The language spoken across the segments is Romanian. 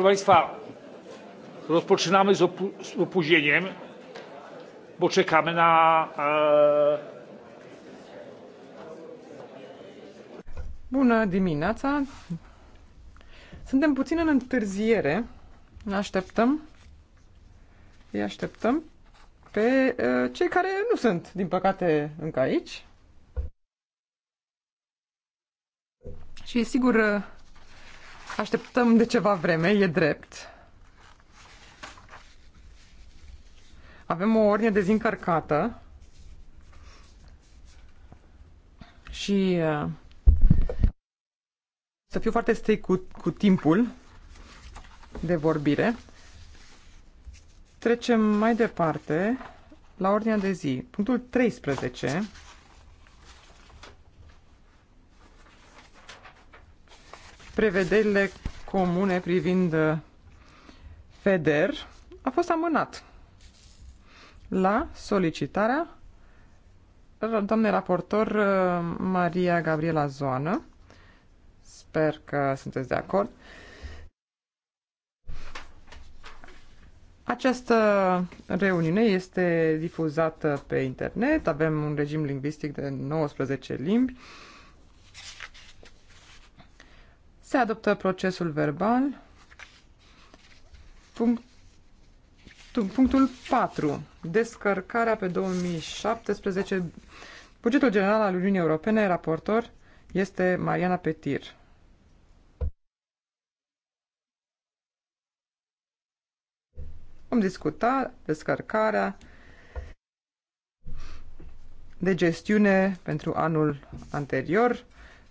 Proszę Państwa, rozpoczynamy z, opóźnieniem, bo czekamy na. E... Bună dimineața! Suntem puțin în întârziere. Ne așteptăm. Îi așteptăm pe uh, cei care nu sunt, din păcate, încă aici. Și sigur, Așteptăm de ceva vreme, e drept. Avem o ordine dezincărcată și uh, să fiu foarte strict cu, cu timpul de vorbire. Trecem mai departe la ordinea de zi. Punctul 13 prevederile comune privind uh, FEDER a fost amânat la solicitarea doamnei raportor uh, Maria Gabriela Zoană. Sper că sunteți de acord. Această reuniune este difuzată pe internet, avem un regim lingvistic de 19 limbi. Se adoptă procesul verbal. Punct, punctul 4. Descărcarea pe 2017. Bugetul general al Uniunii Europene, raportor, este Mariana Petir. Vom discuta descărcarea de gestiune pentru anul anterior.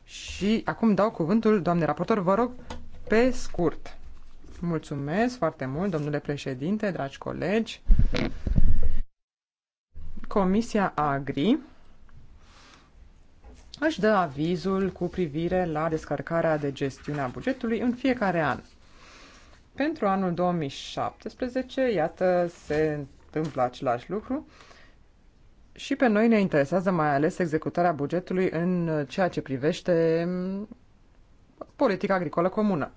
Și acum dau cuvântul, doamne raportor, vă rog, pe scurt. Mulțumesc foarte mult, domnule președinte, dragi colegi. Comisia Agri își dă avizul cu privire la descărcarea de gestiune a bugetului în fiecare an. Pentru anul 2017, iată, se întâmplă același lucru. Și pe noi ne interesează mai ales executarea bugetului în ceea ce privește politica agricolă comună.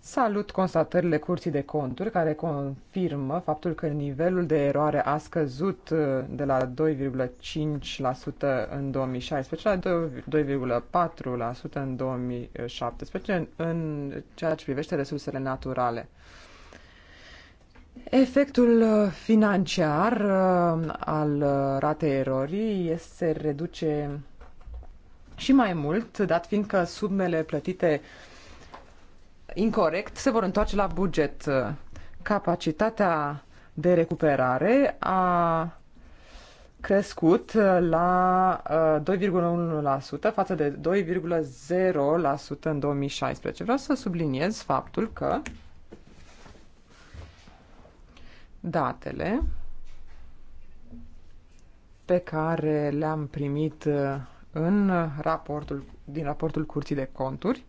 Salut constatările Curții de Conturi, care confirmă faptul că nivelul de eroare a scăzut uh, de la 2,5% în 2016 la 2,4% în 2017 în ceea ce privește resursele naturale. Efectul uh, financiar uh, al uh, ratei erorii se reduce și mai mult, dat fiindcă sumele plătite incorrect se vor întoarce la buget. Capacitatea de recuperare a crescut la 2,1% față de 2,0% în 2016. Vreau să subliniez faptul că datele pe care le-am primit uh, în raportul, din raportul Curții de Conturi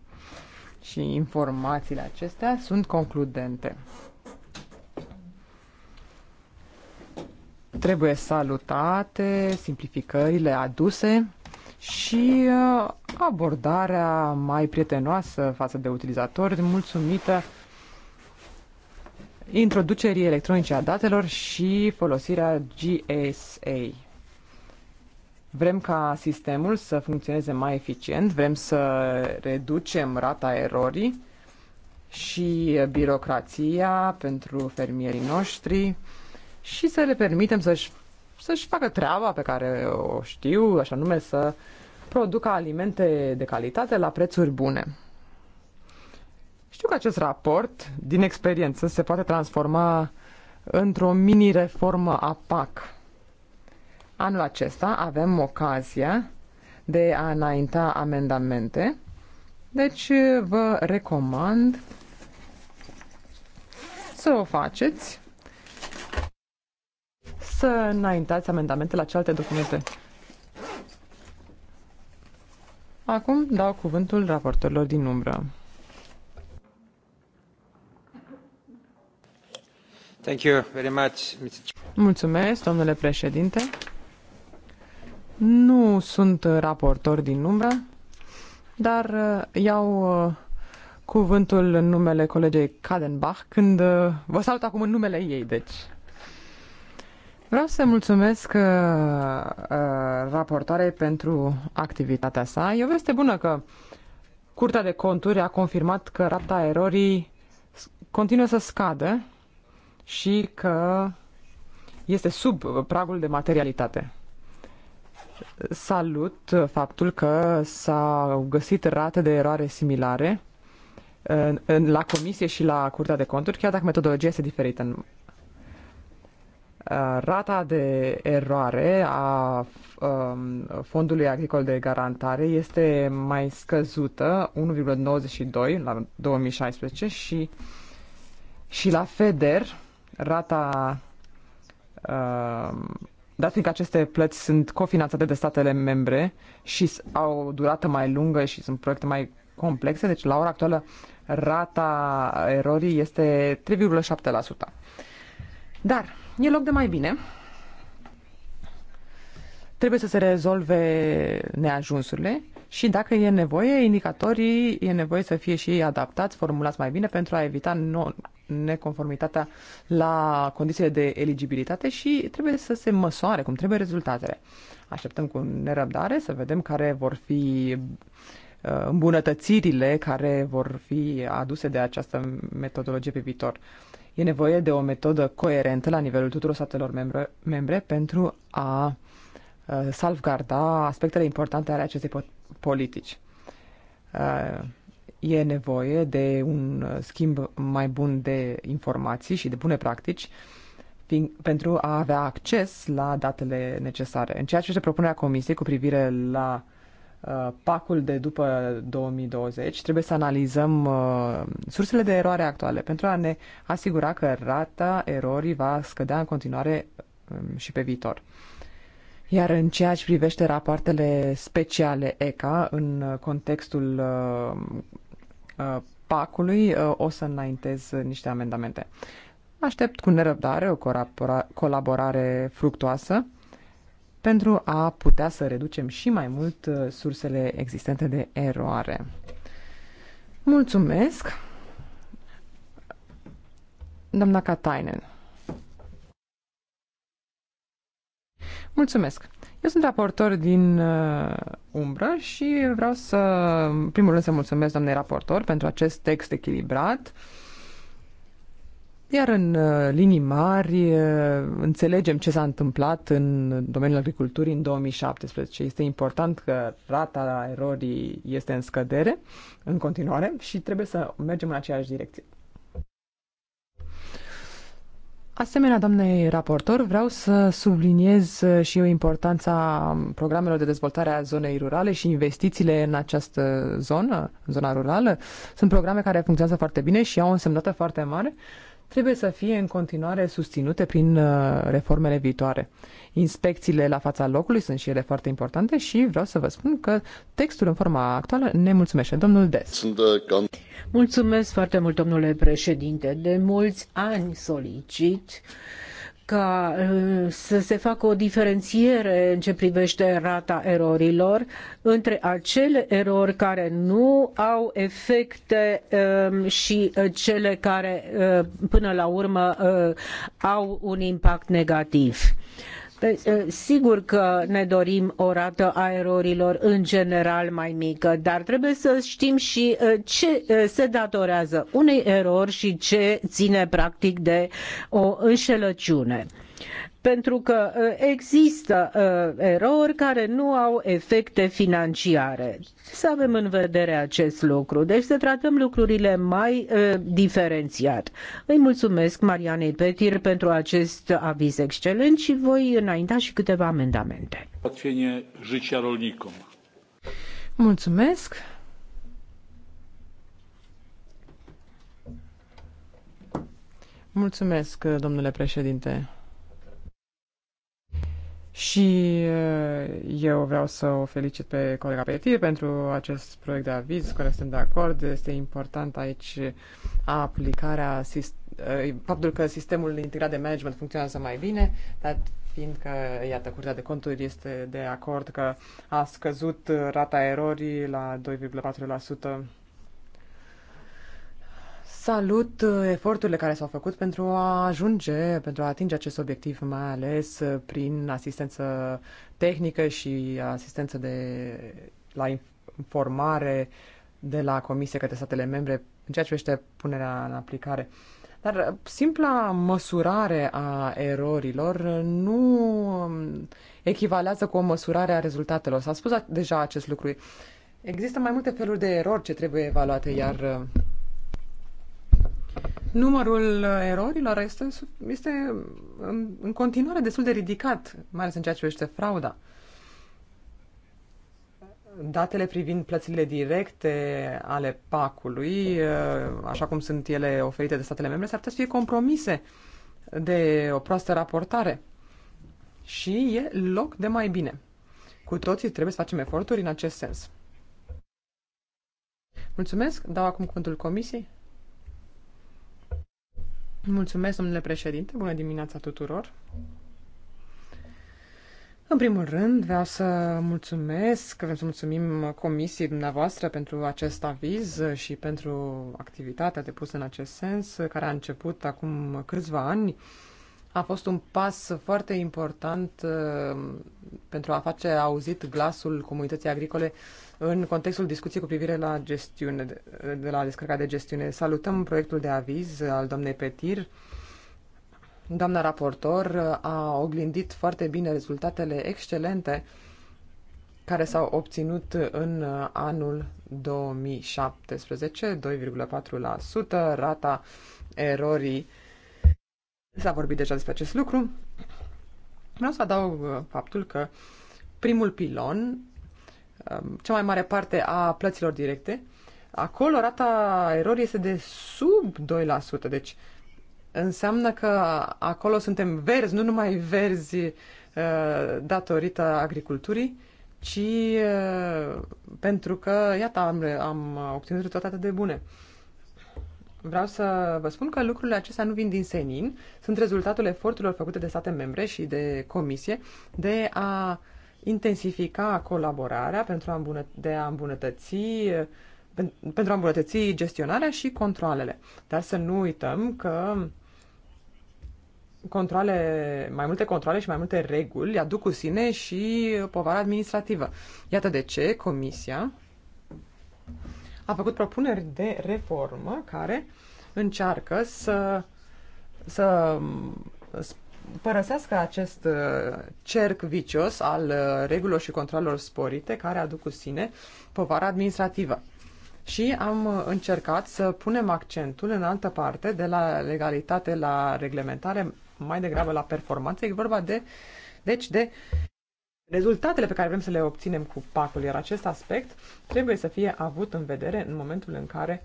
și informațiile acestea sunt concludente. Trebuie salutate simplificările aduse și uh, abordarea mai prietenoasă față de utilizatori, mulțumită introducerii electronice a datelor și folosirea GSA. Vrem ca sistemul să funcționeze mai eficient, vrem să reducem rata erorii și birocrația pentru fermierii noștri și să le permitem să-și, să-și facă treaba pe care o știu, așa nume să producă alimente de calitate la prețuri bune. Știu că acest raport, din experiență, se poate transforma într-o mini-reformă a PAC. Anul acesta avem ocazia de a înainta amendamente, deci vă recomand să o faceți, să înaintați amendamente la celelalte documente. Acum dau cuvântul raportorilor din umbră. Mulțumesc, domnule președinte. Nu sunt raportor din umbră, dar uh, iau uh, cuvântul în numele colegei Kadenbach când uh, vă salut acum în numele ei, deci. Vreau să mulțumesc uh, raportoarei pentru activitatea sa. E o veste bună că Curtea de Conturi a confirmat că rata erorii continuă să scadă și că este sub pragul de materialitate. Salut faptul că s-au găsit rate de eroare similare la comisie și la Curtea de Conturi, chiar dacă metodologia este diferită. Uh, rata de eroare a um, Fondului Agricol de Garantare este mai scăzută, 1,92 la 2016 și, și la FEDER Rata, uh, dat fiindcă aceste plăți sunt cofinanțate de statele membre și au o durată mai lungă și sunt proiecte mai complexe, deci la ora actuală rata erorii este 3,7%. Dar e loc de mai bine. Trebuie să se rezolve neajunsurile și dacă e nevoie, indicatorii e nevoie să fie și ei adaptați, formulați mai bine pentru a evita neconformitatea la condițiile de eligibilitate și trebuie să se măsoare cum trebuie rezultatele. Așteptăm cu nerăbdare să vedem care vor fi uh, îmbunătățirile care vor fi aduse de această metodologie pe viitor. E nevoie de o metodă coerentă la nivelul tuturor statelor membre, membre pentru a uh, salvgarda aspectele importante ale acestei politici. Uh, e nevoie de un uh, schimb mai bun de informații și de bune practici pentru a avea acces la datele necesare. În ceea ce se propunea Comisiei cu privire la uh, pacul de după 2020, trebuie să analizăm uh, sursele de eroare actuale pentru a ne asigura că rata erorii va scădea în continuare um, și pe viitor. Iar în ceea ce privește rapoartele speciale ECA, în uh, contextul uh, Uh, PAC-ului uh, o să înaintez niște amendamente. Aștept cu nerăbdare o colaborare fructoasă pentru a putea să reducem și mai mult uh, sursele existente de eroare. Mulțumesc! Doamna Katainen. Mulțumesc! Eu sunt raportor din uh, umbră și vreau să, în primul rând, să mulțumesc doamnei raportor pentru acest text echilibrat. Iar în uh, linii mari uh, înțelegem ce s-a întâmplat în domeniul agriculturii în 2017. Este important că rata erorii este în scădere, în continuare, și trebuie să mergem în aceeași direcție. Asemenea, doamne raportor, vreau să subliniez uh, și eu importanța programelor de dezvoltare a zonei rurale și investițiile în această zonă, în zona rurală. Sunt programe care funcționează foarte bine și au o însemnată foarte mare. Trebuie să fie în continuare susținute prin uh, reformele viitoare inspecțiile la fața locului sunt și ele foarte importante și vreau să vă spun că textul în forma actuală ne mulțumește. Domnul Des. Mulțumesc foarte mult, domnule președinte. De mulți ani solicit ca uh, să se facă o diferențiere în ce privește rata erorilor între acele erori care nu au efecte um, și uh, cele care uh, până la urmă au un impact negativ Eh, sigur că ne dorim o rată a erorilor în general mai mică, dar trebuie să știm și eh, ce eh, se datorează unei erori și ce ține practic de o înșelăciune pentru că uh, există uh, erori care nu au efecte financiare. Să avem în vedere acest lucru, deci să tratăm lucrurile mai uh, diferențiat. Îi mulțumesc Marianei Petir pentru acest aviz excelent și voi înainta și câteva amendamente. Mulțumesc. Mulțumesc, domnule președinte. Și uh, eu vreau să o felicit pe colega Petir pentru acest proiect de aviz, cu care suntem de acord. Este important aici aplicarea, uh, faptul că sistemul integrat de management funcționează mai bine, dar fiindcă, iată, Curtea de Conturi este de acord că a scăzut rata erorii la 2,4% Salut uh, eforturile care s-au făcut pentru a ajunge, pentru a atinge acest obiectiv, mai ales uh, prin asistență tehnică și asistență de, la informare de la Comisie către statele membre în ceea ce privește punerea în aplicare. Dar uh, simpla măsurare a erorilor nu um, echivalează cu o măsurare a rezultatelor. S-a spus deja acest lucru. Există mai multe feluri de erori ce trebuie evaluate, iar Numărul uh, erorilor este, este um, în continuare destul de ridicat, mai ales în ceea ce privește frauda. Datele privind plățile directe ale PAC-ului, uh, așa cum sunt ele oferite de statele membre, s-ar putea să fie compromise de o proastă raportare. Și e loc de mai bine. Cu toții trebuie să facem eforturi în acest sens. Mulțumesc. Dau acum cuvântul comisiei. Mulțumesc, domnule președinte. Bună dimineața tuturor. În primul rând, vreau să mulțumesc, vrem să mulțumim comisiei dumneavoastră pentru acest aviz și pentru activitatea depusă în acest sens, care a început acum câțiva ani. A fost un pas foarte important uh, pentru a face auzit glasul comunității agricole în contextul discuției cu privire la gestiune, de la descărca de gestiune. Salutăm proiectul de aviz al doamnei Petir. Doamna raportor a oglindit foarte bine rezultatele excelente care s-au obținut în anul 2017, 2,4% rata erorii. S-a vorbit deja despre acest lucru. Vreau să adaug faptul că primul pilon Um, cea mai mare parte a plăților directe, acolo rata erorii este de sub 2%. Deci înseamnă că acolo suntem verzi, nu numai verzi uh, datorită agriculturii, ci uh, pentru că, iată, am, am obținut rezultate de bune. Vreau să vă spun că lucrurile acestea nu vin din senin, sunt rezultatul eforturilor făcute de state membre și de comisie de a uh, intensifica colaborarea pentru a, îmbunăt- de a îmbunătăți pentru a îmbunătăți gestionarea și controlele. Dar să nu uităm că controle, mai multe controle și mai multe reguli aduc cu sine și povara administrativă. Iată de ce Comisia a făcut propuneri de reformă care încearcă să, să părăsească acest uh, cerc vicios al uh, regulilor și controlelor sporite care aduc cu sine povara administrativă. Și am uh, încercat să punem accentul în altă parte, de la legalitate la reglementare, mai degrabă la performanță. E vorba de, deci, de rezultatele pe care vrem să le obținem cu pacul, iar acest aspect trebuie să fie avut în vedere în momentul în care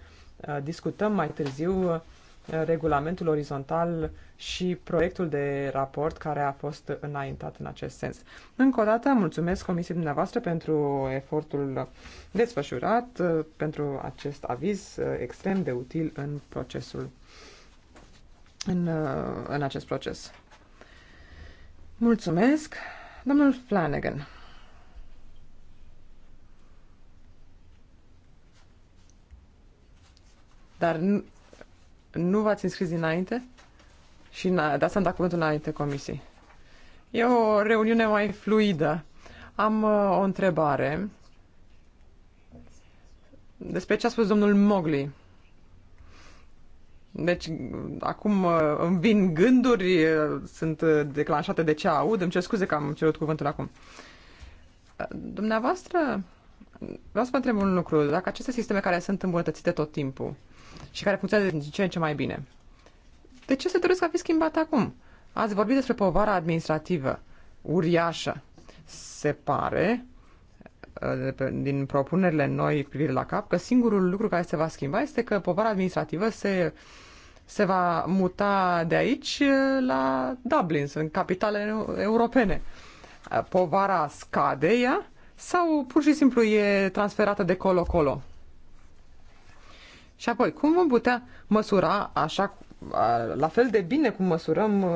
discutăm mai târziu regulamentul orizontal și proiectul de raport care a fost înaintat în acest sens. Încă o dată mulțumesc Comisiei dumneavoastră pentru efortul desfășurat, pentru acest aviz extrem de util în procesul în, în acest proces. Mulțumesc, domnul Flanagan. Dar nu v-ați înscris dinainte? Și dați am dat cuvântul înainte comisiei. E o reuniune mai fluidă. Am uh, o întrebare despre ce a spus domnul Mogli. Deci, acum uh, îmi vin gânduri, uh, sunt uh, declanșate de ce aud, îmi cer scuze că am cerut cuvântul acum. Dumneavoastră, vreau să vă întreb un lucru. Dacă aceste sisteme care sunt îmbunătățite tot timpul, și care funcționează din ce în ce mai bine. De ce se doresc a fi schimbat acum? Ați vorbit despre povara administrativă uriașă. Se pare, uh, din propunerile noi privire la cap, că singurul lucru care se va schimba este că povara administrativă se, se va muta de aici uh, la Dublin, în capitale europene. Uh, povara scade ea sau pur și simplu e transferată de colo-colo? Și apoi, cum vom putea măsura așa, la fel de bine cum măsurăm uh,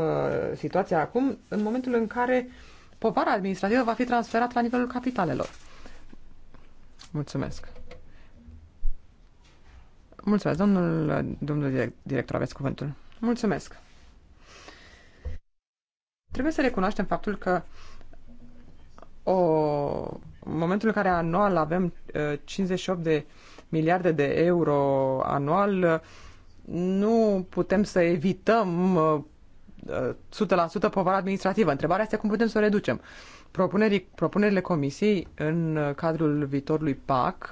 situația acum, în momentul în care povara administrativă va fi transferată la nivelul capitalelor? Mulțumesc. Mulțumesc, domnul, domnul director, aveți cuvântul. Mulțumesc. Trebuie să recunoaștem faptul că o, în momentul în care anual avem 58 uh, de miliarde de euro anual, nu putem să evităm 100% uh, uh, povara administrativă. Întrebarea este cum putem să o reducem. Propunerii, propunerile comisiei în cadrul viitorului PAC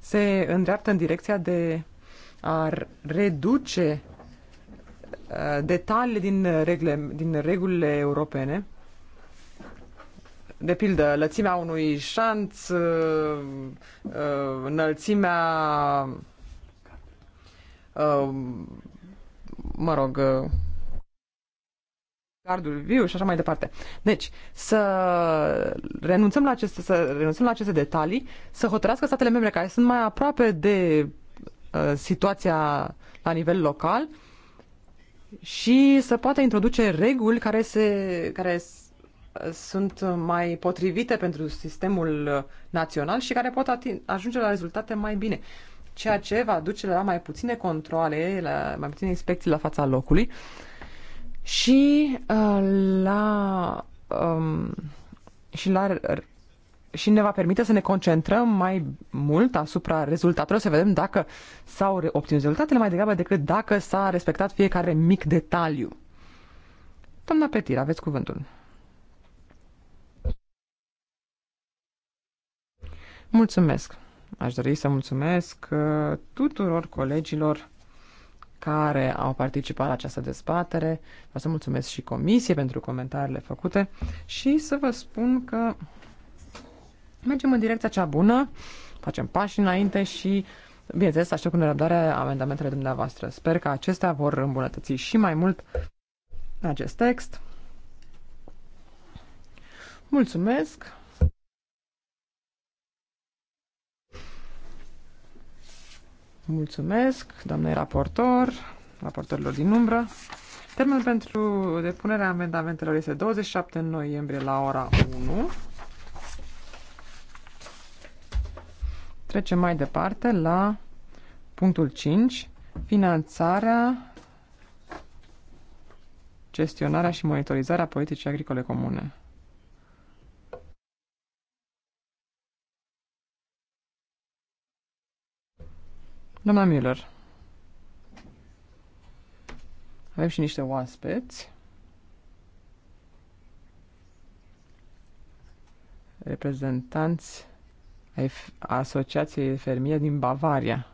se îndreaptă în direcția de a reduce uh, detaliile din, regle, din regulile europene de pildă, lățimea unui șanț, uh, uh, înălțimea, uh, mă rog, gardul viu și așa mai departe. Deci, să renunțăm la aceste, să renunțăm la aceste detalii, să hotărască statele membre care sunt mai aproape de situația la nivel local și să poată introduce reguli care, se, care sunt mai potrivite pentru sistemul național și care pot ajunge la rezultate mai bine. Ceea ce va duce la mai puține controle, la mai puține inspecții la fața locului și uh, la um, și la și ne va permite să ne concentrăm mai mult asupra rezultatelor, să vedem dacă s-au obținut rezultatele mai degrabă decât dacă s-a respectat fiecare mic detaliu. Doamna Petir, aveți cuvântul. Mulțumesc! Aș dori să mulțumesc uh, tuturor colegilor care au participat la această dezbatere. Vreau să mulțumesc și comisiei pentru comentariile făcute și să vă spun că mergem în direcția cea bună, facem pași înainte și, bineînțeles, aștept cu nerăbdare amendamentele dumneavoastră. Sper că acestea vor îmbunătăți și mai mult acest text. Mulțumesc! Mulțumesc, domnule raportor, raportorilor din umbră. Termenul pentru depunerea amendamentelor este 27 noiembrie la ora 1. Trecem mai departe la punctul 5, finanțarea, gestionarea și monitorizarea politicii agricole comune. Doamna Müller. Avem și niște oaspeți. Reprezentanți ai Asociației Fermie din Bavaria.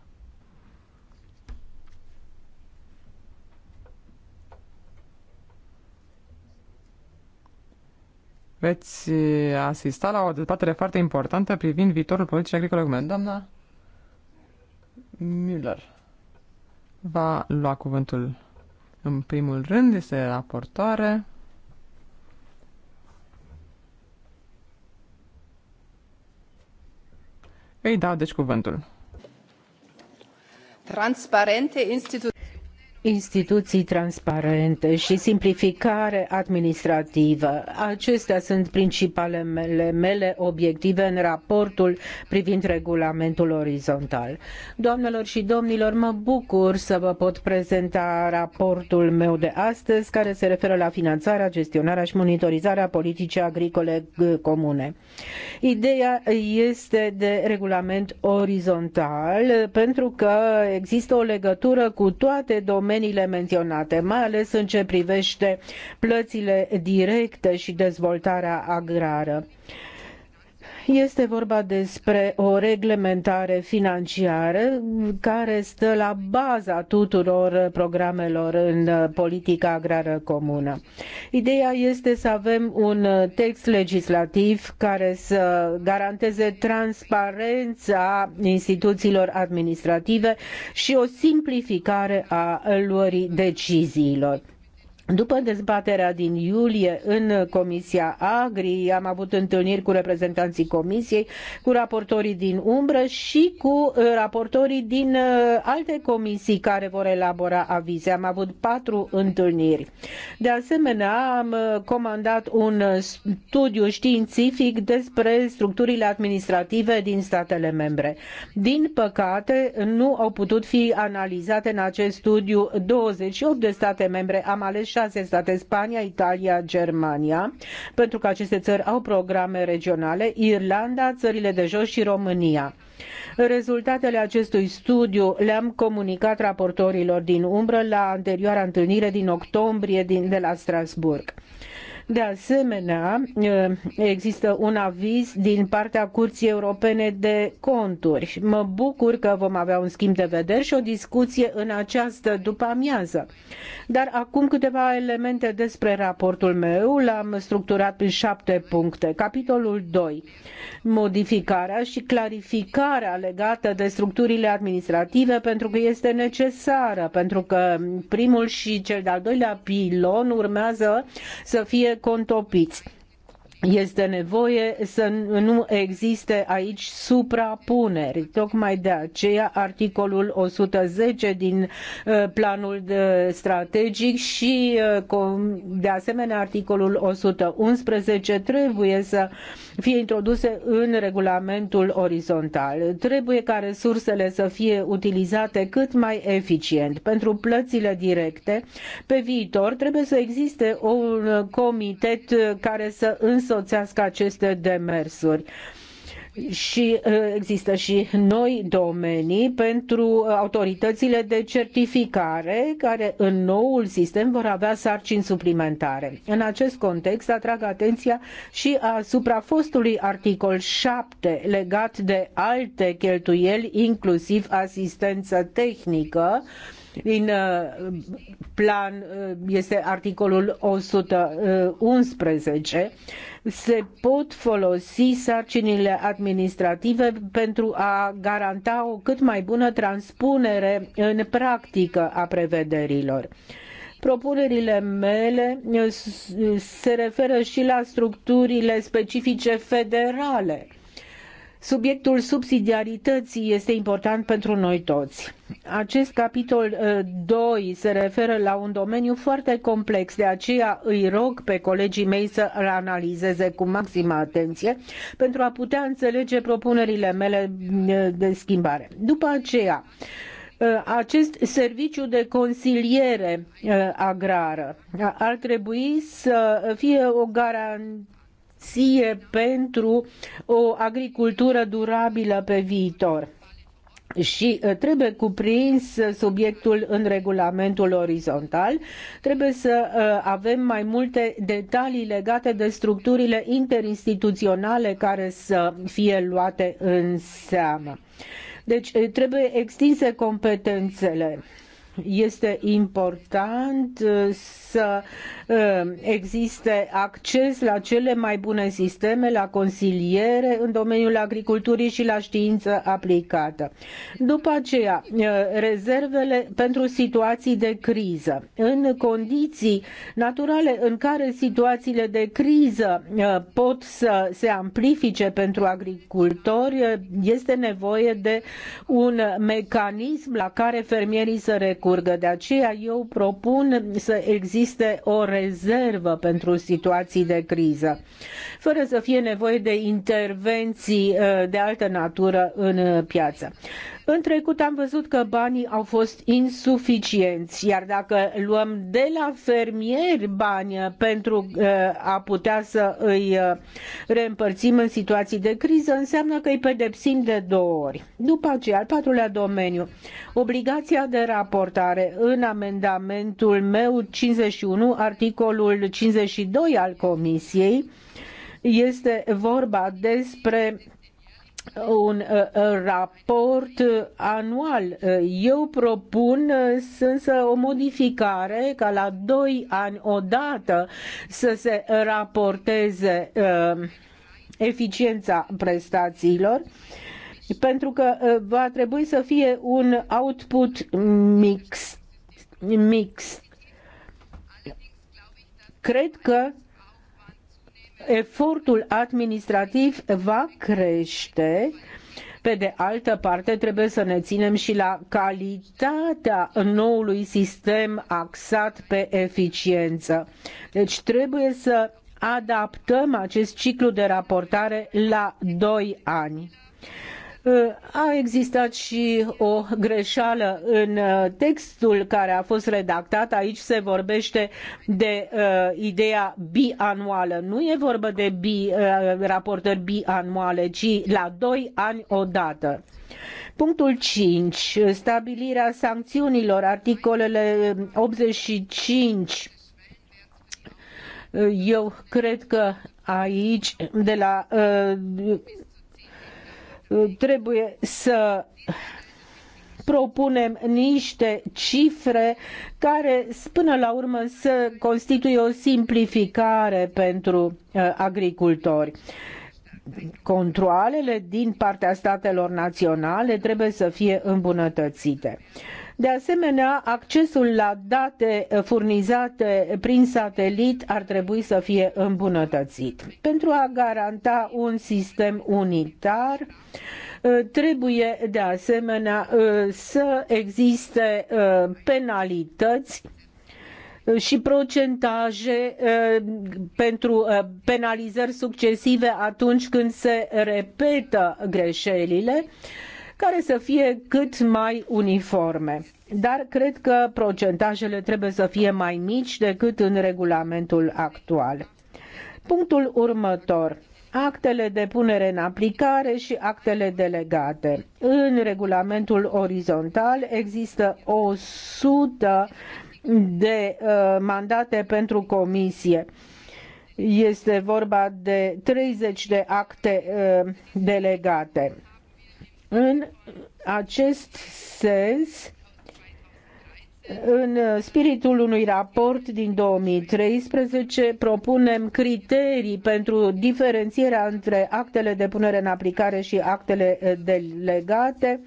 Veți eh, asista la o dezbatere foarte importantă privind viitorul politicii agricole Doamna Müller va lua cuvântul în primul rând, este raportoare. Îi dau deci cuvântul. Transparente instituții instituții transparente și simplificare administrativă. Acestea sunt principalele mele obiective în raportul privind regulamentul orizontal. Doamnelor și domnilor, mă bucur să vă pot prezenta raportul meu de astăzi care se referă la finanțarea, gestionarea și monitorizarea politicii agricole comune. Ideea este de regulament orizontal pentru că există o legătură cu toate domeniile domeniile menționate, mai ales în ce privește plățile directe și dezvoltarea agrară. Este vorba despre o reglementare financiară care stă la baza tuturor programelor în politica agrară comună. Ideea este să avem un text legislativ care să garanteze transparența instituțiilor administrative și o simplificare a luării deciziilor. După dezbaterea din iulie în Comisia Agri, am avut întâlniri cu reprezentanții Comisiei, cu raportorii din umbră și cu uh, raportorii din uh, alte comisii care vor elabora avize. Am avut patru întâlniri. De asemenea, am uh, comandat un studiu științific despre structurile administrative din statele membre. Din păcate, nu au putut fi analizate în acest studiu 28 de state membre. Am ales șase state, exact Spania, Italia, Germania, pentru că aceste țări au programe regionale, Irlanda, țările de jos și România. Rezultatele acestui studiu le-am comunicat raportorilor din umbră la anterioara întâlnire din octombrie din, de la Strasburg. De asemenea, există un aviz din partea Curții Europene de Conturi. Mă bucur că vom avea un schimb de vederi și o discuție în această după-amiază. Dar acum câteva elemente despre raportul meu. L-am structurat în șapte puncte. Capitolul 2. Modificarea și clarificarea legată de structurile administrative pentru că este necesară, pentru că primul și cel de-al doilea pilon urmează să fie contopiți este nevoie să nu existe aici suprapuneri. Tocmai de aceea articolul 110 din uh, planul uh, strategic și uh, de asemenea articolul 111 trebuie să fie introduse în regulamentul orizontal. Trebuie ca resursele să fie utilizate cât mai eficient. Pentru plățile directe, pe viitor trebuie să existe un comitet care să însă însoțească aceste demersuri și uh, există și noi domenii pentru autoritățile de certificare care în noul sistem vor avea sarcini suplimentare. În acest context atrag atenția și asupra fostului articol 7 legat de alte cheltuieli, inclusiv asistență tehnică, din uh, plan uh, este articolul 111. Se pot folosi sarcinile administrative pentru a garanta o cât mai bună transpunere în practică a prevederilor. Propunerile mele uh, se referă și la structurile specifice federale Subiectul subsidiarității este important pentru noi toți. Acest capitol 2 uh, se referă la un domeniu foarte complex, de aceea îi rog pe colegii mei să îl analizeze cu maximă atenție pentru a putea înțelege propunerile mele uh, de schimbare. După aceea, uh, acest serviciu de consiliere agrară ar trebui să fie o garantie garanție pentru o agricultură durabilă pe viitor. Și uh, trebuie cuprins subiectul în regulamentul orizontal. Trebuie să uh, avem mai multe detalii legate de structurile interinstituționale care să fie luate în seamă. Deci uh, trebuie extinse competențele este important uh, să uh, existe acces la cele mai bune sisteme, la consiliere în domeniul agriculturii și la știință aplicată. După aceea, uh, rezervele pentru situații de criză. În condiții naturale în care situațiile de criză pot să se amplifice pentru agricultori, este nevoie de un mecanism la care fermierii să recurgă decurgă. De aceea eu propun să existe o rezervă pentru situații de criză, fără să fie nevoie de intervenții uh, de altă natură în uh, piață. În trecut am văzut că banii au fost insuficienți, iar dacă luăm de la fermieri bani uh, pentru uh, a putea să îi uh, reîmpărțim în situații de criză, înseamnă că îi pedepsim de două ori. După aceea, al patrulea domeniu, obligația de raportare în amendamentul meu 51, articolul 52 al Comisiei, este vorba despre un uh, uh, raport uh, anual. Eu propun însă o modificare ca la doi ani odată să se raporteze eficiența prestațiilor pentru că va trebui să fie un output mix. mix. Cred că efortul administrativ va crește pe de altă parte, trebuie să ne ținem și la calitatea noului sistem axat pe eficiență. Deci trebuie să adaptăm acest ciclu de raportare la 2 ani. Uh, a existat și o greșeală în uh, textul care a fost redactat. Aici se vorbește de uh, ideea bianuală. Nu e vorba de bi, uh, raportări bianuale, ci la doi ani odată. Punctul 5. Stabilirea sancțiunilor, articolele 85. Eu cred că aici, de la uh, trebuie să propunem niște cifre care până la urmă să constituie o simplificare pentru uh, agricultori. Controalele din partea statelor naționale trebuie să fie îmbunătățite. De asemenea, accesul la date furnizate prin satelit ar trebui să fie îmbunătățit. Pentru a garanta un sistem unitar, trebuie de asemenea uh, să existe uh, penalități uh, și procentaje pentru penalizări succesive atunci când se repetă greșelile care să fie cât mai uniforme. Dar cred că procentajele trebuie să fie mai mici decât în regulamentul actual. Punctul următor actele de punere în aplicare și actele delegate. În regulamentul orizontal există 100 de uh, mandate pentru comisie. Este vorba de 30 de acte uh, delegate. În acest sens, în spiritul unui raport din 2013 propunem criterii pentru diferențierea între actele de punere în aplicare și actele delegate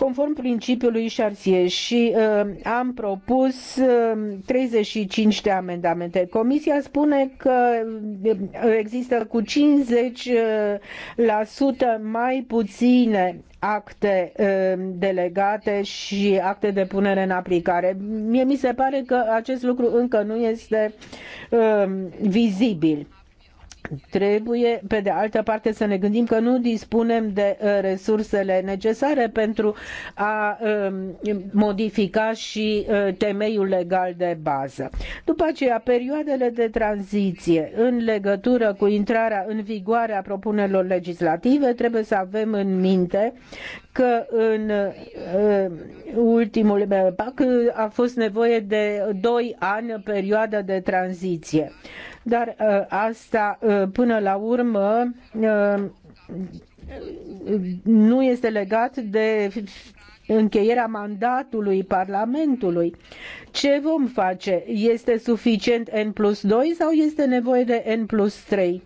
conform principiului șarție și uh, am propus uh, 35 de amendamente. Comisia spune că uh, există cu 50% uh, mai puține acte uh, delegate și acte de punere în aplicare. Mie mi se pare că acest lucru încă nu este vizibil. Trebuie, pe de altă parte, să ne gândim că nu dispunem de uh, resursele necesare pentru a um, modifica și uh, temeiul legal de bază. După aceea, perioadele de tranziție în legătură cu intrarea în vigoare a propunerilor legislative, trebuie să avem în minte că în uh, ultimul PAC a fost nevoie de 2 ani perioada de tranziție. Dar uh, asta, uh, până la urmă, uh, nu este legat de încheierea mandatului Parlamentului. Ce vom face? Este suficient N plus 2 sau este nevoie de N plus 3?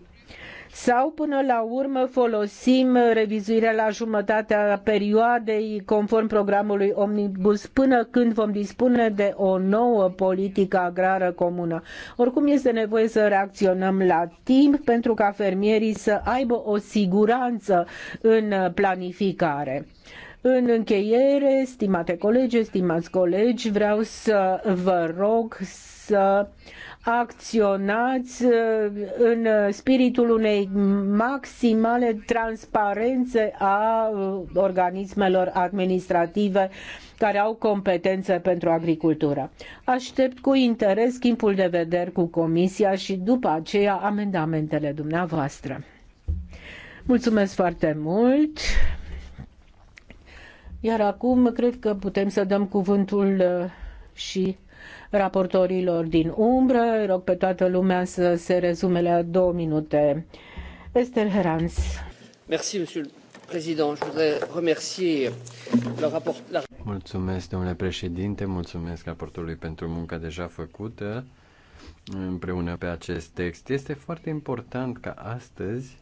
sau până la urmă folosim revizuirea la jumătatea perioadei conform programului Omnibus până când vom dispune de o nouă politică agrară comună. Oricum este nevoie să reacționăm la timp pentru ca fermierii să aibă o siguranță în planificare. În încheiere, stimate colegi, stimați colegi, vreau să vă rog să acționați uh, în spiritul unei maximale transparențe a uh, organismelor administrative care au competențe pentru agricultură. Aștept cu interes timpul de vedere cu Comisia și după aceea amendamentele dumneavoastră. Mulțumesc foarte mult! Iar acum cred că putem să dăm cuvântul uh, și raportorilor din umbră. Rog pe toată lumea să se rezume la două minute. Esther Herans. Merci, monsieur Président, je voudrais remercier le rapport... La... Mulțumesc, domnule președinte, mulțumesc raportului pentru munca deja făcută împreună pe acest text. Este foarte important ca astăzi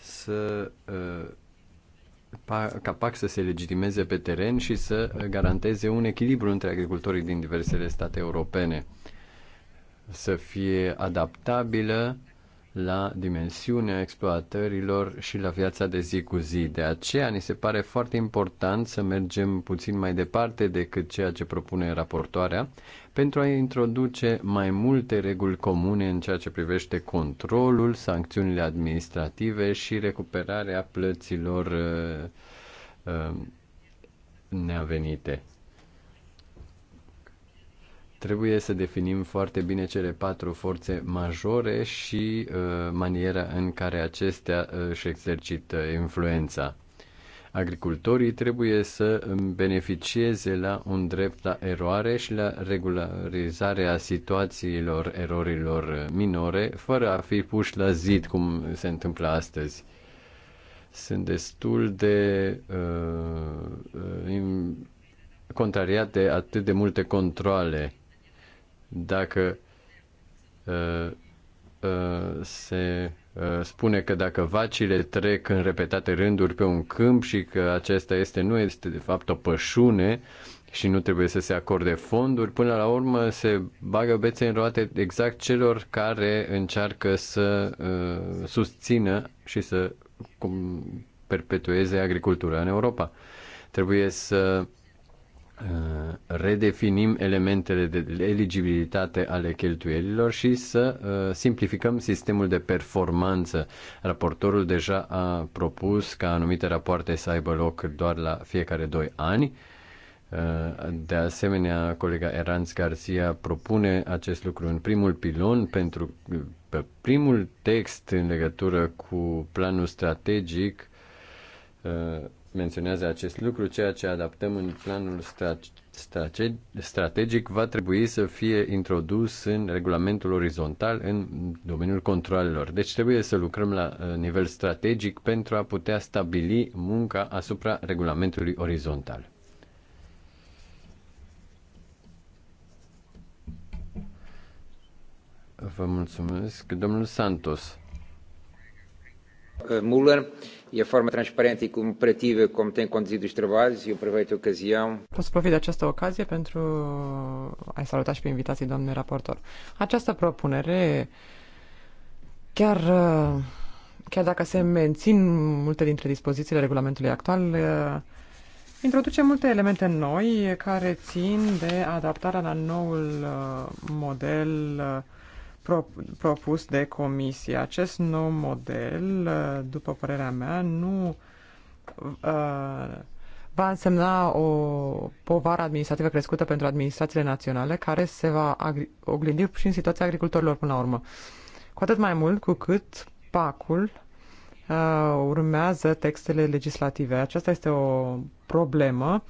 să uh, capac să se legitimeze pe teren și să garanteze un echilibru între agricultorii din diversele state europene, să fie adaptabilă la dimensiunea exploatărilor și la viața de zi cu zi. De aceea ni se pare foarte important să mergem puțin mai departe decât ceea ce propune raportoarea pentru a introduce mai multe reguli comune în ceea ce privește controlul, sancțiunile administrative și recuperarea plăților uh, uh, neavenite. Trebuie să definim foarte bine cele patru forțe majore și uh, maniera în care acestea uh, își exercită influența. Agricultorii trebuie să beneficieze la un drept la eroare și la regularizarea situațiilor erorilor minore, fără a fi puși la zid, cum se întâmplă astăzi sunt destul de uh, uh contrariate atât de multe controle. Dacă uh, uh, se uh, spune că dacă vacile trec în repetate rânduri pe un câmp și că acesta este nu este de fapt o pășune și nu trebuie să se acorde fonduri, până la urmă se bagă bețe în roate exact celor care încearcă să uh, susțină și să cum, perpetueze agricultura în Europa. Trebuie să Eh, redefinim elementele de eligibilitate ale cheltuielilor și să eh, simplificăm sistemul de performanță. Raportorul deja a propus ca anumite rapoarte să aibă loc doar la fiecare doi ani. Eh, de asemenea, colega Eranț Garcia propune acest lucru în primul pilon pentru pe primul text în legătură cu planul strategic menționează acest lucru, ceea ce adaptăm în planul strategic va trebui să fie introdus în regulamentul orizontal în domeniul controlelor. Deci trebuie să lucrăm la uh, nivel strategic pentru a putea stabili munca asupra regulamentului orizontal. Vă mulțumesc, domnul Santos. Muller e a forma transparente e cooperativa como tem conduzido os trabalhos e aproveito a ocasião. Posso profita de această ocazie pentru a-i saluta și pe invitații doamnei raportor. Această propunere, chiar, chiar dacă se mențin multe dintre dispozițiile regulamentului actual, introduce multe elemente noi care țin de adaptarea la noul uh, model uh, propus de comisie. Acest nou model, uh, după părerea mea, nu uh, va însemna o povară administrativă crescută pentru administrațiile naționale, care se va oglindi și în situația agricultorilor până la urmă. Cu atât mai mult cu cât pacul uh, urmează textele legislative. Aceasta este o problemă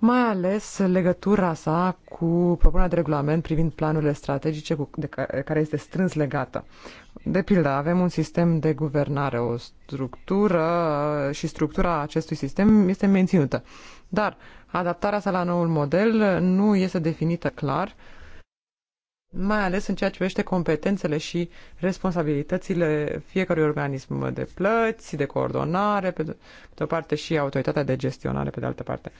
mai ales legătura sa cu propunerea de regulament privind planurile strategice cu, de care, care este strâns legată. De pildă, avem un sistem de guvernare, o structură și structura acestui sistem este menținută. Dar adaptarea sa la noul model nu este definită clar, mai ales în ceea ce privește competențele și responsabilitățile fiecărui organism de plăți, de coordonare, pe de o parte și autoritatea de gestionare, pe de altă parte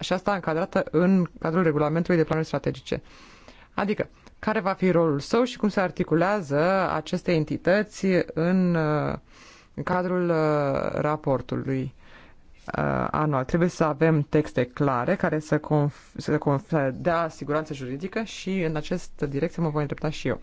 și asta încadrată în cadrul regulamentului de planuri strategice. Adică, care va fi rolul său și cum se articulează aceste entități în, uh, în cadrul uh, raportului uh, anual. Trebuie să avem texte clare care să, conf- să, conf- să dea siguranță juridică și în această direcție mă voi îndrepta și eu.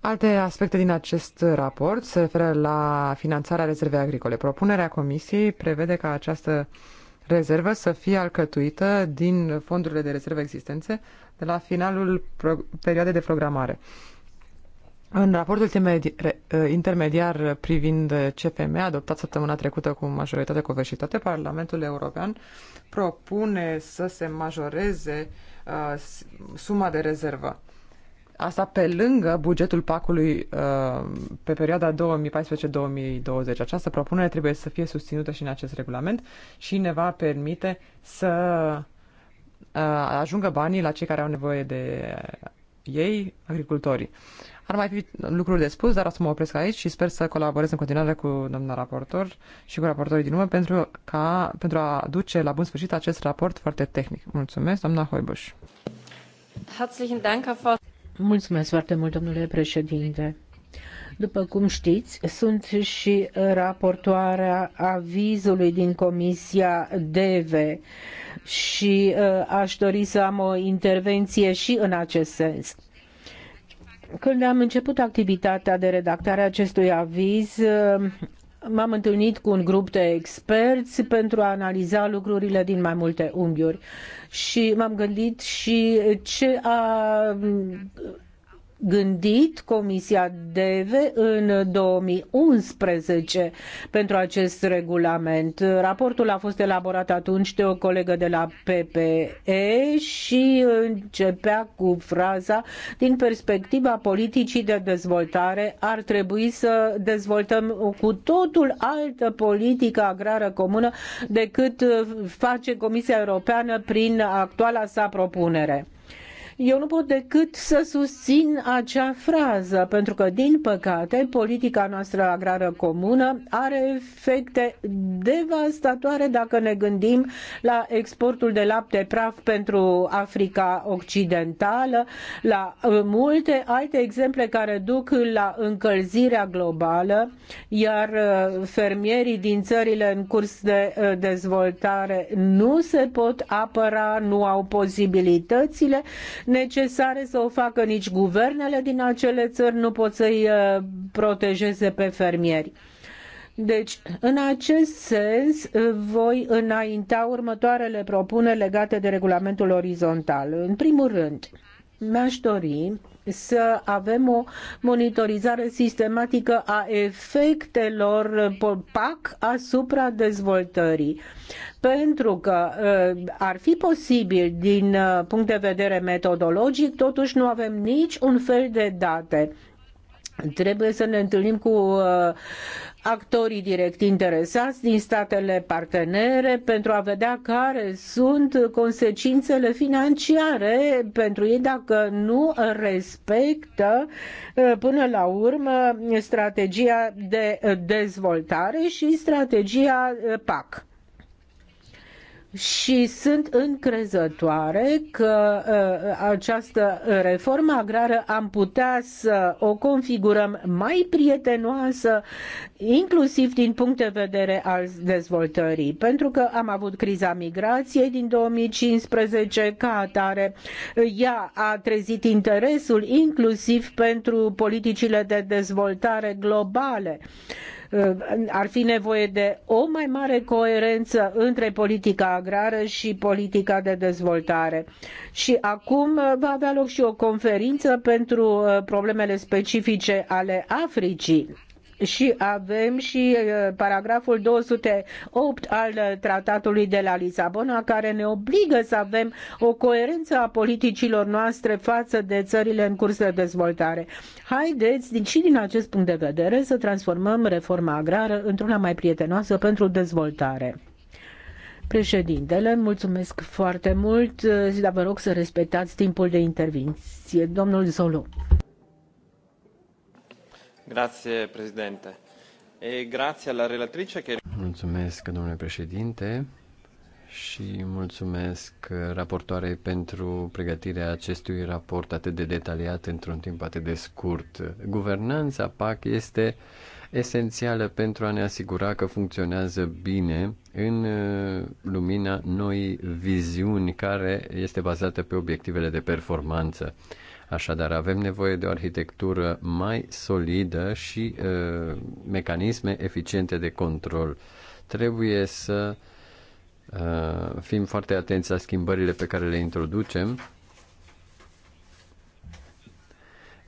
Alte aspecte din acest raport se referă la finanțarea rezervei agricole. Propunerea Comisiei prevede ca această uh, rezervă să fie alcătuită din fondurile de rezervă existențe de la finalul perioadei de programare. În raportul eh, intermediar privind CFM, adoptat săptămâna trecută cu majoritate covârșitoare, Parlamentul European propune să se majoreze uh, suma de rezervă. Asta pe lângă bugetul pacului uh, pe perioada 2014-2020. Această propunere trebuie să fie susținută și în acest regulament și ne va permite să uh, ajungă banii la cei care au nevoie de ei, agricultorii. Ar mai fi lucruri de spus, dar o să mă opresc aici și sper să colaborez în continuare cu doamna raportor și cu raportorii din urmă pentru, ca, pentru a duce la bun sfârșit acest raport foarte tehnic. Mulțumesc, doamna Hoibuș. Herzlichen Dank, Herr Mulțumesc foarte mult, domnule președinte. După cum știți, sunt și raportoarea avizului din Comisia DEVE și uh, aș dori să am o intervenție și în acest sens. Când am început activitatea de redactare a acestui aviz, uh, m-am întâlnit cu un grup de experți pentru a analiza lucrurile din mai multe unghiuri și m-am gândit și ce a gândit Comisia DEVE în 2011 pentru acest regulament. Raportul a fost elaborat atunci de o colegă de la PPE și începea cu fraza din perspectiva politicii de dezvoltare ar trebui să dezvoltăm cu totul altă politică agrară comună decât face Comisia Europeană prin actuala sa propunere. Eu nu pot decât să susțin acea frază, pentru că, din păcate, politica noastră agrară comună are efecte devastatoare dacă ne gândim la exportul de lapte praf pentru Africa Occidentală, la uh, multe alte exemple care duc la încălzirea globală, iar uh, fermierii din țările în curs de uh, dezvoltare nu se pot apăra, nu au posibilitățile necesare să o facă, nici guvernele din acele țări nu pot să-i uh, protejeze pe fermieri. Deci, în acest sens, uh, voi înainta următoarele propuneri legate de regulamentul orizontal. În primul rând, mi-aș dori să avem o monitorizare sistematică a efectelor PAC asupra dezvoltării. Pentru că uh, ar fi posibil din uh, punct de vedere metodologic, totuși nu avem nici un fel de date. Trebuie să ne întâlnim cu uh, actorii direct interesați din statele partenere pentru a vedea care sunt consecințele financiare pentru ei dacă nu respectă uh, până la urmă strategia de dezvoltare și strategia uh, PAC și sunt încrezătoare că uh, această reformă agrară am putea să o configurăm mai prietenoasă, inclusiv din punct de vedere al dezvoltării, pentru că am avut criza migrației din 2015, ca atare ea a trezit interesul inclusiv pentru politicile de dezvoltare globale Uh, ar fi nevoie de o mai mare coerență între politica agrară și politica de dezvoltare. Și acum uh, va avea loc și o conferință pentru uh, problemele specifice ale Africii și avem și uh, paragraful 208 al uh, tratatului de la Lisabona care ne obligă să avem o coerență a politicilor noastre față de țările în curs de dezvoltare. Haideți și din acest punct de vedere să transformăm reforma agrară într-una mai prietenoasă pentru dezvoltare. Președintele, mulțumesc foarte mult, uh, dar vă rog să respectați timpul de intervenție. Domnul Zolo. Grazie, Presidente. E grazie alla relatrice che... Mulțumesc, domnule președinte, și mulțumesc raportoare pentru pregătirea acestui raport atât de detaliat într-un timp atât de scurt. Guvernanța PAC este esențială pentru a ne asigura că funcționează bine în uh, lumina noii viziuni care este bazată pe obiectivele de performanță. Așadar, avem nevoie de o arhitectură mai solidă și uh, mecanisme eficiente de control. Trebuie să uh, fim foarte atenți la schimbările pe care le introducem.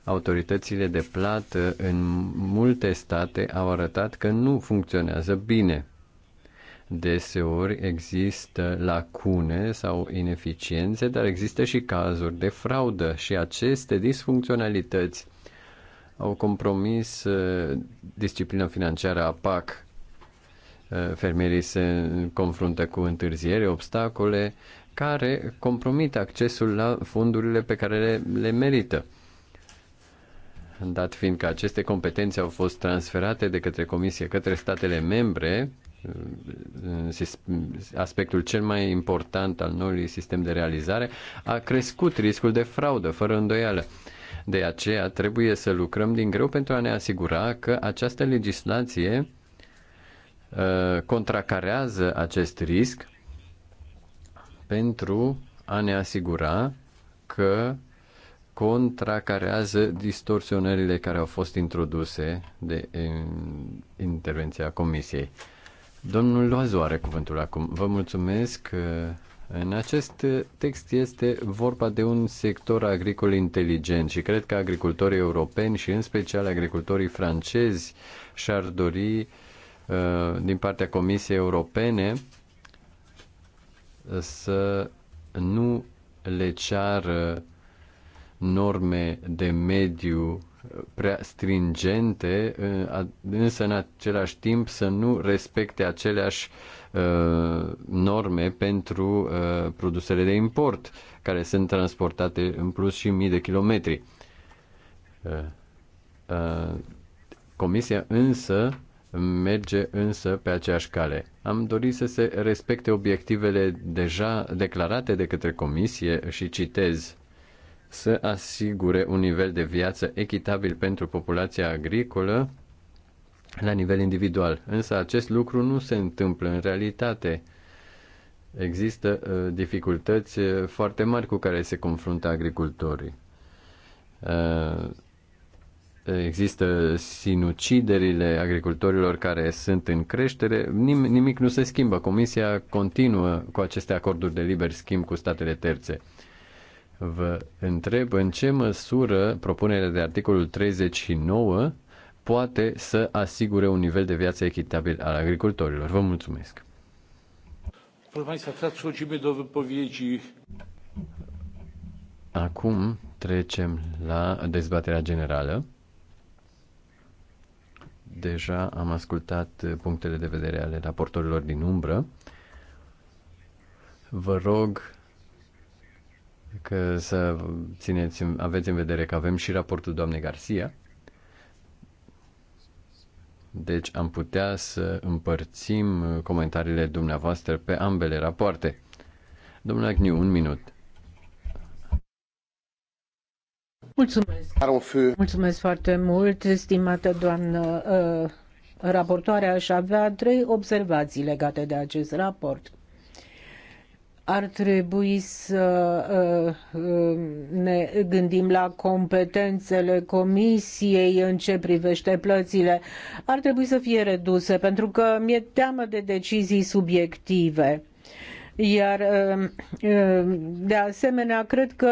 Autoritățile de plată în multe state au arătat că nu funcționează bine Deseori există lacune sau ineficiențe, dar există și cazuri de fraudă și aceste disfuncționalități au compromis uh, disciplina financiară a PAC. Uh, fermierii se confruntă cu întârziere, obstacole care compromit accesul la fondurile pe care le, le merită dat fiind că aceste competențe au fost transferate de către Comisie către statele membre, aspectul cel mai important al noului sistem de realizare, a crescut riscul de fraudă, fără îndoială. De aceea trebuie să lucrăm din greu pentru a ne asigura că această legislație uh, contracarează acest risc pentru a ne asigura că contracarează distorsionările care au fost introduse de intervenția Comisiei. Domnul Loazu are cuvântul acum. Vă mulțumesc. În acest text este vorba de un sector agricol inteligent și cred că agricultorii europeni și în special agricultorii francezi și-ar dori uh, din partea Comisiei Europene să nu le ceară norme de mediu prea stringente, uh, însă în același timp să nu respecte aceleași uh, norme pentru uh, produsele de import, care sunt transportate în plus și mii de kilometri. Comisia însă merge însă pe aceeași cale. Am dorit să se respecte obiectivele deja declarate de către comisie și citez să asigure un nivel de viață echitabil pentru populația agricolă la nivel individual. Însă acest lucru nu se întâmplă în realitate. Există uh, dificultăți uh, foarte mari cu care se confruntă agricultorii. Uh, există sinuciderile agricultorilor care sunt în creștere, Nim- nimic nu se schimbă. Comisia continuă cu aceste acorduri de liber schimb cu statele terțe vă întreb în ce măsură propunerea de articolul 39 poate să asigure un nivel de viață echitabil al agricultorilor. Vă mulțumesc. Acum trecem la dezbaterea generală. Deja am ascultat punctele de vedere ale raportorilor din umbră. Vă rog că să țineți, aveți în vedere că avem și raportul doamnei Garcia. Deci am putea să împărțim comentariile dumneavoastră pe ambele rapoarte. Domnule Agniu, un minut. Mulțumesc. Mulțumesc foarte mult, stimată doamnă uh, raportoare. Aș avea trei observații legate de acest raport ar trebui să uh, uh, ne gândim la competențele comisiei în ce privește plățile. Ar trebui să fie reduse pentru că mi-e teamă de decizii subiective. Iar um, um, de asemenea, cred că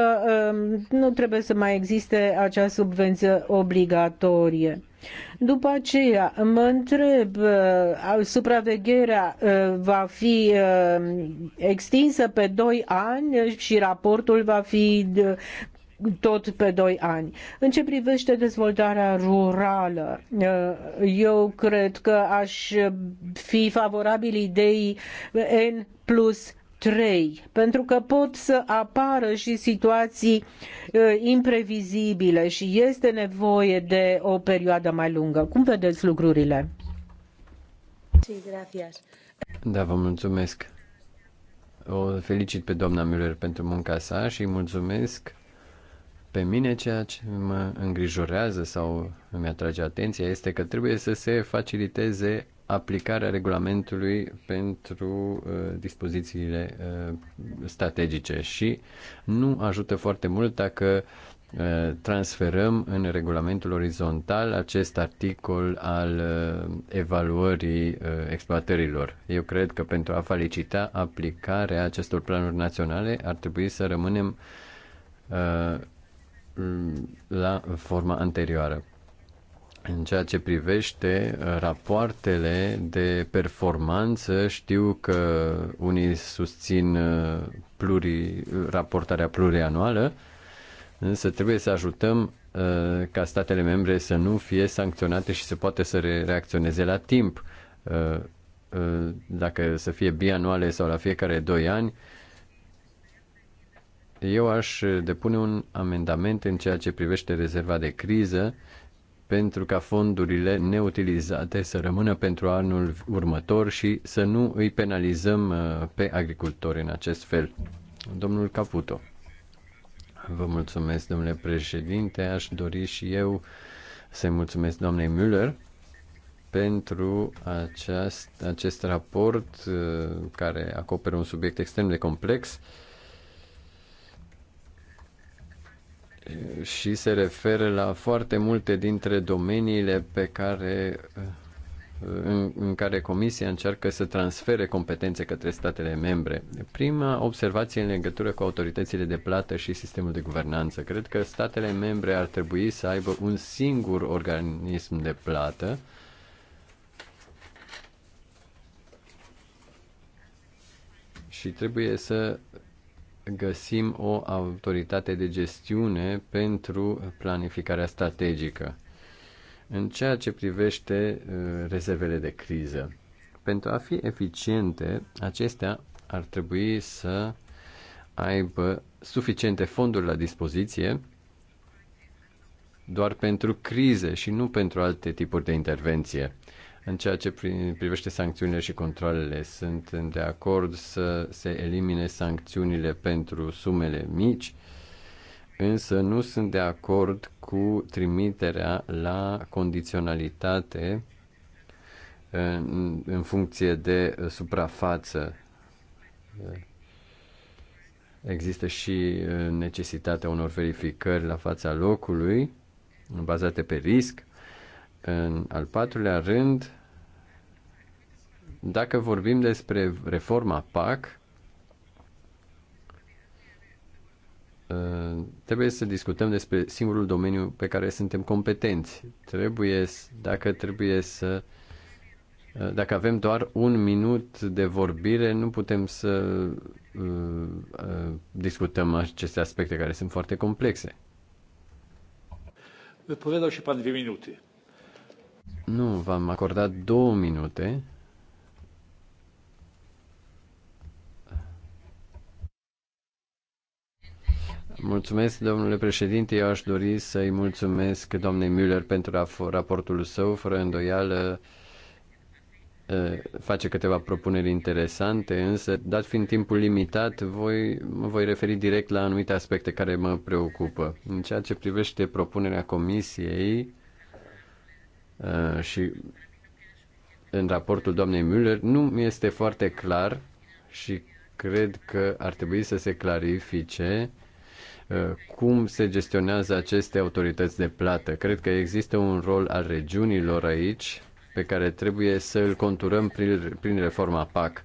um, nu trebuie să mai existe acea subvenție obligatorie după aceea, mă întreb, uh, supravegherea uh, va fi uh, extinsă pe 2 ani și raportul va fi tot pe 2 ani. În ce privește dezvoltarea rurală, eu cred că aș fi favorabil ideii N plus trei, pentru că pot să apară și situații uh, imprevizibile și este nevoie de o perioadă mai lungă. Cum vedeți lucrurile? Da, vă mulțumesc. O felicit pe doamna Müller pentru munca sa și mulțumesc pe mine ceea ce mă îngrijorează sau îmi atrage atenția este că trebuie să se faciliteze aplicarea regulamentului pentru uh, dispozițiile uh, strategice și nu ajută foarte mult dacă uh, transferăm în regulamentul orizontal acest articol al uh, evaluării uh, exploatărilor. Eu cred că pentru a felicita aplicarea acestor planuri naționale ar trebui să rămânem uh, Mm, la forma anterioară. În ceea ce privește uh, rapoartele de performanță, știu că unii susțin uh, pluri, raportarea plurianuală, însă trebuie să ajutăm uh, ca statele membre să nu fie sancționate și să poată să reacționeze la timp. Dacă să fie bianuale sau la fiecare doi ani, eu aș depune un amendament în ceea ce privește rezerva de criză pentru ca fondurile neutilizate să rămână pentru anul următor și să nu îi penalizăm uh, pe agricultori în acest fel. Domnul Caputo. Vă mulțumesc, domnule președinte. Aș dori și eu să-i mulțumesc doamnei Müller pentru aceast, acest raport uh, care acoperă un subiect extrem de complex. și se referă la foarte multe dintre domeniile pe care în, în care Comisia încearcă să transfere competențe către statele membre. Prima observație în legătură cu autoritățile de plată și sistemul de guvernanță. Cred că statele membre ar trebui să aibă un singur organism de plată și trebuie să găsim o autoritate de gestiune pentru planificarea strategică în ceea ce privește uh, rezervele de criză. Pentru a fi eficiente, acestea ar trebui să aibă suficiente fonduri la dispoziție doar pentru crize și nu pentru alte tipuri de intervenție. În ceea ce privește sancțiunile și controlele, sunt de acord să se elimine sancțiunile pentru sumele mici, însă nu sunt de acord cu trimiterea la condiționalitate în, în funcție de uh, suprafață. Există și uh, necesitatea unor verificări la fața locului, bazate pe risc, în al patrulea rând, dacă vorbim despre reforma PAC, uh, trebuie să discutăm despre singurul domeniu pe care suntem competenți. Trebuie, dacă trebuie să uh, dacă avem doar un minut de vorbire, nu putem să uh, discutăm aceste aspecte care sunt foarte complexe. Vă și pan 2 minute. Nu, v-am acordat două minute. Mulțumesc, domnule președinte. Eu aș dori să-i mulțumesc domnului Müller pentru raportul său. Fără îndoială face câteva propuneri interesante, însă, dat fiind timpul limitat, voi, mă voi referi direct la anumite aspecte care mă preocupă. În ceea ce privește propunerea comisiei, Uh, și în raportul doamnei Müller nu mi este foarte clar și cred că ar trebui să se clarifice uh, cum se gestionează aceste autorități de plată. Cred că există un rol al regiunilor aici pe care trebuie să îl conturăm prin, prin reforma PAC.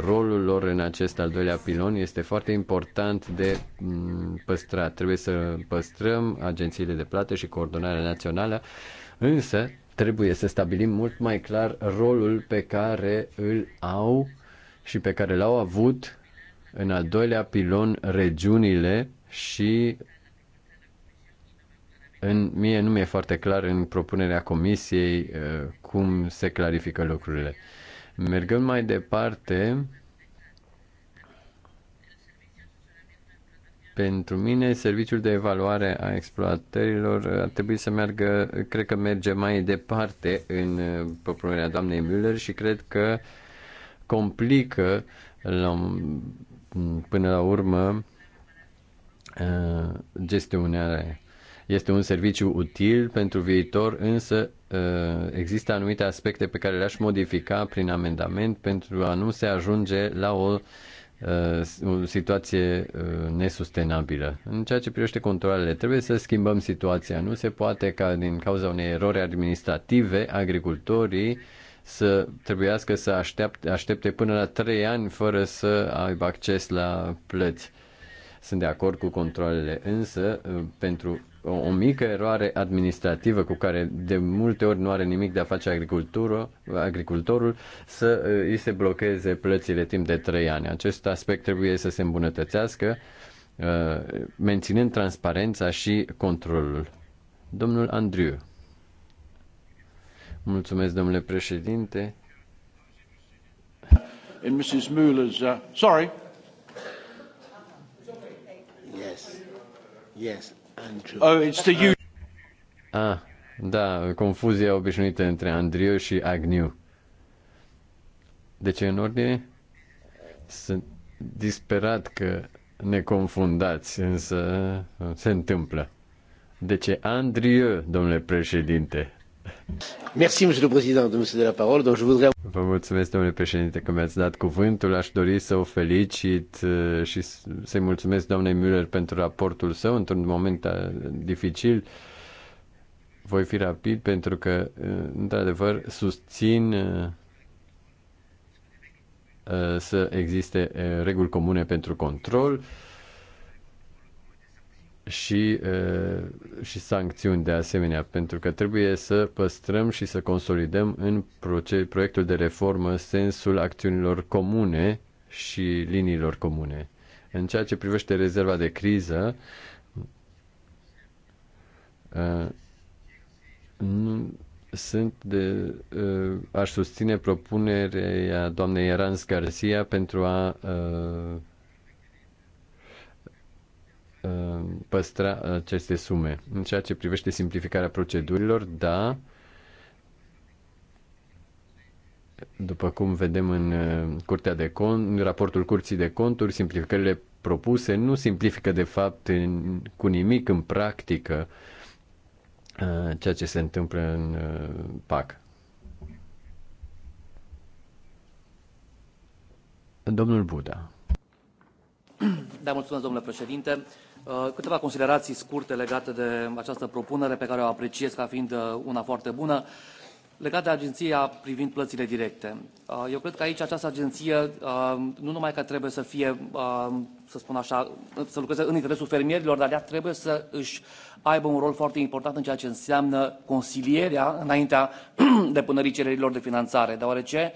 Rolul lor în acest al doilea pilon este foarte important de mm, păstrat. Trebuie să păstrăm agențiile de plată și coordonarea națională Însă, trebuie să stabilim mult mai clar rolul pe care îl au și pe care l-au avut în al doilea pilon regiunile și în, mie nu mi-e foarte clar în propunerea comisiei uh, cum se clarifică lucrurile. Mergând mai departe, Pentru mine, serviciul de evaluare a exploatărilor ar trebui să meargă, cred că merge mai departe în uh, propunerea doamnei Müller și cred că complică la, până la urmă uh, gestiunea este un serviciu util pentru viitor, însă uh, există anumite aspecte pe care le-aș modifica prin amendament pentru a nu se ajunge la o Uh, o situație uh, nesustenabilă. În ceea ce privește controlele, trebuie să schimbăm situația. Nu se poate ca din cauza unei erori administrative agricultorii să trebuiască să aștepte, aștepte până la 3 ani fără să aibă acces la plăți. Sunt de acord cu controlele, însă uh, pentru o o mică eroare administrativă cu care de multe ori nu are nimic de a face agricultorul să îi se blocheze plățile timp de 3 ani. Acest aspect trebuie să se îmbunătățească menținând transparența și controlul. Domnul Andriu. Mulțumesc, domnule președinte. In Mrs. Mueller's, uh, sorry. Yes. Yes. Oh, it's the Ah, da, confuzia obișnuită între Andriu și Agnew. De ce în ordine? Sunt disperat că ne confundați, însă se întâmplă. De ce Andrieu, domnule președinte? Vă mulțumesc, domnule președinte, că mi-ați dat cuvântul. Aș dori să o felicit uh, și să-i mulțumesc doamnei Müller pentru raportul său într-un moment uh, dificil. Voi fi rapid pentru că, uh, într-adevăr, susțin să existe reguli comune pentru control și, și sancțiuni de asemenea, pentru că trebuie să păstrăm și să consolidăm în proiectul de reformă sensul acțiunilor comune și liniilor comune. În ceea ce privește rezerva de criză, nu sunt de, aș susține propunerea doamnei Erans Garcia pentru a Uh, păstra aceste sume. În ceea ce privește simplificarea procedurilor, da, după cum vedem în uh, curtea de cont, în raportul curții de conturi, simplificările propuse nu simplifică de fapt în, cu nimic în practică uh, ceea ce se întâmplă în PAC. Domnul Buda. Da, mulțumesc, domnule președinte Uh, câteva considerații scurte legate de această propunere pe care o apreciez ca fiind uh, una foarte bună. Legat de agenția privind plățile directe, uh, eu cred că aici această agenție uh, nu numai că trebuie să fie, uh, să spun așa, să lucreze în interesul fermierilor, dar ea trebuie să își aibă un rol foarte important în ceea ce înseamnă consilierea înaintea depunerii cererilor de finanțare, deoarece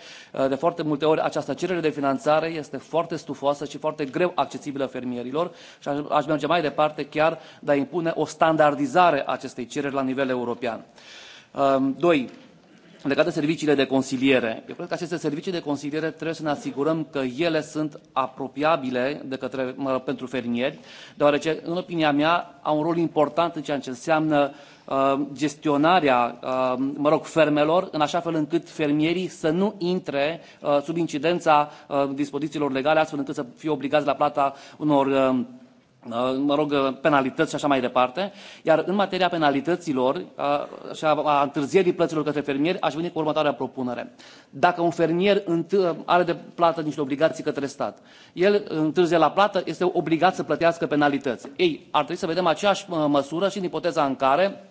de foarte multe ori această cerere de finanțare este foarte stufoasă și foarte greu accesibilă fermierilor și aș merge mai departe chiar de a impune o standardizare a acestei cereri la nivel european. Um, doi, legat de serviciile de consiliere. Eu cred că aceste servicii de consiliere trebuie să ne asigurăm că ele sunt apropiabile de către, mă, pentru fermieri, deoarece, în opinia mea, au un rol important în ceea ce înseamnă uh, gestionarea, uh, mă rog, fermelor, în așa fel încât fermierii să nu intre uh, sub incidența uh, dispozițiilor legale, astfel încât să fie obligați la plata unor uh, Uh, mă rog, uh, penalități și așa mai departe. Iar în materia penalităților uh, și a întârzierii plăților către fermieri, aș veni cu următoarea propunere. Dacă un fermier are de plată niște obligații către stat, el întârzie la plată, este obligat să plătească penalități. Ei, ar trebui să vedem aceeași măsură și în ipoteza în care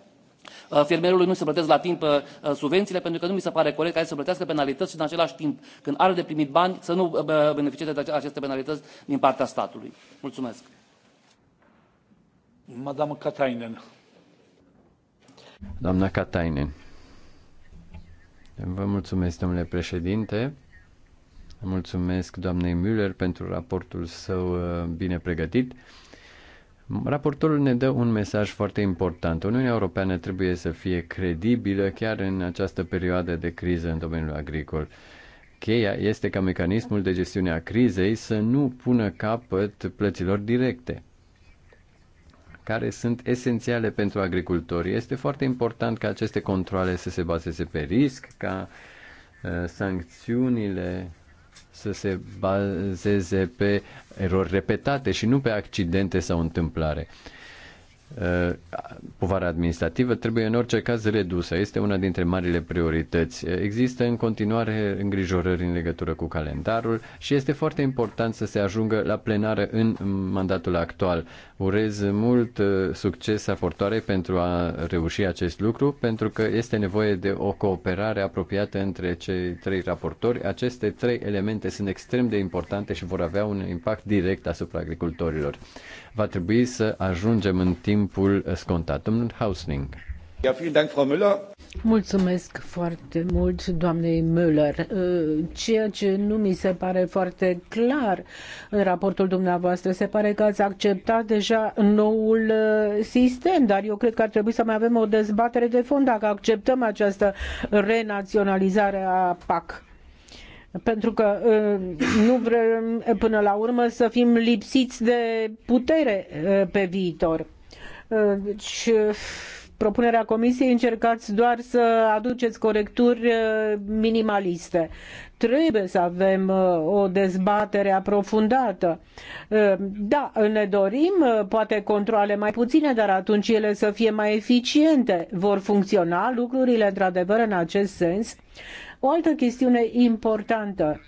fermierului nu se plătesc la timp subvențiile, pentru că nu mi se pare corect ca el să plătească penalități și în același timp, când are de primit bani, să nu beneficieze de aceste penalități din partea statului. Mulțumesc! Madame Katainen. Doamna Katainen. Vă mulțumesc, domnule președinte. Mulțumesc doamnei Müller pentru raportul său uh, bine pregătit. Raportorul ne dă un mesaj foarte important. Uniunea Europeană trebuie să fie credibilă chiar în această perioadă de criză în domeniul agricol. Cheia este ca mecanismul de gestiune a crizei să nu pună capăt plăților directe care sunt esențiale pentru agricultori. Este foarte important ca aceste controle să se bazeze pe risc, ca uh, sancțiunile să se bazeze pe erori repetate și nu pe accidente sau întâmplare. Uh, povara administrativă trebuie în orice caz redusă. Este una dintre marile priorități. Există în continuare îngrijorări în legătură cu calendarul și este foarte important să se ajungă la plenară în mandatul actual. Urez mult uh, succes raportoare pentru a reuși acest lucru, pentru că este nevoie de o cooperare apropiată între cei trei raportori. Aceste trei elemente sunt extrem de importante și vor avea un impact direct asupra agricultorilor va trebui să ajungem în timpul scontat. Domnul Hausling. Mulțumesc foarte mult, doamnei Müller. Uh, ceea ce nu mi se pare foarte clar în raportul dumneavoastră, se pare că ați acceptat deja noul uh, sistem, dar eu cred că ar trebui să mai avem o dezbatere de fond dacă acceptăm această renaționalizare a PAC pentru că ă, nu vrem până la urmă să fim lipsiți de putere ă, pe viitor. Ă, deci, propunerea comisiei încercați doar să aduceți corecturi minimaliste. Trebuie să avem o dezbatere aprofundată. Da, ne dorim poate controle mai puține, dar atunci ele să fie mai eficiente. Vor funcționa lucrurile într-adevăr în acest sens? O altă chestiune importantă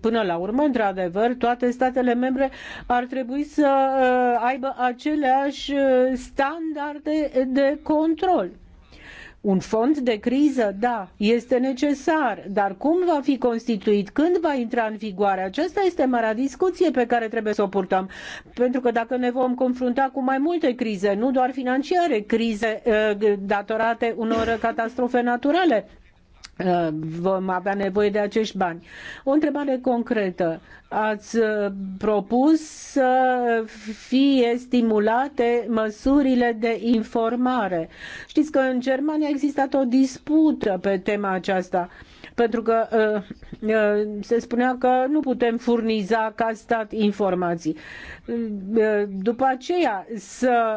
până la urmă, într-adevăr, toate statele membre ar trebui să uh, aibă aceleași uh, standarde de control. Un fond de criză, da, este necesar, dar cum va fi constituit, când va intra în vigoare? Aceasta este marea discuție pe care trebuie să o purtăm, pentru că dacă ne vom confrunta cu mai multe crize, nu doar financiare, crize uh, datorate unor catastrofe naturale, Uh, vom avea nevoie de acești bani. O întrebare concretă. Ați uh, propus să fie stimulate măsurile de informare. Știți că în Germania a existat o dispută pe tema aceasta pentru că uh, uh, se spunea că nu putem furniza ca stat informații. Uh, după aceea, să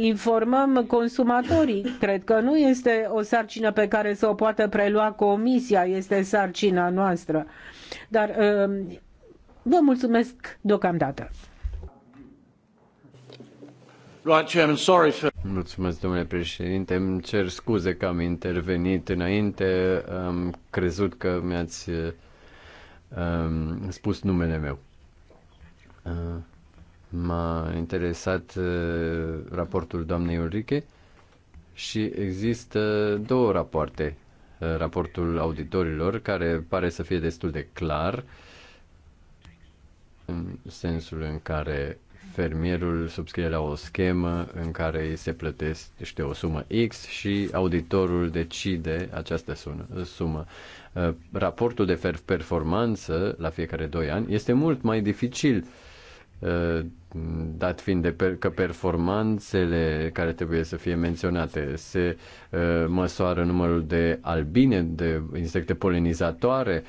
informăm consumatorii, cred că nu este o sarcină pe care să o poată prelua comisia, este sarcina noastră. Dar vă mulțumesc deocamdată. Mulțumesc, domnule președinte. Îmi cer scuze că am intervenit înainte. Am crezut că mi-ați um, spus numele meu. Uh, m-a interesat uh, raportul doamnei Ulrike și există două rapoarte. Uh, raportul auditorilor, care pare să fie destul de clar, în sensul în care fermierul subscrie la o schemă în care îi se plătește o sumă X și auditorul decide această sumă. Uh, raportul de performanță la fiecare 2 ani este mult mai dificil uh, dat fiind de per- că performanțele care trebuie să fie menționate se uh, măsoară numărul de albine, de insecte polenizatoare,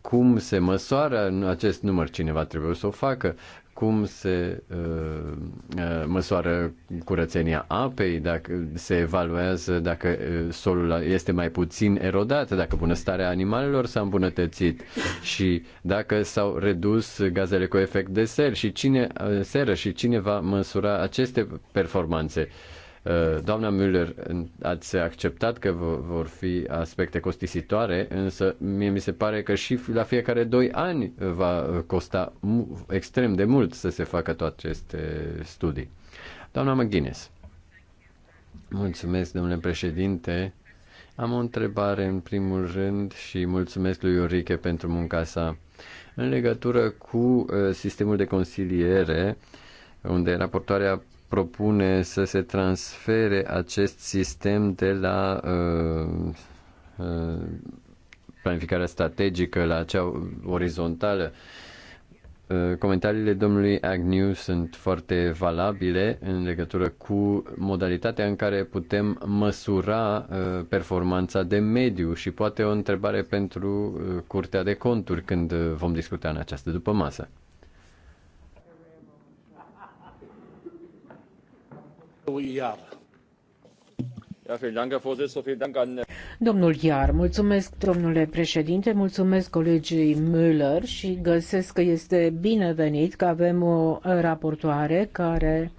cum se măsoară acest număr, cineva trebuie să o facă, cum se uh, uh, măsoară curățenia apei, dacă se evaluează dacă uh, solul este mai puțin erodat, dacă bunăstarea animalelor s-a îmbunătățit și dacă s-au redus gazele cu efect de ser și cine uh, seră și cine va măsura aceste performanțe. Uh, Uh, doamna Müller, ați acceptat că vor fi aspecte costisitoare, însă mie mi se pare că și la fiecare doi ani va costa extrem de mult să se facă toate aceste studii. Doamna McGuinness. Mulțumesc, domnule președinte. Am o întrebare în primul rând și mulțumesc lui Iorike pentru munca sa. În legătură cu uh, sistemul de consiliere, unde raportoarea propune să se transfere acest sistem de la uh, uh, planificarea strategică la cea orizontală. Uh, comentariile domnului Agnew sunt foarte valabile în legătură cu modalitatea în care putem măsura uh, performanța de mediu și poate o întrebare pentru uh, Curtea de Conturi când vom discuta în această după masă. Äh, Domnul Iar, mulțumesc domnule președinte, mulțumesc colegii Müller și găsesc că este binevenit că avem o raportoare care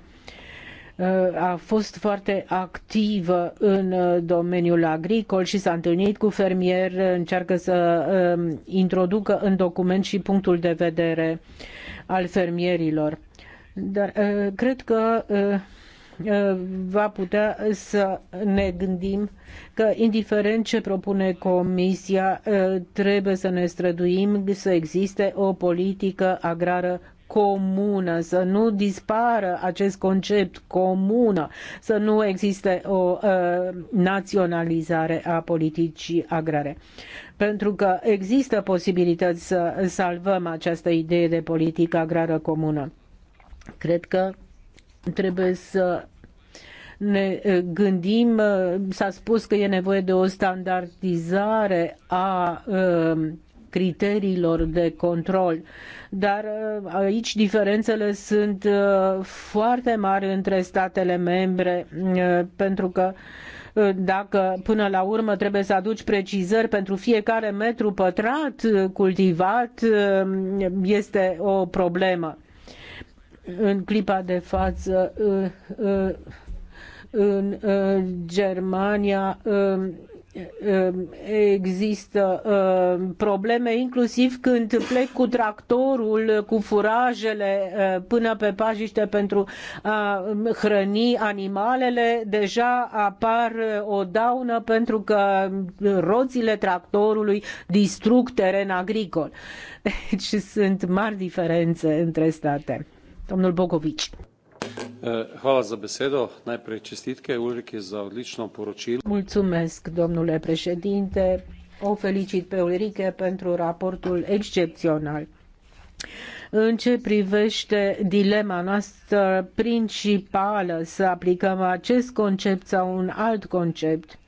uh, a fost foarte activă în uh, domeniul agricol și s-a întâlnit cu fermieri, încearcă să um, introducă în document și punctul de vedere al fermierilor. Dar uh, cred că Uh, va putea să ne gândim că, indiferent ce propune Comisia, uh, trebuie să ne străduim să existe o politică agrară comună, să nu dispară acest concept comună, să nu existe o uh, naționalizare a politicii agrare. Pentru că există posibilități să salvăm această idee de politică agrară comună. Cred că trebuie să ne gândim, s-a spus că e nevoie de o standardizare a criteriilor de control. Dar aici diferențele sunt foarte mari între statele membre, pentru că dacă până la urmă trebuie să aduci precizări pentru fiecare metru pătrat cultivat, este o problemă în clipa de față uh, uh, în Germania um, um, există um, probleme, inclusiv când plec cu tractorul, cu furajele uh, până pe pajiște pentru a hrăni animalele, deja apar o daună pentru că roțile tractorului distrug teren agricol. Deci sunt mari diferențe între state. Domnul Bogovici. Hvala za besedo. Najprej čestitke Ulrike za odlično poročilo. Mulțumesc, domnule președinte. O felicit pe Ulrike pentru raportul excepțional. În ce privește dilema noastră principală, să aplicăm acest concept sau un alt concept,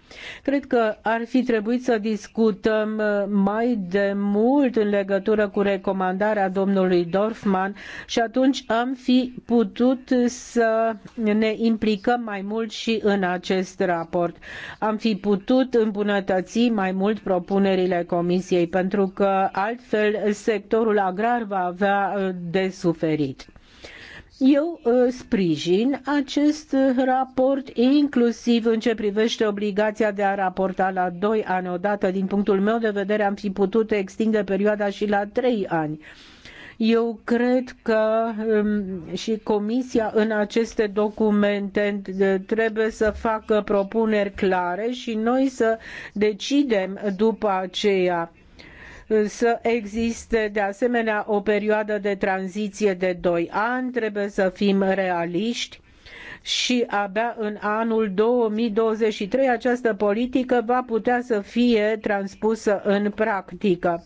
Cred că ar fi trebuit să discutăm uh, mai de mult în legătură cu recomandarea domnului Dorfman și atunci am fi putut să ne implicăm mai mult și în acest raport. Am fi putut îmbunătăți mai mult propunerile Comisiei pentru că altfel sectorul agrar va avea uh, de suferit. Eu uh, sprijin acest uh, raport inclusiv în ce privește obligația de a raporta la 2 ani odată. Din punctul meu de vedere am fi putut extinde perioada și la 3 ani. Eu cred că um, și Comisia în aceste documente uh, trebuie să facă propuneri clare și noi să decidem după aceea să existe de asemenea o perioadă de tranziție de doi ani, trebuie să fim realiști și abia în anul 2023 această politică va putea să fie transpusă în practică.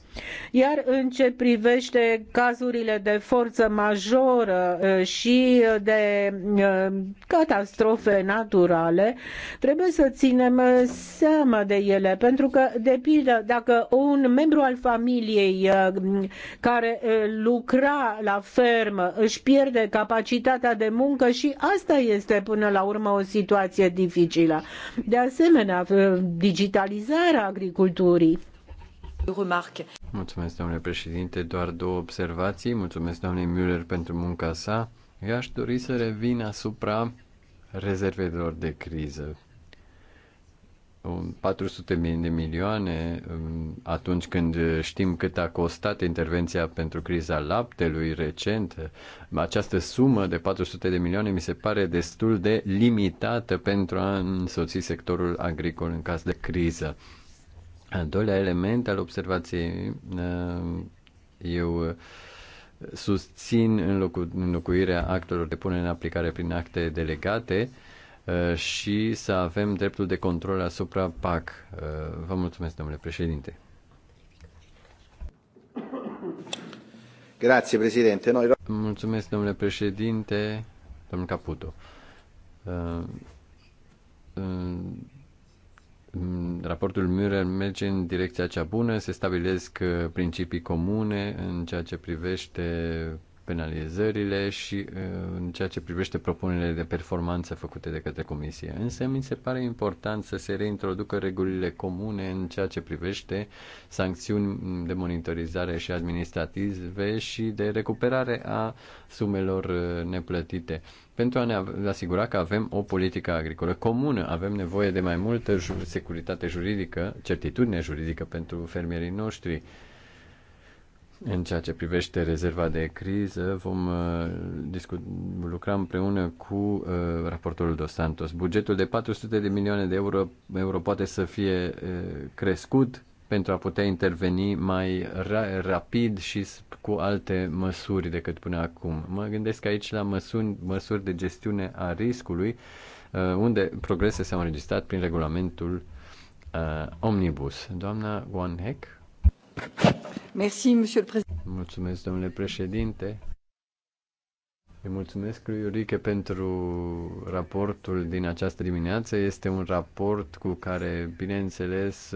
Iar în ce privește cazurile de forță majoră eh, și de eh, catastrofe naturale, trebuie să ținem eh, seama de ele, pentru că, de pildă, dacă un membru al familiei care lucra la fermă își pierde capacitatea de muncă și asta este este până la urmă o situație dificilă. De asemenea, digitalizarea agriculturii. Mulțumesc, domnule președinte. Doar două observații. Mulțumesc, doamnei Müller, pentru munca sa. Eu aș dori să revin asupra rezervelor de criză. 400 de milioane um, atunci când știm cât a costat intervenția pentru criza laptelui recent. Această sumă de 400 de milioane mi se pare destul de limitată pentru a însoți sectorul agricol în caz de criză. Al doilea element al observației, uh, eu uh, susțin înlocuirea actelor de punere în aplicare prin acte delegate, Uh, și să avem dreptul de control asupra PAC. Uh, vă mulțumesc, domnule președinte. Grazie, președinte. Noi... Mulțumesc, domnule președinte, domnul Caputo. Uh, raportul Müller merge în direcția cea bună, se stabilesc principii comune în ceea ce privește penalizările și uh, în ceea ce privește propunerile de performanță făcute de către Comisie. Însă mi se pare important să se reintroducă regulile comune în ceea ce privește sancțiuni de monitorizare și administrative și de recuperare a sumelor uh, neplătite. Pentru a ne asigura că avem o politică agricolă comună, avem nevoie de mai multă securitate juridică, certitudine juridică pentru fermierii noștri în ceea ce privește rezerva de criză, vom uh, discut, lucra împreună cu uh, raportorul Dos Santos. Bugetul de 400 de milioane de euro, euro poate să fie uh, crescut pentru a putea interveni mai ra- rapid și cu alte măsuri decât până acum. Mă gândesc aici la măsuri, măsuri de gestiune a riscului, uh, unde progrese s-au înregistrat prin regulamentul uh, Omnibus. Doamna Guanhec? Heck? Mulțumesc, domnule președinte. Îi mulțumesc lui Iuriche pentru raportul din această dimineață. Este un raport cu care, bineînțeles,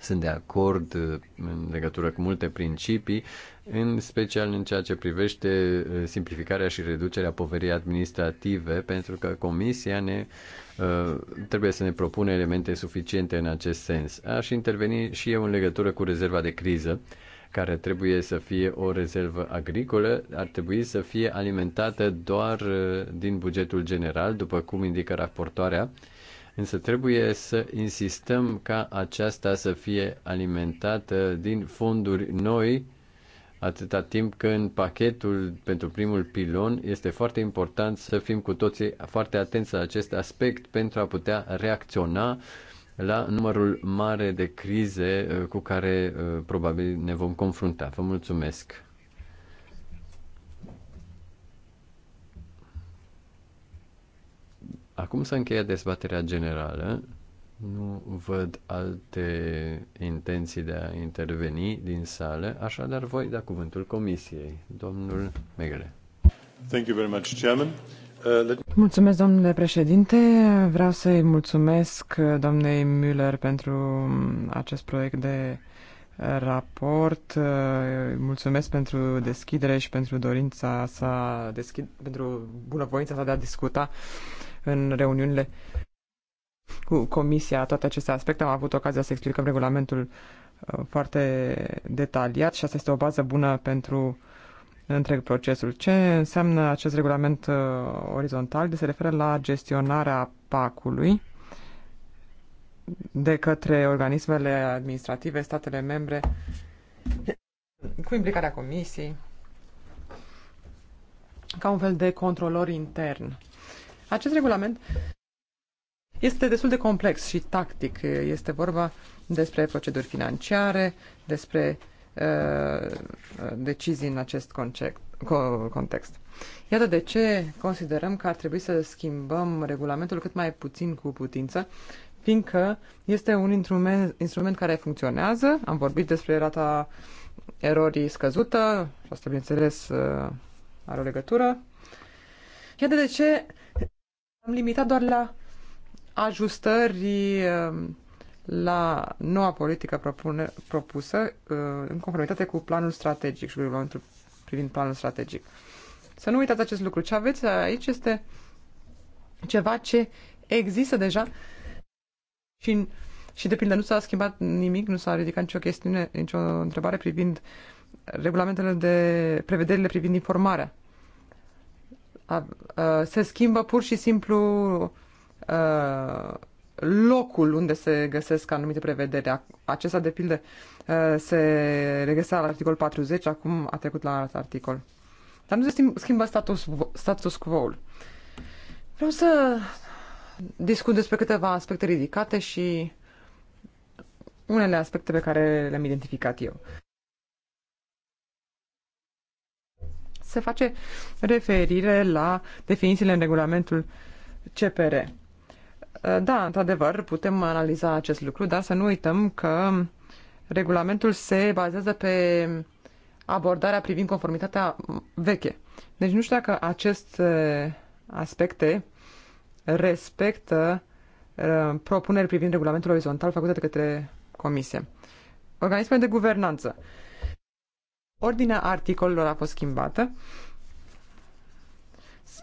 sunt de acord uh, în legătură cu multe principii, în special în ceea ce privește uh, simplificarea și reducerea poverii administrative, pentru că Comisia ne uh, trebuie să ne propune elemente suficiente în acest sens. Aș interveni și eu în legătură cu rezerva de criză, care trebuie să fie o rezervă agricolă, ar trebui să fie alimentată doar din bugetul general, după cum indică raportoarea, Însă trebuie să insistăm ca aceasta să fie alimentată din fonduri noi, atâta timp când pachetul pentru primul pilon este foarte important să fim cu toții foarte atenți la acest aspect pentru a putea reacționa la numărul mare de crize uh, cu care uh, probabil ne vom confrunta. Vă mulțumesc! Acum să încheie dezbaterea generală. Nu văd alte intenții de a interveni din sală, așadar voi da cuvântul comisiei. Domnul Megele. Thank you very much, Chairman. Uh, mulțumesc, domnule președinte. Vreau să-i mulțumesc doamnei Müller pentru acest proiect de raport. Uh, mulțumesc pentru deschidere și pentru dorința sa, deschid, pentru bunăvoința sa de a discuta în reuniunile cu comisia, toate aceste aspecte. Am avut ocazia să explicăm regulamentul uh, foarte detaliat și asta este o bază bună pentru întreg procesul. Ce înseamnă acest regulament uh, orizontal? De se referă la gestionarea PAC-ului de către organismele administrative, statele membre, cu implicarea comisiei, ca un fel de controlor intern acest regulament este destul de complex și tactic. Este vorba despre proceduri financiare, despre uh, decizii în acest concept, context. Iată de ce considerăm că ar trebui să schimbăm regulamentul cât mai puțin cu putință, fiindcă este un instrument, instrument care funcționează. Am vorbit despre rata erorii scăzută, și asta, bineînțeles, uh, are o legătură. Iată de ce am limitat doar la ajustări ehm, la noua politică propune, propusă ehm, în conformitate cu planul strategic și regulamentul privind planul strategic. Să nu uitați acest lucru. Ce aveți aici este ceva ce există deja și, și de pildă nu s-a schimbat nimic, nu s-a ridicat nicio chestiune, nicio întrebare privind regulamentele de prevederile privind informarea se schimbă pur și simplu locul unde se găsesc anumite prevederi. Acesta, de pildă, se regăsea la articol 40, acum a trecut la alt articol. Dar nu se schimbă status, status quo-ul. Vreau să discut despre câteva aspecte ridicate și unele aspecte pe care le-am identificat eu. se face referire la definițiile în regulamentul CPR. Uh, da, într-adevăr, putem analiza acest lucru, dar să nu uităm că regulamentul se bazează pe abordarea privind conformitatea veche. Deci nu știu dacă aceste aspecte respectă uh, propuneri privind regulamentul orizontal făcute de către Comisie. Organismele de guvernanță. Ordinea articolelor a fost schimbată.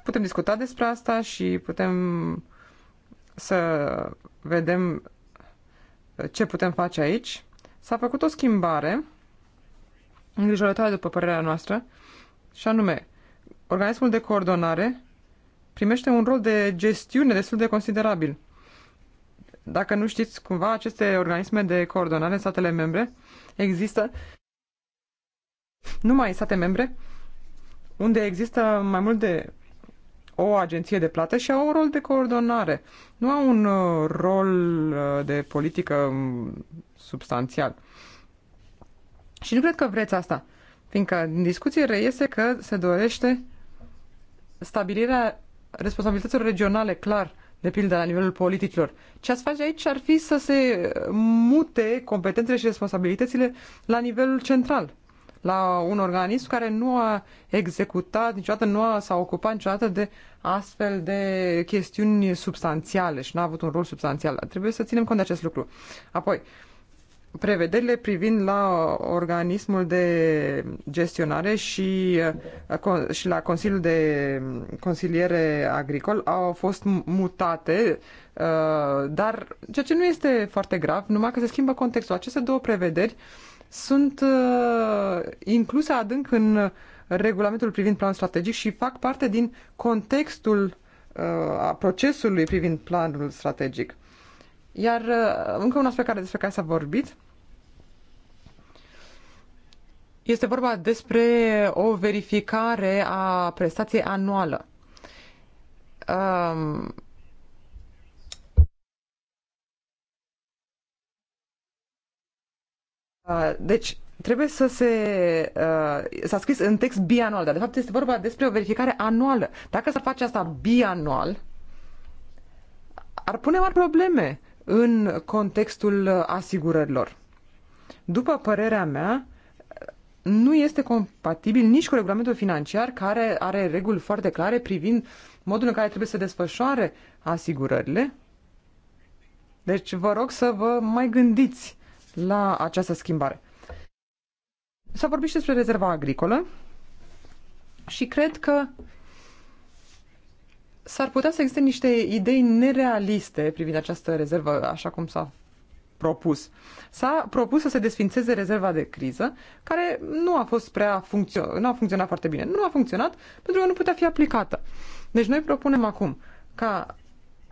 Putem discuta despre asta și putem să vedem ce putem face aici. S-a făcut o schimbare îngrijorătoare după părerea noastră și anume, organismul de coordonare primește un rol de gestiune destul de considerabil. Dacă nu știți, cumva aceste organisme de coordonare în statele membre există numai în state membre unde există mai mult de o agenție de plată și au un rol de coordonare. Nu au un uh, rol uh, de politică um, substanțial. Și nu cred că vreți asta, fiindcă în discuție reiese că se dorește stabilirea responsabilităților regionale, clar, de pildă la nivelul politicilor. Ce ați face aici ar fi să se mute competențele și responsabilitățile la nivelul central la un organism care nu a executat niciodată, nu a, s-a ocupat niciodată de astfel de chestiuni substanțiale și nu a avut un rol substanțial. Trebuie să ținem cont de acest lucru. Apoi, prevederile privind la organismul de gestionare și, uh, și la Consiliul de Consiliere Agricol au fost mutate, uh, dar ceea ce nu este foarte grav, numai că se schimbă contextul. Aceste două prevederi sunt uh, incluse adânc în uh, regulamentul privind planul strategic și fac parte din contextul uh, a procesului privind planul strategic. Iar uh, încă un aspect care, despre care s-a vorbit este vorba despre o verificare a prestației anuală. Uh, Deci, trebuie să se... Uh, s-a scris în text bianual, dar de fapt este vorba despre o verificare anuală. Dacă s-ar face asta bianual, ar pune mari probleme în contextul asigurărilor. După părerea mea, nu este compatibil nici cu regulamentul financiar care are reguli foarte clare privind modul în care trebuie să desfășoare asigurările. Deci vă rog să vă mai gândiți la această schimbare. S-a vorbit și despre rezerva agricolă și cred că s-ar putea să existe niște idei nerealiste privind această rezervă, așa cum s-a propus. S-a propus să se desfințeze rezerva de criză, care nu a fost prea funcțio- nu a funcționat foarte bine. Nu a funcționat pentru că nu putea fi aplicată. Deci noi propunem acum ca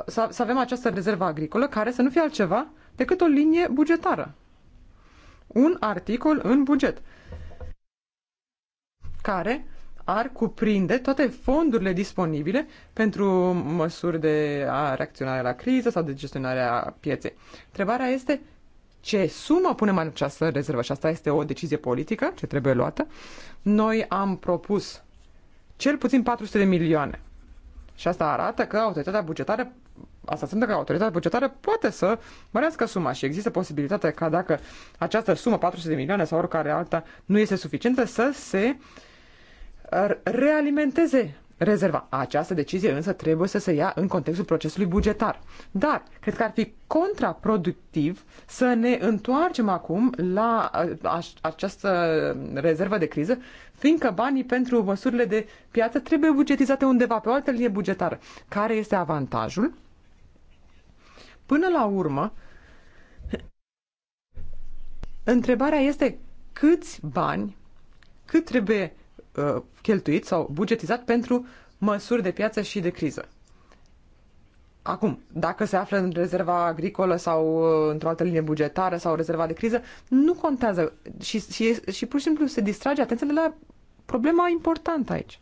să, avem această rezervă agricolă care să nu fie altceva decât o linie bugetară un articol în buget care ar cuprinde toate fondurile disponibile pentru măsuri de a reacționare la criză sau de gestionare a pieței. Întrebarea este ce sumă punem în această rezervă și asta este o decizie politică ce trebuie luată. Noi am propus cel puțin 400 de milioane și asta arată că autoritatea bugetară asta înseamnă că autoritatea bugetară poate să mărească suma și există posibilitatea ca dacă această sumă, 400 de milioane sau oricare alta, nu este suficientă, să se realimenteze rezerva. Această decizie însă trebuie să se ia în contextul procesului bugetar. Dar cred că ar fi contraproductiv să ne întoarcem acum la această rezervă de criză, fiindcă banii pentru măsurile de piață trebuie bugetizate undeva pe o altă linie bugetară. Care este avantajul? Până la urmă, întrebarea este câți bani, cât trebuie uh, cheltuit sau bugetizat pentru măsuri de piață și de criză. Acum, dacă se află în rezerva agricolă sau uh, într-o altă linie bugetară sau rezerva de criză, nu contează și, și, și pur și simplu se distrage atenția de la problema importantă aici.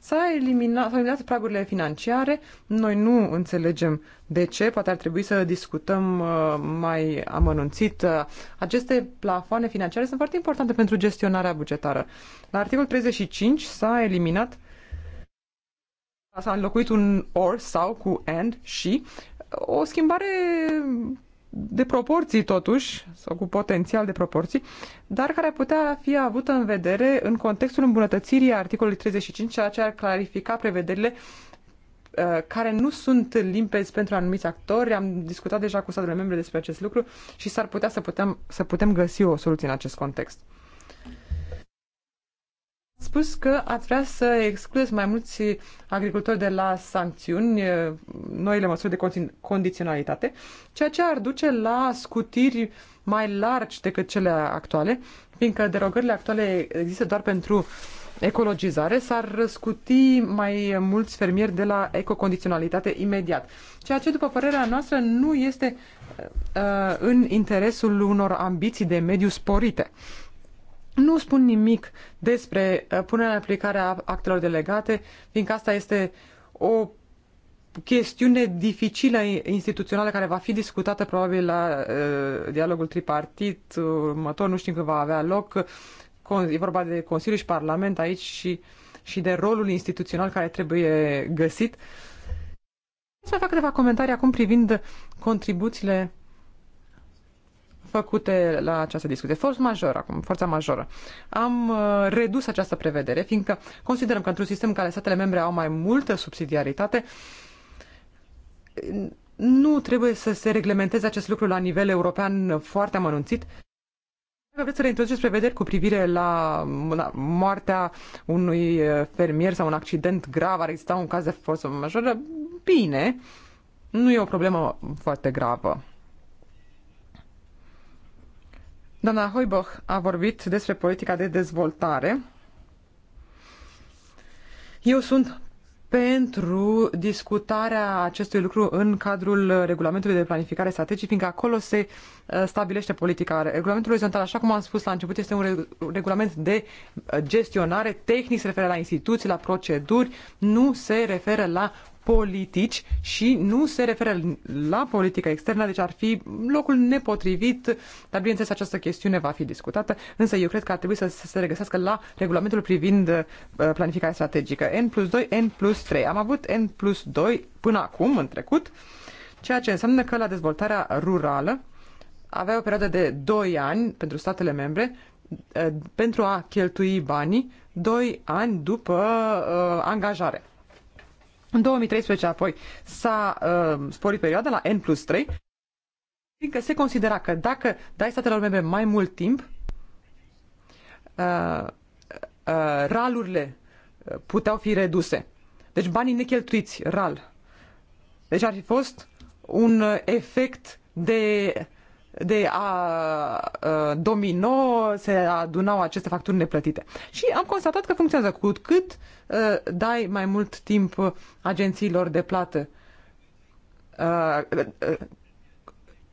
S-a eliminat, s-au eliminat pragurile financiare. Noi nu înțelegem de ce. Poate ar trebui să discutăm uh, mai amănunțit. Uh, aceste plafoane financiare sunt foarte importante pentru gestionarea bugetară. La articolul 35 s-a eliminat s-a înlocuit un or sau cu and și uh, o schimbare de proporții totuși, sau cu potențial de proporții, dar care putea fi avută în vedere în contextul îmbunătățirii articolului 35, ceea ce ar clarifica prevederile uh, care nu sunt limpezi pentru anumiți actori. Am discutat deja cu statele membre despre acest lucru și s-ar putea să putem, să putem găsi o soluție în acest context spus că ați vrea să excluzi mai mulți agricultori de la sancțiuni, eh, noile măsuri de condiționalitate, ceea ce ar duce la scutiri mai largi decât cele actuale, fiindcă derogările actuale există doar pentru ecologizare, s-ar răscuti mai mulți fermieri de la ecocondiționalitate imediat. Ceea ce, după părerea noastră, nu este uh, în interesul unor ambiții de mediu sporite. Nu spun nimic despre uh, punerea în aplicare a actelor delegate, fiindcă asta este o chestiune dificilă instituțională care va fi discutată probabil la uh, dialogul tripartit următor, nu știm când va avea loc. E vorba de Consiliu și Parlament aici și, și de rolul instituțional care trebuie găsit. Să fac câteva comentarii acum privind contribuțiile făcute la această discuție. Forța majoră, acum, forța majoră. Am uh, redus această prevedere, fiindcă considerăm că într-un sistem în care statele membre au mai multă subsidiaritate, nu trebuie să se reglementeze acest lucru la nivel european foarte amănunțit. Dacă Vreți să reintroduceți prevederi cu privire la, la moartea unui uh, fermier sau un accident grav? Ar exista un caz de forță majoră? Bine, nu e o problemă foarte gravă. Doamna Hoiboch a vorbit despre politica de dezvoltare. Eu sunt pentru discutarea acestui lucru în cadrul regulamentului de planificare strategic, fiindcă acolo se uh, stabilește politica. Regulamentul orizontal, așa cum am spus la început, este un regulament de uh, gestionare tehnic, se referă la instituții, la proceduri, nu se referă la politici și nu se referă la politica externă, deci ar fi locul nepotrivit, dar bineînțeles această chestiune va fi discutată, însă eu cred că ar trebui să se regăsească la regulamentul privind uh, planificarea strategică. N plus 2, N plus 3. Am avut N plus 2 până acum, în trecut, ceea ce înseamnă că la dezvoltarea rurală avea o perioadă de 2 ani pentru statele membre uh, pentru a cheltui banii 2 ani după uh, angajare. În 2013 apoi s-a uh, sporit perioada la N plus 3, fiindcă se considera că dacă dai statelor membre mai mult timp, uh, uh, ralurile uh, puteau fi reduse. Deci banii necheltuiți, ral. Deci ar fi fost un uh, efect de de a, ă, domino se adunau aceste facturi neplătite. Și am constatat că funcționează cu cât ă, dai mai mult timp agențiilor de plată. Ă,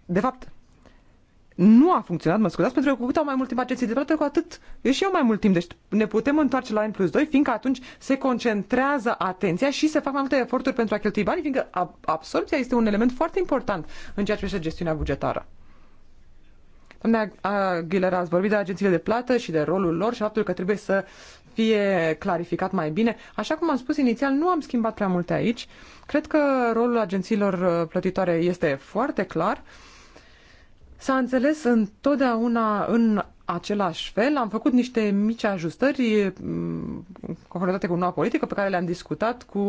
de fapt, nu a funcționat, mă scuzați, pentru că cu cât au mai mult timp agenții de plată, cu atât și eu mai mult timp. Deci ne putem întoarce la N plus 2, fiindcă atunci se concentrează atenția și se fac mai multe eforturi pentru a cheltui bani, fiindcă absorpția este un element foarte important în ceea ce privește gestiunea bugetară. Domnule Aguilera, ați vorbit de agențiile de plată și de rolul lor și faptul că trebuie să fie clarificat mai bine. Așa cum am spus inițial, nu am schimbat prea multe aici. Cred că rolul agențiilor uh, plătitoare este foarte clar. S-a înțeles întotdeauna în același fel, am făcut niște mici ajustări mm, conformitate cu noua politică pe care le-am discutat cu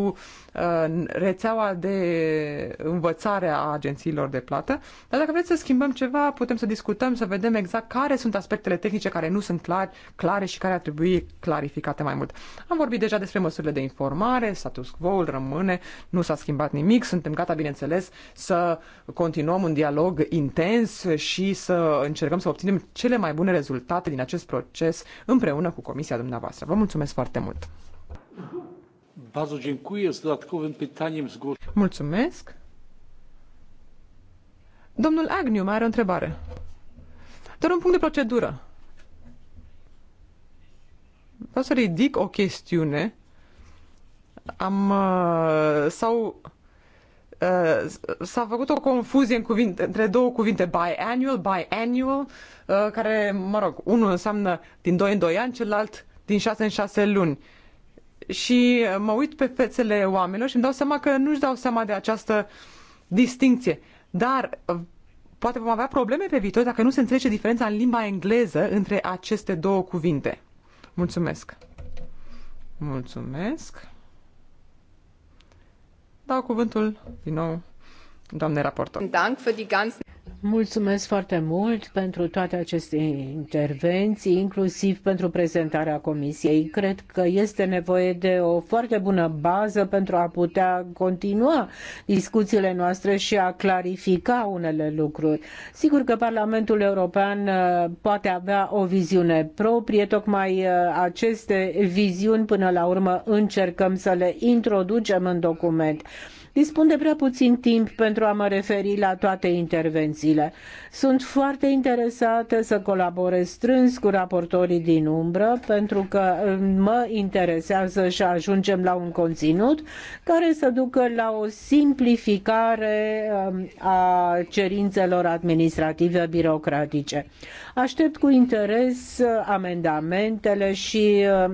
uh, rețeaua de învățare a agențiilor de plată. Dar dacă vreți să schimbăm ceva, putem să discutăm, să vedem exact care sunt aspectele tehnice care nu sunt clar, clare și care ar trebui clarificate mai mult. Am vorbit deja despre măsurile de informare, status quo rămâne, nu s-a schimbat nimic, suntem gata, bineînțeles, să continuăm un dialog intens și să încercăm să obținem cele mai bune rezultate rezultate din acest proces împreună cu comisia dumneavoastră. Vă mulțumesc foarte mult! Mulțumesc! Domnul Agniu mai are o întrebare. Doar un punct de procedură. Vreau să ridic o chestiune. Am... Uh, sau... Uh, s-a făcut o confuzie în cuvinte, între două cuvinte, biannual, biannual, uh, care, mă rog, unul înseamnă din 2 în 2 ani, celălalt din 6 în 6 luni. Și mă uit pe fețele oamenilor și îmi dau seama că nu-și dau seama de această distinție. Dar uh, poate vom avea probleme pe viitor dacă nu se înțelege diferența în limba engleză între aceste două cuvinte. Mulțumesc! Mulțumesc! Dau cuvântul din nou, doamnei raportor. Mulțumesc foarte mult pentru toate aceste intervenții, inclusiv pentru prezentarea comisiei. Cred că este nevoie de o foarte bună bază pentru a putea continua discuțiile noastre și a clarifica unele lucruri. Sigur că Parlamentul European uh, poate avea o viziune proprie, tocmai uh, aceste viziuni până la urmă încercăm să le introducem în document. Dispun de prea puțin timp pentru a mă referi la toate intervențiile. Sunt foarte interesată să colaborez strâns cu raportorii din umbră pentru că uh, mă interesează și ajungem la un conținut care să ducă la o simplificare um, a cerințelor administrative birocratice. Aștept cu interes uh, amendamentele și uh,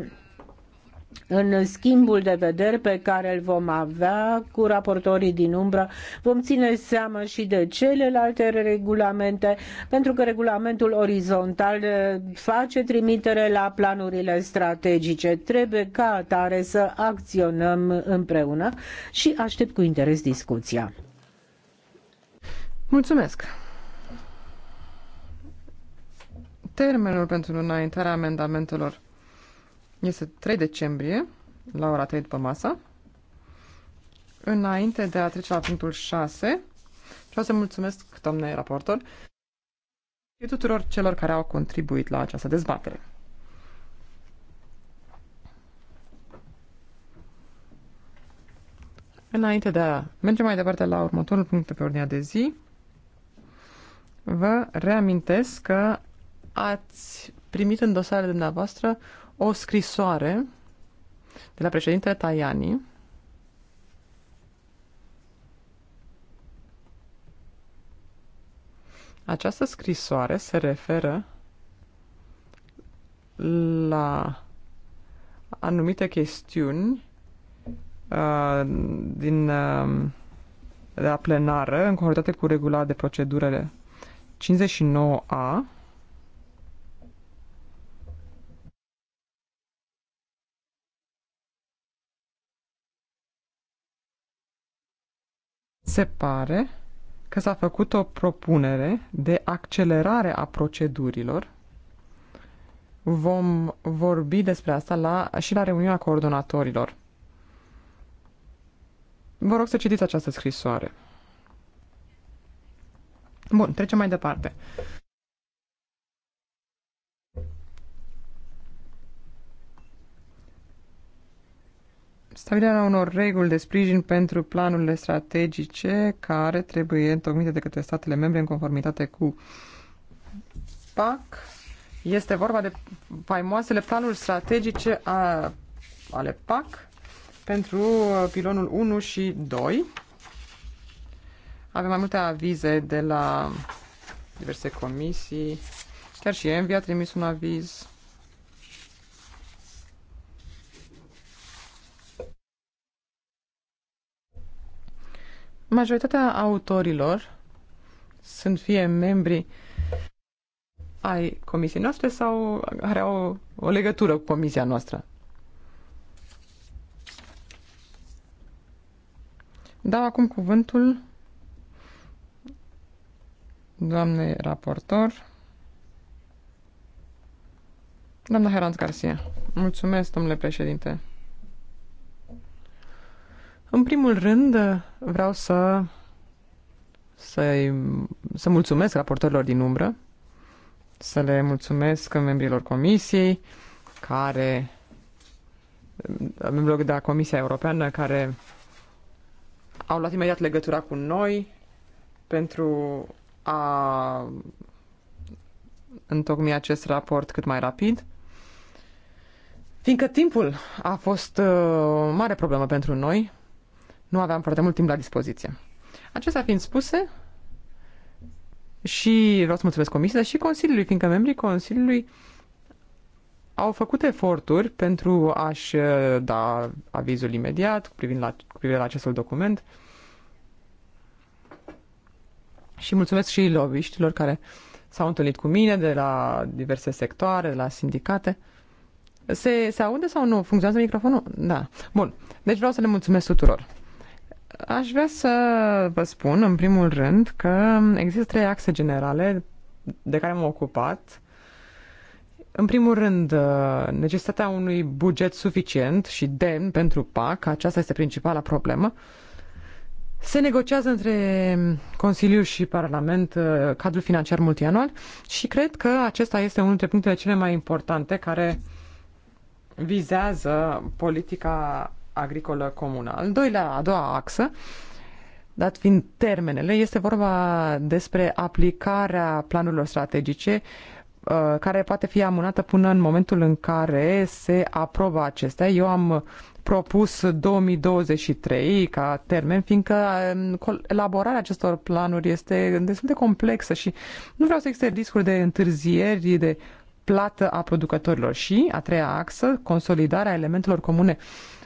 în schimbul de vederi pe care îl vom avea cu raportorii din umbră, vom ține seama și de celelalte regulamente, pentru că regulamentul orizontal eh, face trimitere la planurile strategice. Trebuie ca atare să acționăm împreună și aștept cu interes discuția. Mulțumesc! Termenul pentru înaintarea amendamentelor este 3 decembrie, la ora 3 după masă. Înainte de a trece la punctul 6, vreau să mulțumesc, domnule raportor, și tuturor celor care au contribuit la această dezbatere. Înainte de a merge mai departe la următorul punct de pe ordinea de zi, vă reamintesc că ați primit în dosarele dumneavoastră o scrisoare de la președintele Tajani Această scrisoare se referă la anumite chestiuni uh, din uh, de la plenară, în conformitate cu regula de procedurile 59A, Se pare că s-a făcut o propunere de accelerare a procedurilor. Vom vorbi despre asta la, și la reuniunea coordonatorilor. Vă rog să citiți această scrisoare. Bun, trecem mai departe. Stabilirea unor reguli de sprijin pentru planurile strategice care trebuie întocmite de către statele membre în conformitate cu PAC. Este vorba de faimoasele planuri strategice a, ale PAC pentru uh, pilonul 1 și 2. Avem mai multe avize de la diverse comisii. Chiar și Envi a trimis un aviz. Majoritatea autorilor sunt fie membri ai comisiei noastre sau care au o, o legătură cu comisia noastră. Dau acum cuvântul doamnei raportor. Doamna Heranț Garcia. Mulțumesc, domnule președinte. În primul rând, vreau să, să, să mulțumesc raportorilor din umbră, să le mulțumesc membrilor comisiei, care membrilor de la Comisia Europeană, care au luat imediat legătura cu noi pentru a întocmi acest raport cât mai rapid. Fiindcă timpul a fost uh, o mare problemă pentru noi, nu aveam foarte mult timp la dispoziție. Acestea fiind spuse, și vreau să mulțumesc comisiei, dar și Consiliului, fiindcă membrii Consiliului au făcut eforturi pentru a-și uh, da avizul imediat cu, privind la, cu privire la acestul document. Și mulțumesc și lobiștilor care s-au întâlnit cu mine de la diverse sectoare, de la sindicate. Se, se aude sau nu? Funcționează microfonul? Da. Bun. Deci vreau să le mulțumesc tuturor. Aș vrea să vă spun, în primul rând, că există trei axe generale de care m-am ocupat. În primul rând, uh, necesitatea unui buget suficient și demn pentru PAC, aceasta este principala problemă. Se negociază între Consiliu și Parlament uh, cadrul financiar multianual și cred că acesta este unul dintre punctele cele mai importante care vizează politica agricolă comunal. Al doilea, a doua axă, dat fiind termenele, este vorba despre aplicarea planurilor strategice uh, care poate fi amânată până în momentul în care se aprobă acestea. Eu am propus 2023 ca termen, fiindcă um, elaborarea acestor planuri este destul de complexă și nu vreau să existe riscuri de întârzieri, de plată a producătorilor și, a treia axă, consolidarea elementelor comune uh,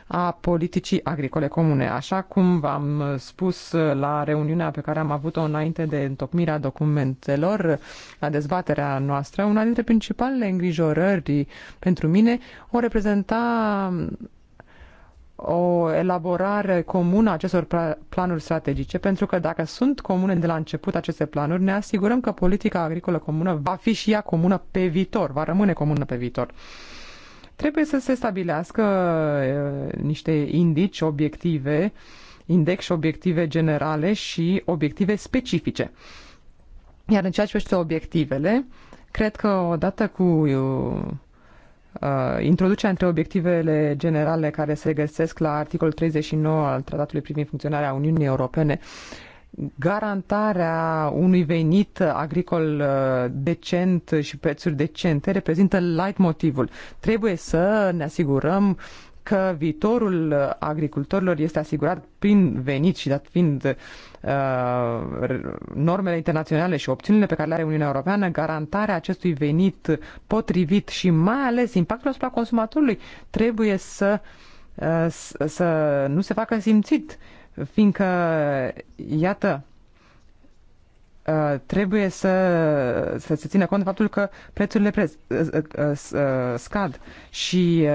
a politicii agricole comune. Așa cum v-am spus la reuniunea pe care am avut-o înainte de întocmirea documentelor, la dezbaterea noastră, una dintre principalele îngrijorări pentru mine o reprezenta o elaborare comună a acestor planuri strategice, pentru că dacă sunt comune de la început aceste planuri, ne asigurăm că politica agricolă comună va fi și ea comună pe viitor, va rămâne comună pe viitor. Trebuie să se stabilească niște indici obiective, index obiective generale și obiective specifice. Iar în ceea ce privește obiectivele, cred că odată cu uh, introducerea între obiectivele generale care se găsesc la articolul 39 al Tratatului privind funcționarea Uniunii Europene garantarea unui venit agricol uh, decent și prețuri decente reprezintă light motivul. Trebuie să ne asigurăm că viitorul agricultorilor este asigurat prin venit și dat fiind uh, normele internaționale și opțiunile pe care le are Uniunea Europeană, garantarea acestui venit potrivit și mai ales impactul asupra consumatorului trebuie să, uh, să nu se facă simțit fiindcă, iată, uh, trebuie să, să se țină cont de faptul că prețurile preț, uh, uh, scad și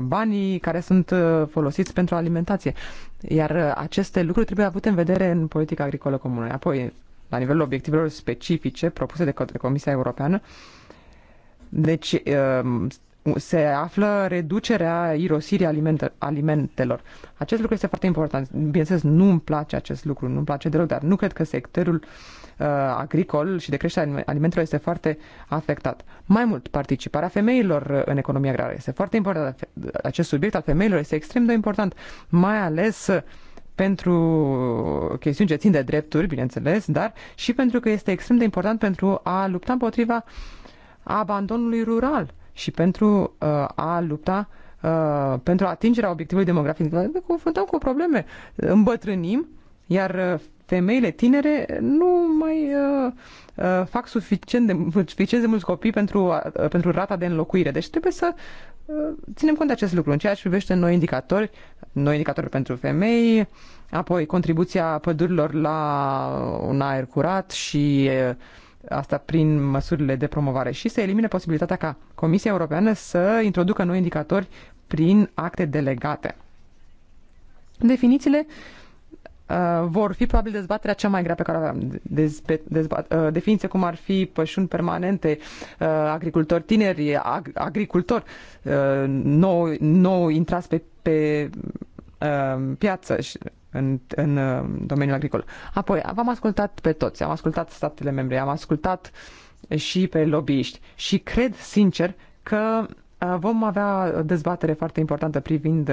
banii care sunt folosiți pentru alimentație. Iar aceste lucruri trebuie avute în vedere în politica agricolă comună. Apoi, la nivelul obiectivelor specifice propuse de către Comisia Europeană, deci se află reducerea irosirii alimente, alimentelor. Acest lucru este foarte important. Bineînțeles, nu îmi place acest lucru, nu îmi place deloc, dar nu cred că sectorul uh, agricol și de creștere alimentelor este foarte afectat. Mai mult, participarea femeilor uh, în economia agrară este foarte important. Acest subiect al femeilor este extrem de important, mai ales uh, pentru chestiuni ce țin de drepturi, bineînțeles, dar și pentru că este extrem de important pentru a lupta împotriva abandonului rural și pentru uh, a lupta uh, pentru atingerea obiectivului demografic. Ne confruntăm cu probleme. Îmbătrânim, iar uh, femeile tinere nu mai uh, uh, fac suficient de, suficient de mulți copii pentru, uh, pentru rata de înlocuire. Deci trebuie să uh, ținem cont de acest lucru. În ceea ce privește noi indicatori, noi indicatori pentru femei, apoi contribuția pădurilor la uh, un aer curat și uh, asta prin măsurile de promovare și să elimine posibilitatea ca Comisia Europeană să introducă noi indicatori prin acte delegate. Definițiile uh, vor fi probabil dezbaterea cea mai grea pe care o aveam. Dezbe, dezba, uh, definiție cum ar fi pășuni permanente, uh, agricultori tineri, ag, agricultori uh, nou, nou intrați pe, pe uh, piață și în, în uh, domeniul agricol. Apoi, v-am ascultat pe toți, am ascultat statele membre, am ascultat și pe lobbyiști și cred sincer că uh, vom avea o dezbatere foarte importantă privind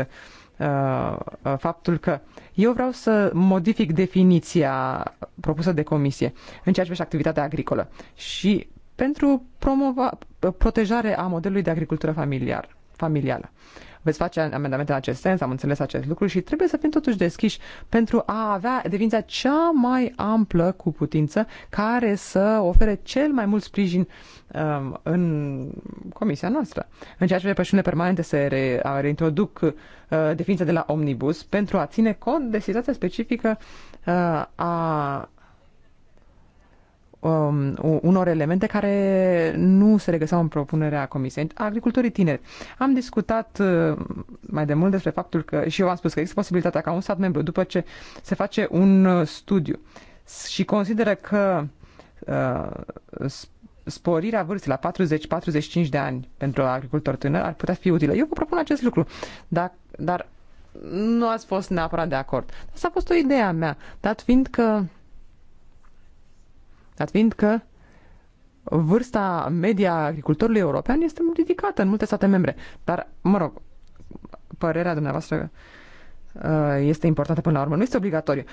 uh, faptul că eu vreau să modific definiția propusă de comisie în ceea ce privește activitatea agricolă și pentru promova, protejarea modelului de agricultură familiar, familială veți face amendamente în acest sens, am înțeles acest lucru și trebuie să fim totuși deschiși pentru a avea devința cea mai amplă cu putință care să ofere cel mai mult sprijin um, în comisia noastră. În ceea ce pășunile permanente se re, reintroduc uh, definiția de la omnibus pentru a ține cont de situația specifică uh, a um, unor elemente care nu se regăseau în propunerea Comisiei. Agricultorii tineri. Am discutat uh, mai de mult despre faptul că, și eu am spus că există posibilitatea ca un stat membru, după ce se face un uh, studiu și consideră că uh, sporirea vârstei la 40-45 de ani pentru agricultor tânăr ar putea fi utilă. Eu vă propun acest lucru, dar, dar nu ați fost neapărat de acord. Asta a fost o idee a mea, dat fiind că dat fiind că vârsta media agricultorului european este ridicată în multe state membre. Dar, mă rog, părerea dumneavoastră uh, este importantă până la urmă. Nu este obligatoriu.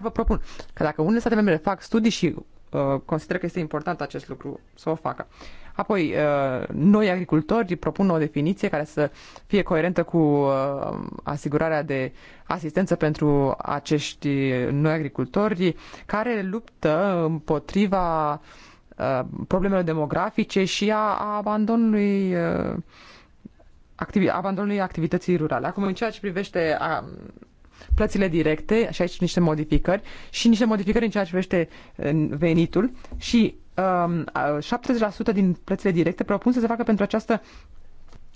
Vă propun că dacă unele state membre fac studii și uh, consideră că este important acest lucru, să o facă. Uh, Apoi, uh, noi agricultori propun o definiție care să fie coerentă cu uh, asigurarea de asistență pentru acești noi agricultori care luptă împotriva uh, problemelor demografice și a abandonului activi- abandonului activității rurale. Acum, în ceea ce privește a, um, plățile directe, și aici niște modificări, și niște modificări în ceea ce privește venitul și 70% um, din plățile directe propun să se facă pentru această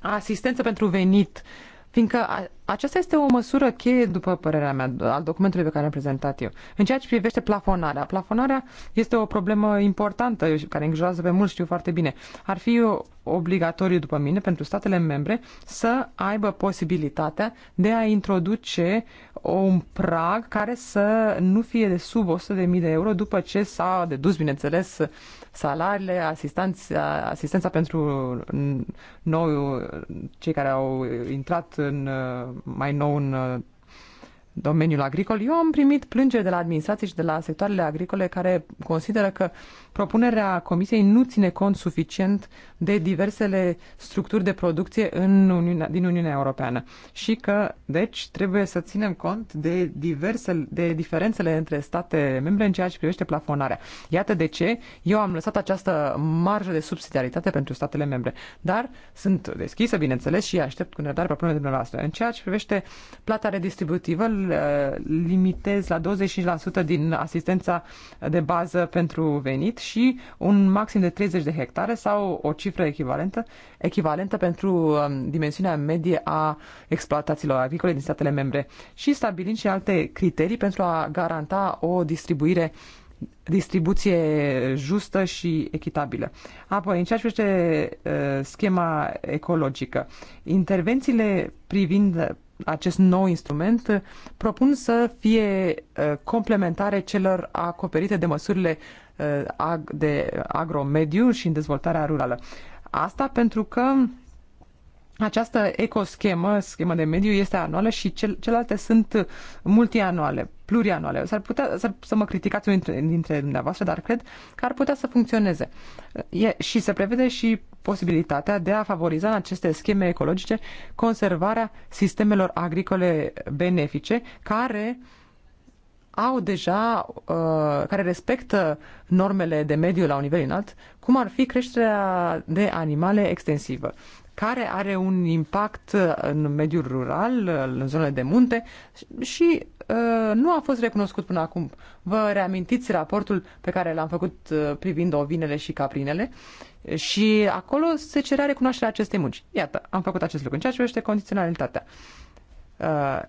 asistență pentru venit fiindcă aceasta este o măsură cheie, după părerea mea, al documentului pe care l-am prezentat eu. În ceea ce privește plafonarea, plafonarea este o problemă importantă care îngrijorează pe mulți, știu foarte bine. Ar fi obligatoriu, după mine, pentru statele membre să aibă posibilitatea de a introduce un prag care să nu fie de sub 100.000 de euro după ce s-a dedus, bineînțeles, salariile, asistența pentru nou, cei care au intrat în, mai nou în uh, domeniul agricol. Eu am primit plângeri de la administrații și de la sectoarele agricole care consideră că Propunerea Comisiei nu ține cont suficient de diversele structuri de producție în Uniunea, din Uniunea Europeană și că, deci, trebuie să ținem cont de, diverse, de diferențele între state membre în ceea ce privește plafonarea. Iată de ce eu am lăsat această marjă de subsidiaritate pentru statele membre, dar sunt deschisă, bineînțeles, și aștept cu nerăbdare propunerea dumneavoastră. În ceea ce privește plata redistributivă, uh, limitez la 25% din asistența de bază pentru venit și un maxim de 30 de hectare sau o cifră echivalentă, echivalentă pentru um, dimensiunea medie a exploatațiilor agricole din statele membre și stabilind și alte criterii pentru a garanta o distribuire distribuție justă și echitabilă. Apoi, în ceea ce privește uh, schema ecologică, intervențiile privind acest nou instrument propun să fie uh, complementare celor acoperite de măsurile de agromediu și în dezvoltarea rurală. Asta pentru că această ecoschemă, schemă de mediu, este anuală și cel, celelalte sunt multianuale, plurianuale. S-ar putea s-ar, să mă criticați unii dintre, dintre dumneavoastră, dar cred că ar putea să funcționeze. E, și se prevede și posibilitatea de a favoriza în aceste scheme ecologice conservarea sistemelor agricole benefice care uh, au deja, uh, care respectă normele de mediu la un nivel înalt, cum ar fi creșterea de animale extensivă, care are un impact în mediul rural, în zonele de munte și uh, nu a fost recunoscut până acum. Vă reamintiți raportul pe care l-am făcut uh, privind ovinele și caprinele și acolo se cerea recunoașterea acestei munci. Iată, am făcut acest lucru. În ceea ce privește condiționalitatea. Uh,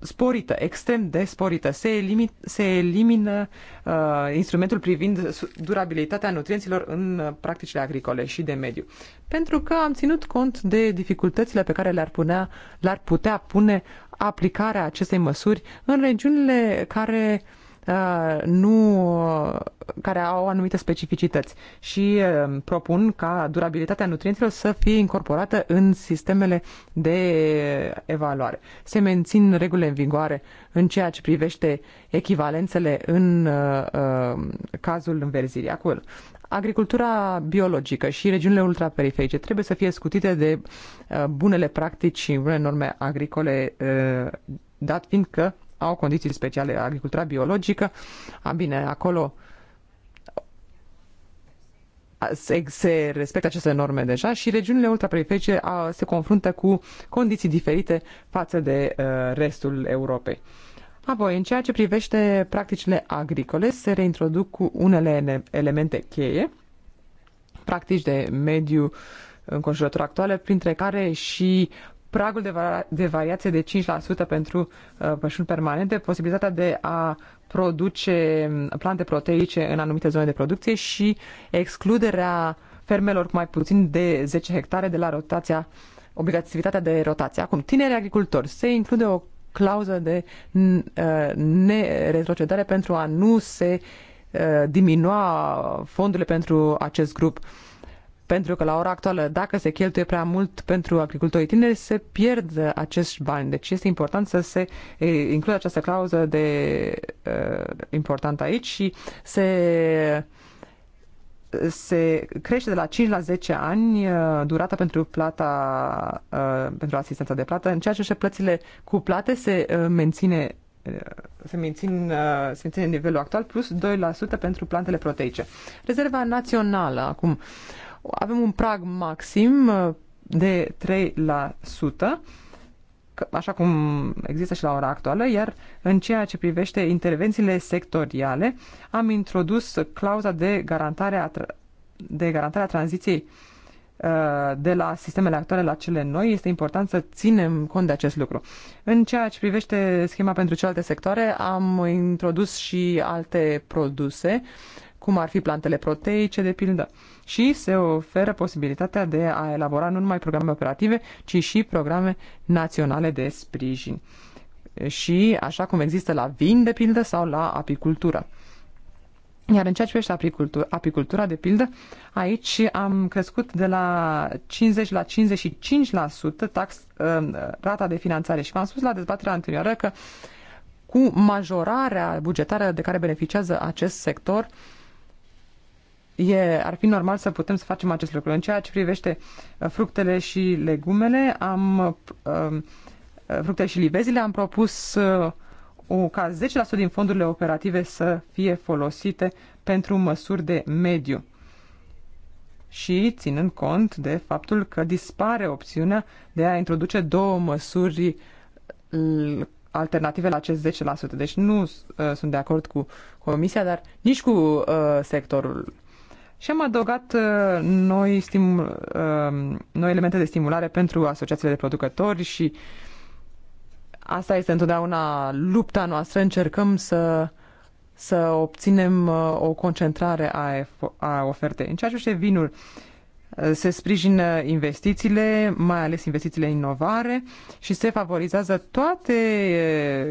sporită, extrem de sporită. Se, elimi, se elimină uh, instrumentul privind durabilitatea nutrienților în uh, practicile agricole și de mediu. Pentru că am ținut cont de dificultățile pe care le-ar, le putea pune aplicarea acestei măsuri în regiunile care uh, Uh, nu, uh, care au anumite specificități și um, propun ca durabilitatea nutrienților să fie incorporată în sistemele de evaluare. Se mențin regulile în vigoare în ceea ce privește echivalențele în uh, um, cazul înverzirii. Acolo, agricultura biologică și regiunile ultraperiferice trebuie să fie scutite de bunele practici și bunele norme agricole, dat fiind că au condiții speciale, agricultura biologică. A, bine, acolo se, se respectă aceste norme deja și regiunile ultraperiferice se confruntă cu condiții diferite față de uh, restul Europei. Apoi, în ceea ce privește practicile agricole, se reintroduc cu unele elemente cheie, practici de mediu înconjurător actuale, printre care și pragul de, vari- de variație de 5% pentru uh, permanente, posibilitatea de a produce mm, plante proteice în anumite zone de producție și excluderea fermelor cu mai puțin de 10 hectare de la rotația, obligativitatea de rotație. Acum, tineri agricultori, se include o clauză de mm, uh, neretrocedare pentru a nu se uh, diminua fondurile pentru acest grup. Pentru că la ora actuală, dacă se cheltuie prea mult pentru agricultorii tineri, se pierd acești bani. Deci este important să se includă această clauză de uh, importantă aici și se se crește de la 5 la 10 ani durata pentru plata, pentru asistența de plată. În ceea ce plățile cu plate se menține se mențin, se menține nivelul actual, plus 2% pentru plantele proteice. Rezerva națională, acum, uh, avem un prag maxim uh, de 3%, așa cum există și la ora actuală, iar în ceea ce privește intervențiile sectoriale, am introdus clauza de garantare a, de garantare a tranziției uh, de la sistemele actuale la cele noi, este important să ținem cont de acest lucru. În ceea ce privește schema pentru celelalte sectoare, am introdus și alte produse, cum ar fi plantele proteice, de pildă. Uh, și se oferă posibilitatea de a elabora nu numai programe operative, ci și programe naționale de sprijin. Și așa cum există la vin, de pildă, sau la apicultură. Iar în ceea ce privește apicultura, de pildă, aici am crescut de la 50 la 55% tax, uh, rata de finanțare. Și v-am spus la dezbaterea anterioară că cu majorarea bugetară de care beneficiază acest sector, uh, e, ar fi normal să putem să facem acest lucru. În ceea ce privește uh, fructele și legumele, am, uh, uh, fructele și livezile, am propus o, ca 10% din fondurile operative să fie folosite pentru măsuri de mediu. Și ținând cont de faptul că dispare opțiunea de a introduce două măsuri alternative la acest 10%. Deci nu uh, sunt de acord cu comisia, dar nici cu uh, sectorul și am adăugat uh, noi, stim, uh, noi elemente de stimulare pentru asociațiile de producători și asta este întotdeauna lupta noastră. Încercăm să, să obținem uh, o concentrare a, a ofertei. În ceea ce vinul, se sprijină investițiile, mai ales investițiile în inovare și se favorizează toate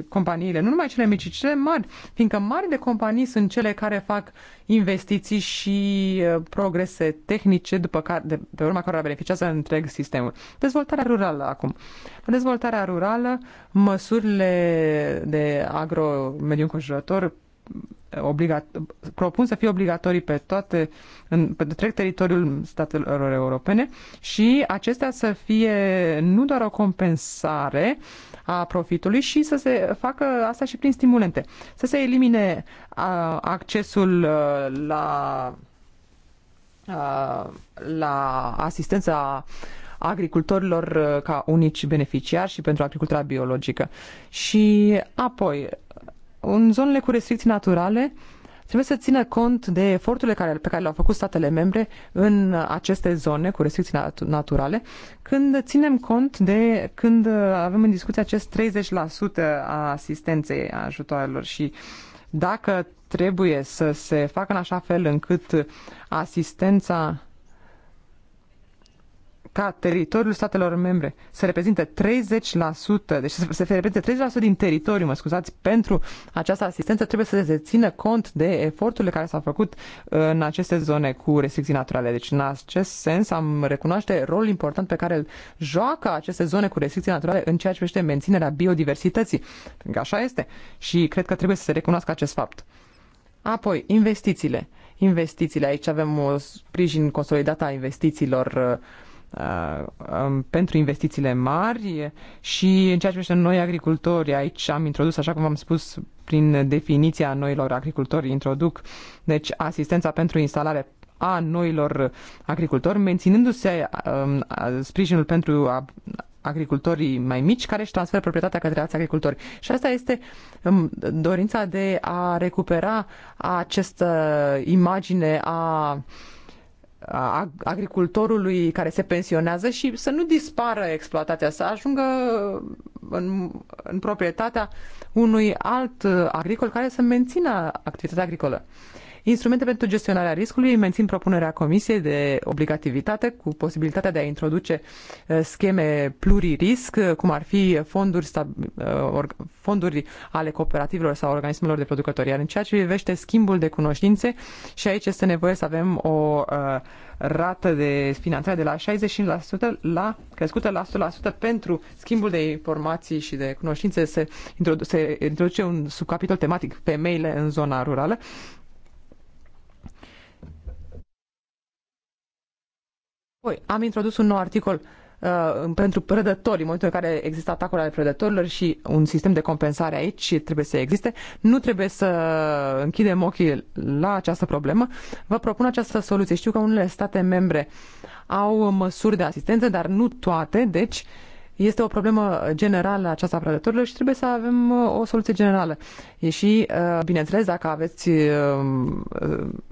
companiile, nu numai cele mici, ci cele mari, fiindcă marile companii sunt cele care fac investiții și progrese tehnice după care, de, pe urma care beneficiază întreg sistemul. Dezvoltarea rurală acum. Dezvoltarea rurală, măsurile de agro mediu înconjurător obligat, propun să fie obligatorii pe toate, în, pe întreg teritoriul statelor europene și acestea să fie nu doar o compensare a profitului și să se facă asta și prin stimulente. Să se elimine a, accesul a, la a, la asistența agricultorilor ca unici beneficiari și pentru agricultura biologică. Și apoi, în zonele cu restricții naturale trebuie să țină cont de eforturile care, pe care le-au făcut statele membre în aceste zone cu restricții nat- naturale, când ținem cont de când avem în discuție acest 30% a asistenței a ajutoarelor și dacă trebuie să se facă în așa fel încât asistența ca teritoriul statelor membre să reprezinte 30%, deci să se reprezinte 30% din teritoriu, mă scuzați, pentru această asistență, trebuie să se țină cont de eforturile care s-au făcut uh, în aceste zone cu restricții naturale. Deci, în acest sens, am recunoaște rolul important pe care îl joacă aceste zone cu restricții naturale în ceea ce privește menținerea biodiversității. Pentru că așa este și cred că trebuie să se recunoască acest fapt. Apoi, investițiile. Investițiile. Aici avem o sprijin consolidat a investițiilor uh, Uh, um, pentru investițiile mari și în ceea ce privește noi agricultori, aici am introdus, așa cum am spus, prin definiția noilor agricultori, introduc deci asistența pentru instalare a noilor agricultori, menținându-se um, sprijinul pentru a, agricultorii mai mici care își transferă proprietatea către alți agricultori. Și asta este um, dorința de a recupera această imagine a uh, agricultorului care se pensionează și să nu dispară exploatația, să ajungă în, în proprietatea unui alt uh, agricol care să mențină activitatea agricolă instrumente pentru gestionarea riscului, mențin propunerea Comisiei de obligativitate cu posibilitatea de a introduce uh, scheme pluririsc, uh, cum ar fi fonduri, uh, fonduri ale cooperativelor sau organismelor de producători. Iar în ceea ce privește schimbul de cunoștințe, și aici este nevoie să avem o rată de finanțare de la 65% la crescută la 100% pentru schimbul de informații și de cunoștințe se, introdu- se introduce un subcapitol tematic femeile în zona rurală Apoi, am introdus un nou articol uh, pentru prădători, în momentul în care există atacul ale prădătorilor și un sistem de compensare aici trebuie să existe. Nu trebuie să închidem ochii la această problemă. Vă propun această soluție. Știu că unele state membre au măsuri de asistență, dar nu toate, deci este o problemă generală aceasta a prădătorilor și trebuie să avem uh, o soluție generală. Și, uh, bineînțeles, dacă aveți uh,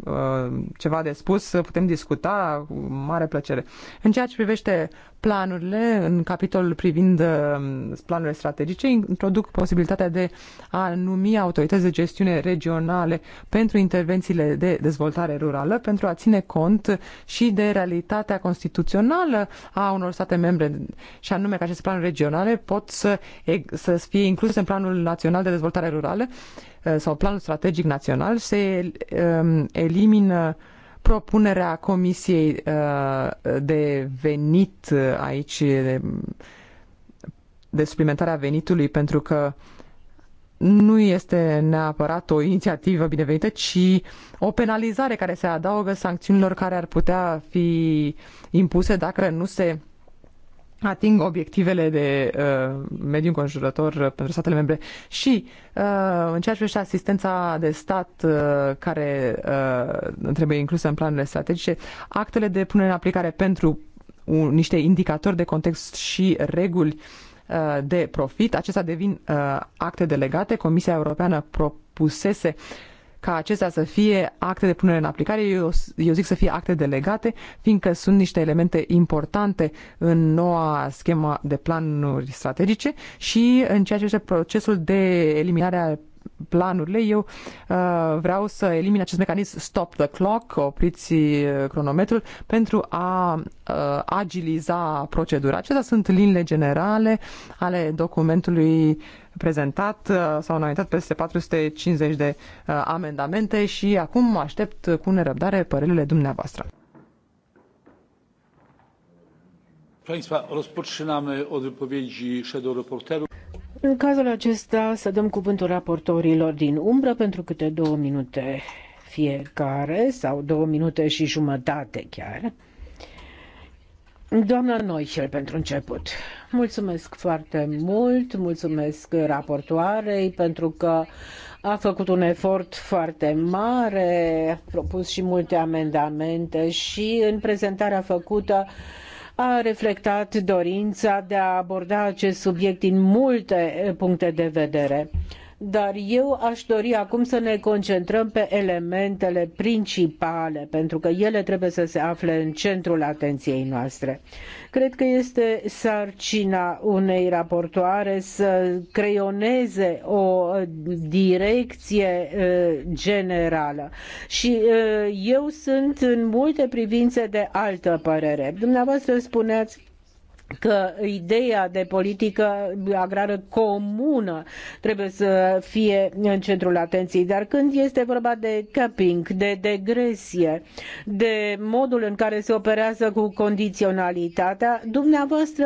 uh, ceva de spus, putem discuta cu mare plăcere. În ceea ce privește planurile, în capitolul privind planurile strategice, introduc posibilitatea de a numi autorități de gestiune regionale pentru intervențiile de dezvoltare rurală, pentru a ține cont și de realitatea constituțională a unor state membre, și anume că aceste planuri regionale pot să, să fie incluse în planul național de dezvoltare rurală Uh, sau Planul Strategic Național se um, elimină propunerea Comisiei uh, de venit uh, aici, de, suplimentarea venitului, pentru că nu este neapărat o inițiativă binevenită, ci o penalizare care se adaugă sancțiunilor care ar putea fi impuse dacă nu se ating obiectivele de uh, mediu înconjurător uh, pentru statele membre și uh, în ceea ce privește asistența de stat uh, care uh, trebuie inclusă în planurile strategice, actele de punere în aplicare pentru un, niște indicatori de context și reguli uh, de profit, acestea devin uh, acte delegate. Comisia Europeană propusese uh, ca acestea să fie acte de punere în aplicare, eu, eu zic să fie acte delegate, fiindcă sunt niște elemente importante în noua schemă de planuri strategice și în ceea ce este procesul de eliminare a planurile, eu uh, vreau să elimin acest mecanism stop the clock, opriți uh, cronometrul, pentru a uh, agiliza procedura. Acestea sunt linile generale ale documentului prezentat. Uh, sau înaintat peste 450 de uh, amendamente și acum aștept cu nerăbdare părerile dumneavoastră. Proszę Państwa, rozpoczynamy od wypowiedzi shadow reporterów. În cazul acesta să dăm cuvântul raportorilor din umbră pentru câte două minute fiecare sau două minute și jumătate chiar. Doamna Noichel, pentru început. Mulțumesc foarte mult, mulțumesc raportoarei pentru că a făcut un efort foarte mare, a propus și multe amendamente și în prezentarea făcută uh, a reflectat dorința de a aborda acest subiect din multe puncte de vedere dar eu aș dori acum să ne concentrăm pe elementele principale, pentru că ele trebuie să se afle în centrul atenției noastre. Cred că este sarcina unei raportoare să creioneze o direcție generală. Și eu sunt în multe privințe de altă părere. Dumneavoastră spuneați că ideea de politică agrară comună trebuie să fie în centrul atenției. Dar când este vorba de capping, de degresie, de modul în care se operează cu condiționalitatea, dumneavoastră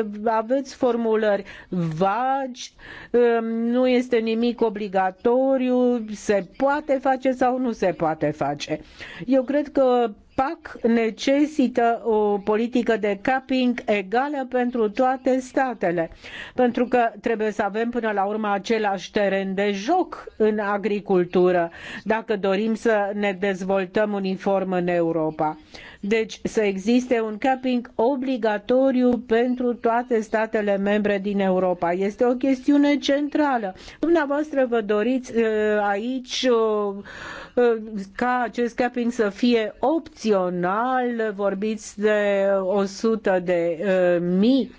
uh, aveți formulări vagi, um, nu este nimic obligatoriu, se poate face sau nu se poate face. Eu cred că PAC necesită o politică de capping egală pentru toate statele, pentru că trebuie să avem până la urmă același teren de joc în agricultură, dacă dorim să ne dezvoltăm uniform în Europa. Deci să existe un capping obligatoriu pentru toate statele membre din Europa. Este o chestiune centrală. Dumneavoastră vă doriți uh, aici uh, uh, ca acest capping să fie opțional, vorbiți de 100 de mii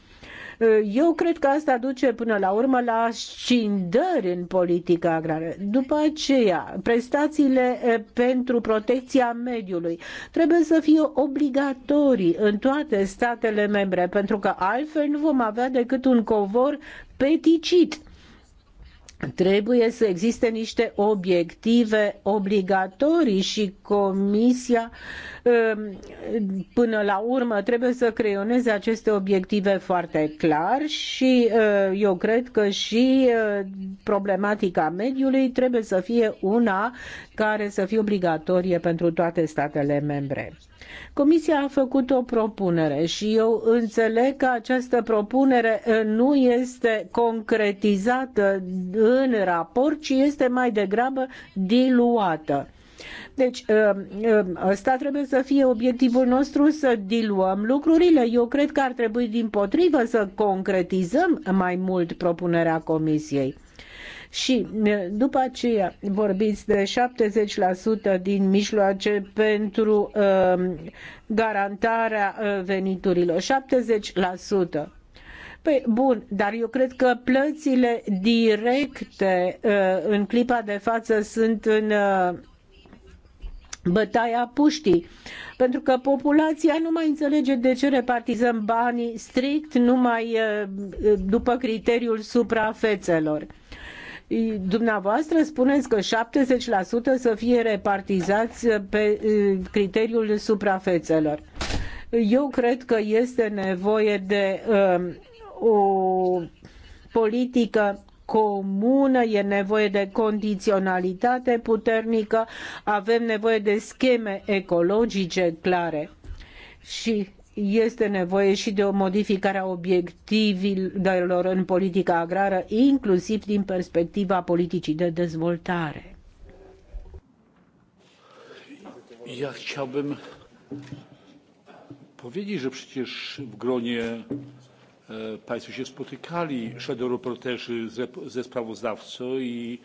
Eh, eu cred că asta duce până la urmă la scindări în politica agrară. După aceea, prestațiile eh, pentru protecția mediului trebuie să fie obligatorii în toate statele membre, pentru că altfel nu vom avea decât un covor peticit trebuie să existe niște obiective obligatorii și comisia um, până la urmă trebuie să creioneze aceste obiective foarte clar și uh, eu cred că și uh, problematica mediului trebuie să fie una care să fie obligatorie pentru toate statele membre. Comisia a făcut o propunere și eu înțeleg că această propunere eh, nu este concretizată în raport, ci este mai degrabă diluată. Deci, eh, eh, ăsta trebuie să fie obiectivul nostru, să diluăm lucrurile. Eu cred că ar trebui, din potrivă, să concretizăm mai mult propunerea Comisiei. Și după aceea vorbiți de 70% din mijloace pentru uh, garantarea veniturilor. 70%. Păi bun, dar eu cred că plățile directe uh, în clipa de față sunt în uh, bătaia puștii, pentru că populația nu mai înțelege de ce repartizăm banii strict numai uh, după criteriul suprafețelor. Dumneavoastră spuneți că 70% să fie repartizați pe criteriul suprafețelor. Eu cred că este nevoie de um, o politică comună, e nevoie de condiționalitate puternică, avem nevoie de scheme ecologice clare. Și este nevoie și de o modificare a obiectivelor în politica agrară, inclusiv din perspectiva politicii de dezvoltare. Ja chciałbym powiedzieć, że przecież w gronie Państwo się spotykali, shadow reporterzy ze, ze sprawozdawcą i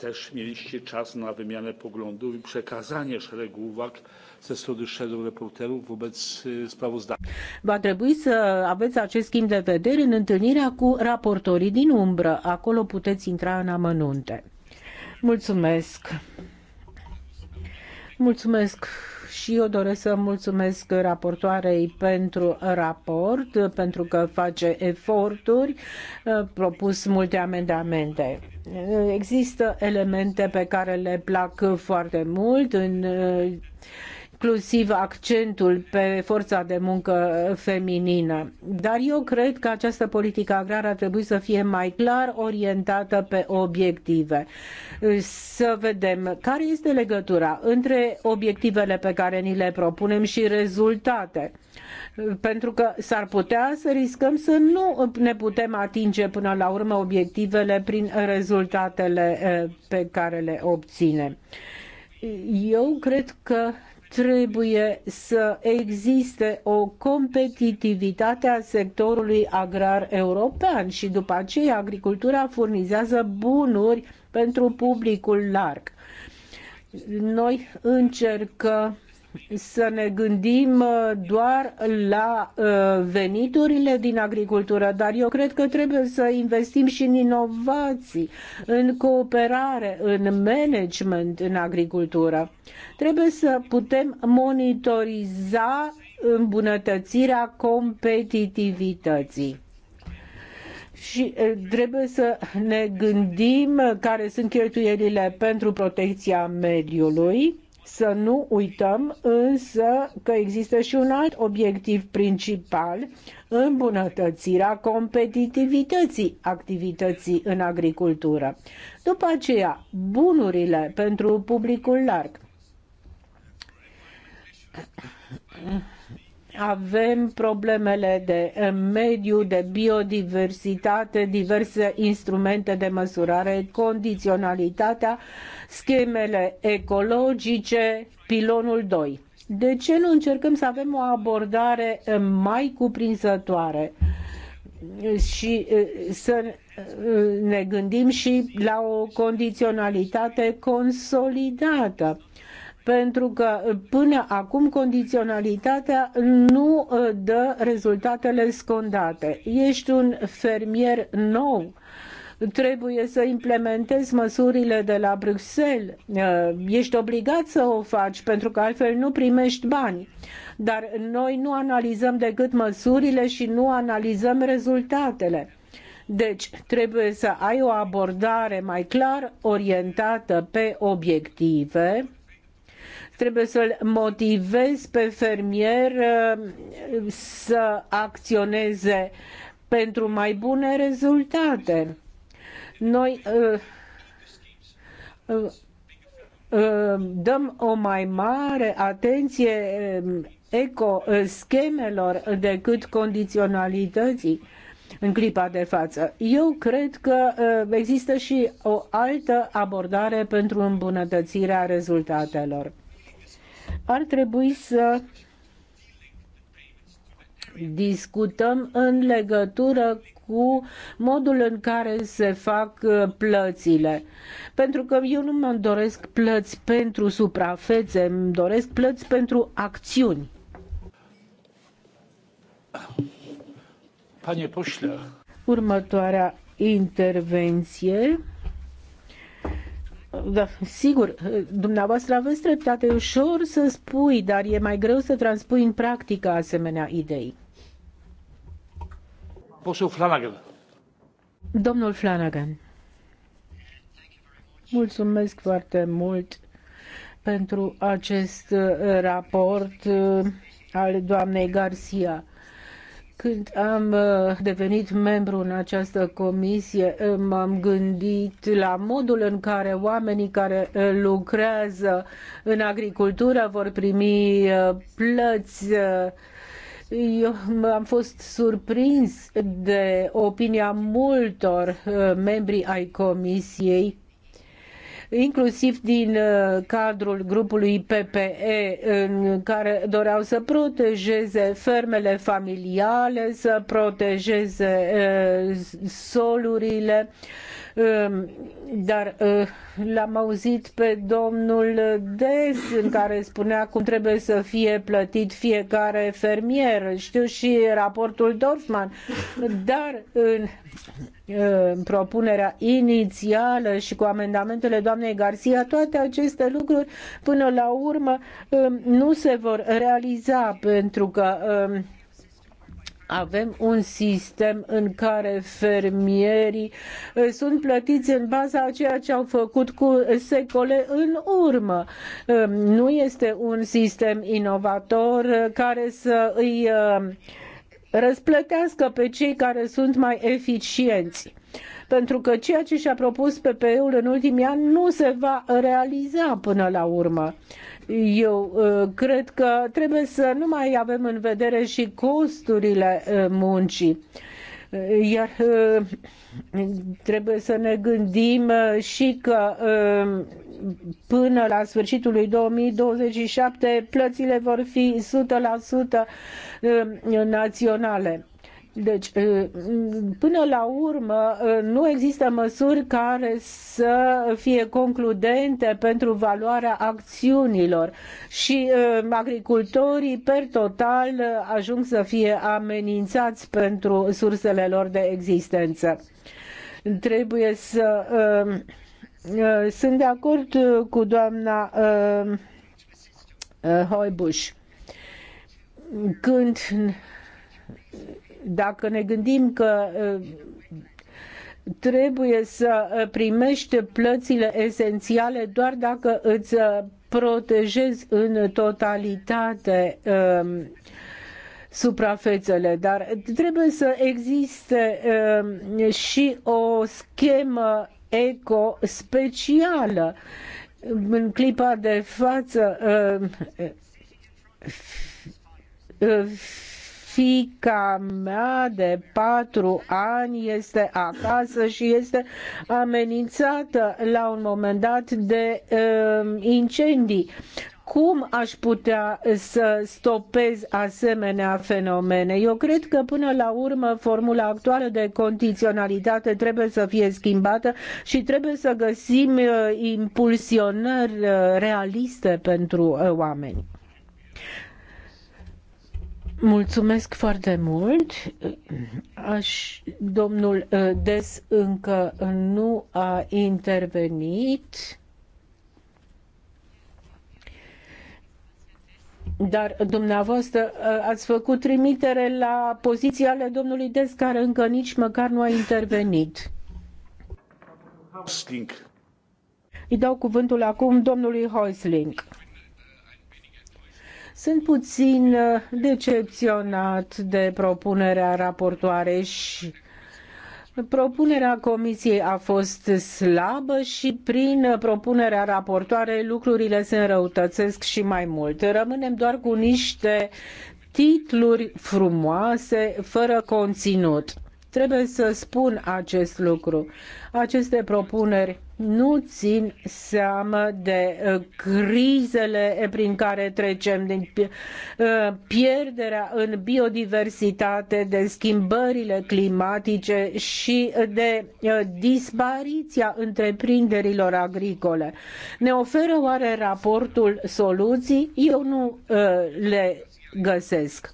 też mieliście czas na wymianę poglądów i przekazanie szeregu uwag ze strony shadow reporterów wobec sprawozdania. Va trebui să aveți acest schimb de vedere în întâlnirea cu raportorii din umbră. Acolo puteți intra în amănunte. Mulțumesc! Mulțumesc și eu doresc să mulțumesc raportoarei pentru raport, pentru că face eforturi, propus multe amendamente. Există elemente pe care le plac foarte mult în inclusiv accentul pe forța de muncă feminină. Dar eu cred că această politică agrară ar trebui să fie mai clar orientată pe obiective. Să vedem care este legătura între obiectivele pe care ni le propunem și rezultate. Pentru că s-ar putea să riscăm să nu ne putem atinge până la urmă obiectivele prin rezultatele eh, pe care le obținem. Eu cred că trebuie să existe o competitivitate a sectorului agrar european și după aceea agricultura furnizează bunuri pentru publicul larg. Noi încercăm să ne gândim uh, doar la uh, veniturile din agricultură, dar eu cred că trebuie să investim și în inovații, în cooperare, în management în agricultură. Trebuie să putem monitoriza îmbunătățirea competitivității și uh, trebuie să ne gândim care sunt cheltuielile pentru protecția mediului să nu uităm însă că există și un alt obiectiv principal, îmbunătățirea competitivității activității în agricultură. După aceea, bunurile pentru publicul larg avem problemele de mediu, de biodiversitate, diverse instrumente de măsurare, condiționalitatea, schemele ecologice, pilonul 2. De ce nu încercăm să avem o abordare mai cuprinzătoare și să ne gândim și la o condiționalitate consolidată? pentru că până acum condiționalitatea nu uh, dă rezultatele scondate. Ești un fermier nou, trebuie să implementezi măsurile de la Bruxelles. Uh, ești obligat să o faci pentru că altfel nu primești bani. Dar noi nu analizăm decât măsurile și nu analizăm rezultatele. Deci trebuie să ai o abordare mai clar orientată pe obiective trebuie să-l motivezi pe fermier uh, să acționeze pentru mai bune rezultate. Noi uh, uh, dăm o mai mare atenție schemelor decât condiționalității în clipa de față. Eu cred că există și o altă abordare pentru îmbunătățirea rezultatelor ar trebui să discutăm în legătură cu modul în care se fac uh, plățile. Pentru că eu nu mă doresc plăți pentru suprafețe, îmi doresc plăți pentru acțiuni. Următoarea intervenție da, sigur, dumneavoastră aveți dreptate, e ușor să spui, dar e mai greu să transpui în practică asemenea idei. Posul Flanagan. Domnul Flanagan, mulțumesc foarte mult pentru acest raport uh, al doamnei Garcia. Când am uh, devenit membru în această comisie, uh, m-am gândit la modul în care oamenii care uh, lucrează în agricultură vor primi plăți eu am fost surprins de opinia multor membri ai comisiei inclusiv din uh, cadrul grupului PPE, în care doreau să protejeze fermele familiale, să protejeze uh, solurile, Ehm, dar eh, l-am auzit pe domnul Des în care spunea cum trebuie să fie plătit fiecare fermier. Știu și raportul Dorfman. Dar în eh, propunerea inițială și cu amendamentele doamnei Garcia, toate aceste lucruri până la urmă eh, nu se vor realiza pentru că ehm, avem un sistem în care fermierii eh, sunt plătiți în baza a ceea ce au făcut cu secole în urmă. Eh, nu este un sistem inovator eh, care să îi răsplătească pe cei care sunt mai eficienți. Pentru că ceea ce și-a propus PPE-ul în ultimii ani nu se va realiza până la urmă. Eu uh, cred că trebuie să nu mai avem în vedere și costurile uh, muncii. Uh, iar trebuie să ne gândim și că până la sfârșitul lui 2027 plățile vor fi 100% naționale. Deci, eh, până la urmă, eh, nu există măsuri care să fie concludente pentru valoarea acțiunilor și eh, agricultorii, per total, ajung să fie amenințați pentru sursele lor de existență. Trebuie să. Sunt de acord cu doamna Hoibuș. Când dacă ne gândim că uh, trebuie să uh, primești plățile esențiale doar dacă îți uh, protejezi în totalitate um, suprafețele, dar trebuie să existe um, și o schemă eco specială. În clipa de față um, Fica mea de patru ani este acasă și este amenințată la un moment dat de uh, incendii cum aș putea să stopez asemenea fenomene? Eu cred că până la urmă formula actuală de condiționalitate trebuie să fie schimbată și trebuie să găsim uh, impulsionări uh, realiste pentru uh, oameni. Mulțumesc foarte mult. Aș, domnul uh, Des încă nu a intervenit. Dar dumneavoastră uh, ați făcut trimitere la poziția ale domnului Des, care încă nici măcar nu a intervenit. Hosling. Îi dau cuvântul acum domnului Hosling. Sunt puțin uh, decepționat de propunerea raportoarei și Propunerea comisiei a fost slabă și prin propunerea raportoarei lucrurile se înrăutățesc și mai mult. Rămânem doar cu niște titluri frumoase, fără conținut. Trebuie să spun acest lucru. Aceste propuneri nu țin seamă de uh, crizele prin care trecem, din uh, pierderea în biodiversitate, de schimbările climatice și de uh, dispariția întreprinderilor agricole. Ne oferă oare raportul soluții? Eu nu le găsesc.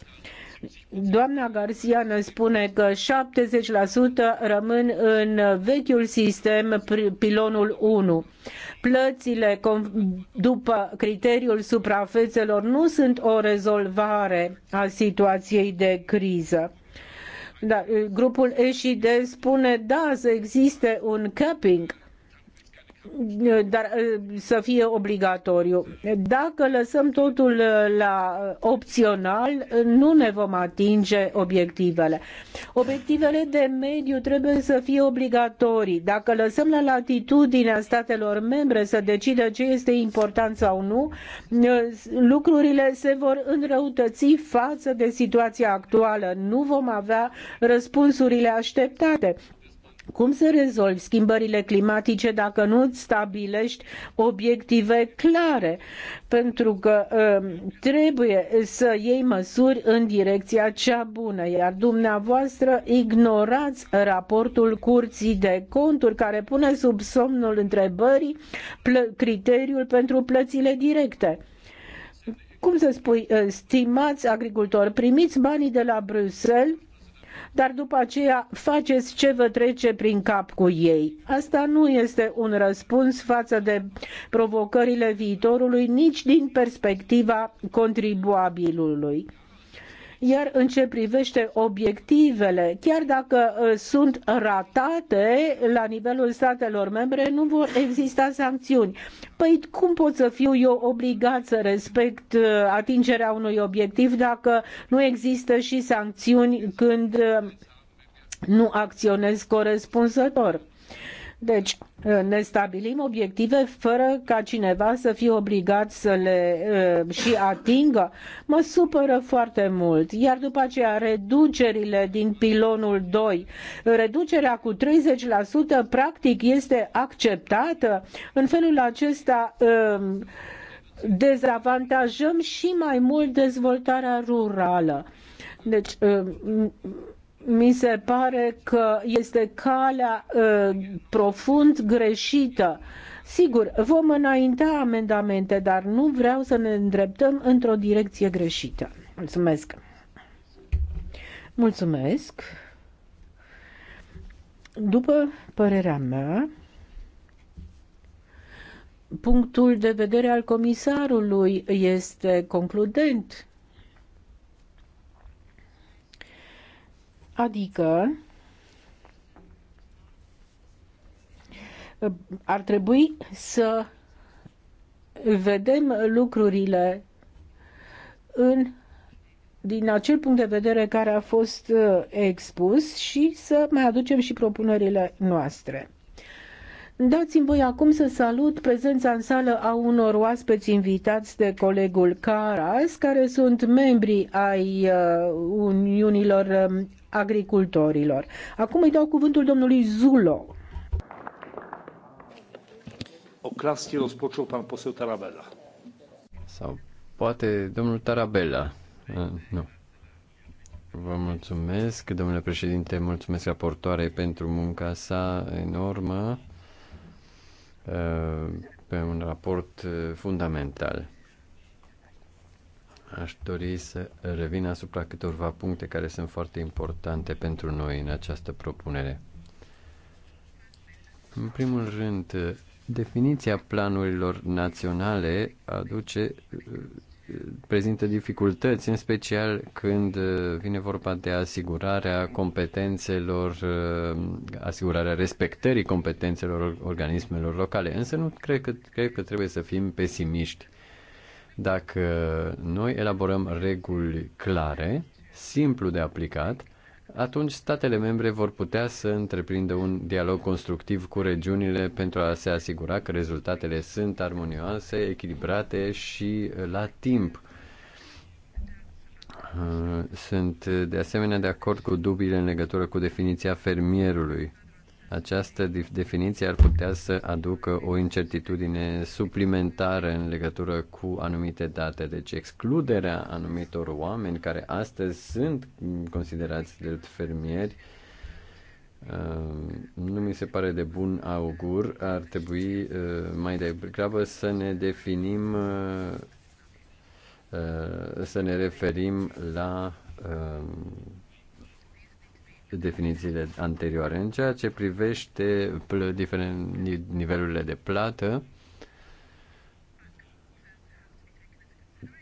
Doamna Garcia ne spune că 70% rămân în vechiul sistem, pilonul 1. Plățile după criteriul suprafețelor nu sunt o rezolvare a situației de criză. Da, grupul ESHID spune da, să existe un capping, dar ă, să fie obligatoriu. Dacă lăsăm totul ă, la opțional, nu ne vom atinge obiectivele. Obiectivele de mediu trebuie să fie obligatorii. Dacă lăsăm la latitudinea statelor membre să decidă ce este important sau nu, ă, lucrurile se vor înrăutăți față de situația actuală. Nu vom avea răspunsurile așteptate. Cum să rezolvi schimbările climatice dacă nu îți stabilești obiective clare? Pentru că um, trebuie să iei măsuri în direcția cea bună, iar dumneavoastră ignorați raportul Curții de Conturi care pune sub somnul întrebării criteriul pentru plățile directe cum să spui, uh, stimați agricultori, primiți banii de la Bruxelles dar după aceea faceți ce vă trece prin cap cu ei. Asta nu este un răspuns față de provocările viitorului, nici din perspectiva contribuabilului. Iar în ce privește obiectivele, chiar dacă ă, sunt ratate la nivelul statelor membre, nu vor exista sancțiuni. Păi cum pot să fiu eu obligat să respect ă, atingerea unui obiectiv dacă nu există și sancțiuni când ă, nu acționez corespunzător? Deci ă, ne stabilim obiective fără ca cineva să fie obligat să le ă, și atingă. Mă supără foarte mult. Iar după aceea reducerile din pilonul 2, reducerea cu 30% practic este acceptată. În felul acesta ă, dezavantajăm și mai mult dezvoltarea rurală. Deci mi se pare că este calea uh, profund greșită. Sigur, vom înainta amendamente, dar nu vreau să ne îndreptăm într-o direcție greșită. Mulțumesc! Mulțumesc! După părerea mea, punctul de vedere al comisarului este concludent Adică ar trebui să vedem lucrurile în, din acel punct de vedere care a fost uh, expus și să mai aducem și propunerile noastre. Dați-mi voi acum să salut prezența în sală a unor oaspeți invitați de colegul Caras, care sunt membri ai uh, Uniunilor um, agricultorilor. Acum îi dau cuvântul domnului Zulo. O Oklaski rozpoczął pan poseł Tarabella. Sau poate domnul Tarabella. Nu. Vă mulțumesc, domnule președinte, mulțumesc raportoare pentru munca sa enormă pe un raport fundamental. Aș dori să revin asupra câtorva puncte care sunt foarte importante pentru noi în această propunere. În primul rând, definiția planurilor naționale aduce prezintă dificultăți, în special când vine vorba de asigurarea competențelor, asigurarea respectării competențelor organismelor locale. Însă nu cred că, cred că trebuie să fim pesimiști dacă noi elaborăm reguli clare, simplu de aplicat, atunci statele membre vor putea să întreprindă un dialog constructiv cu regiunile pentru a se asigura că rezultatele sunt armonioase, echilibrate și la timp. Sunt de asemenea de acord cu dubiile în legătură cu definiția fermierului. Această definiție ar putea să aducă o incertitudine suplimentară în legătură cu anumite date. Deci excluderea anumitor oameni care astăzi sunt considerați drept fermieri uh, nu mi se pare de bun augur. Ar trebui uh, mai degrabă să ne definim, uh, să ne referim la definițiile anterioare. În ceea ce privește nivelurile de plată,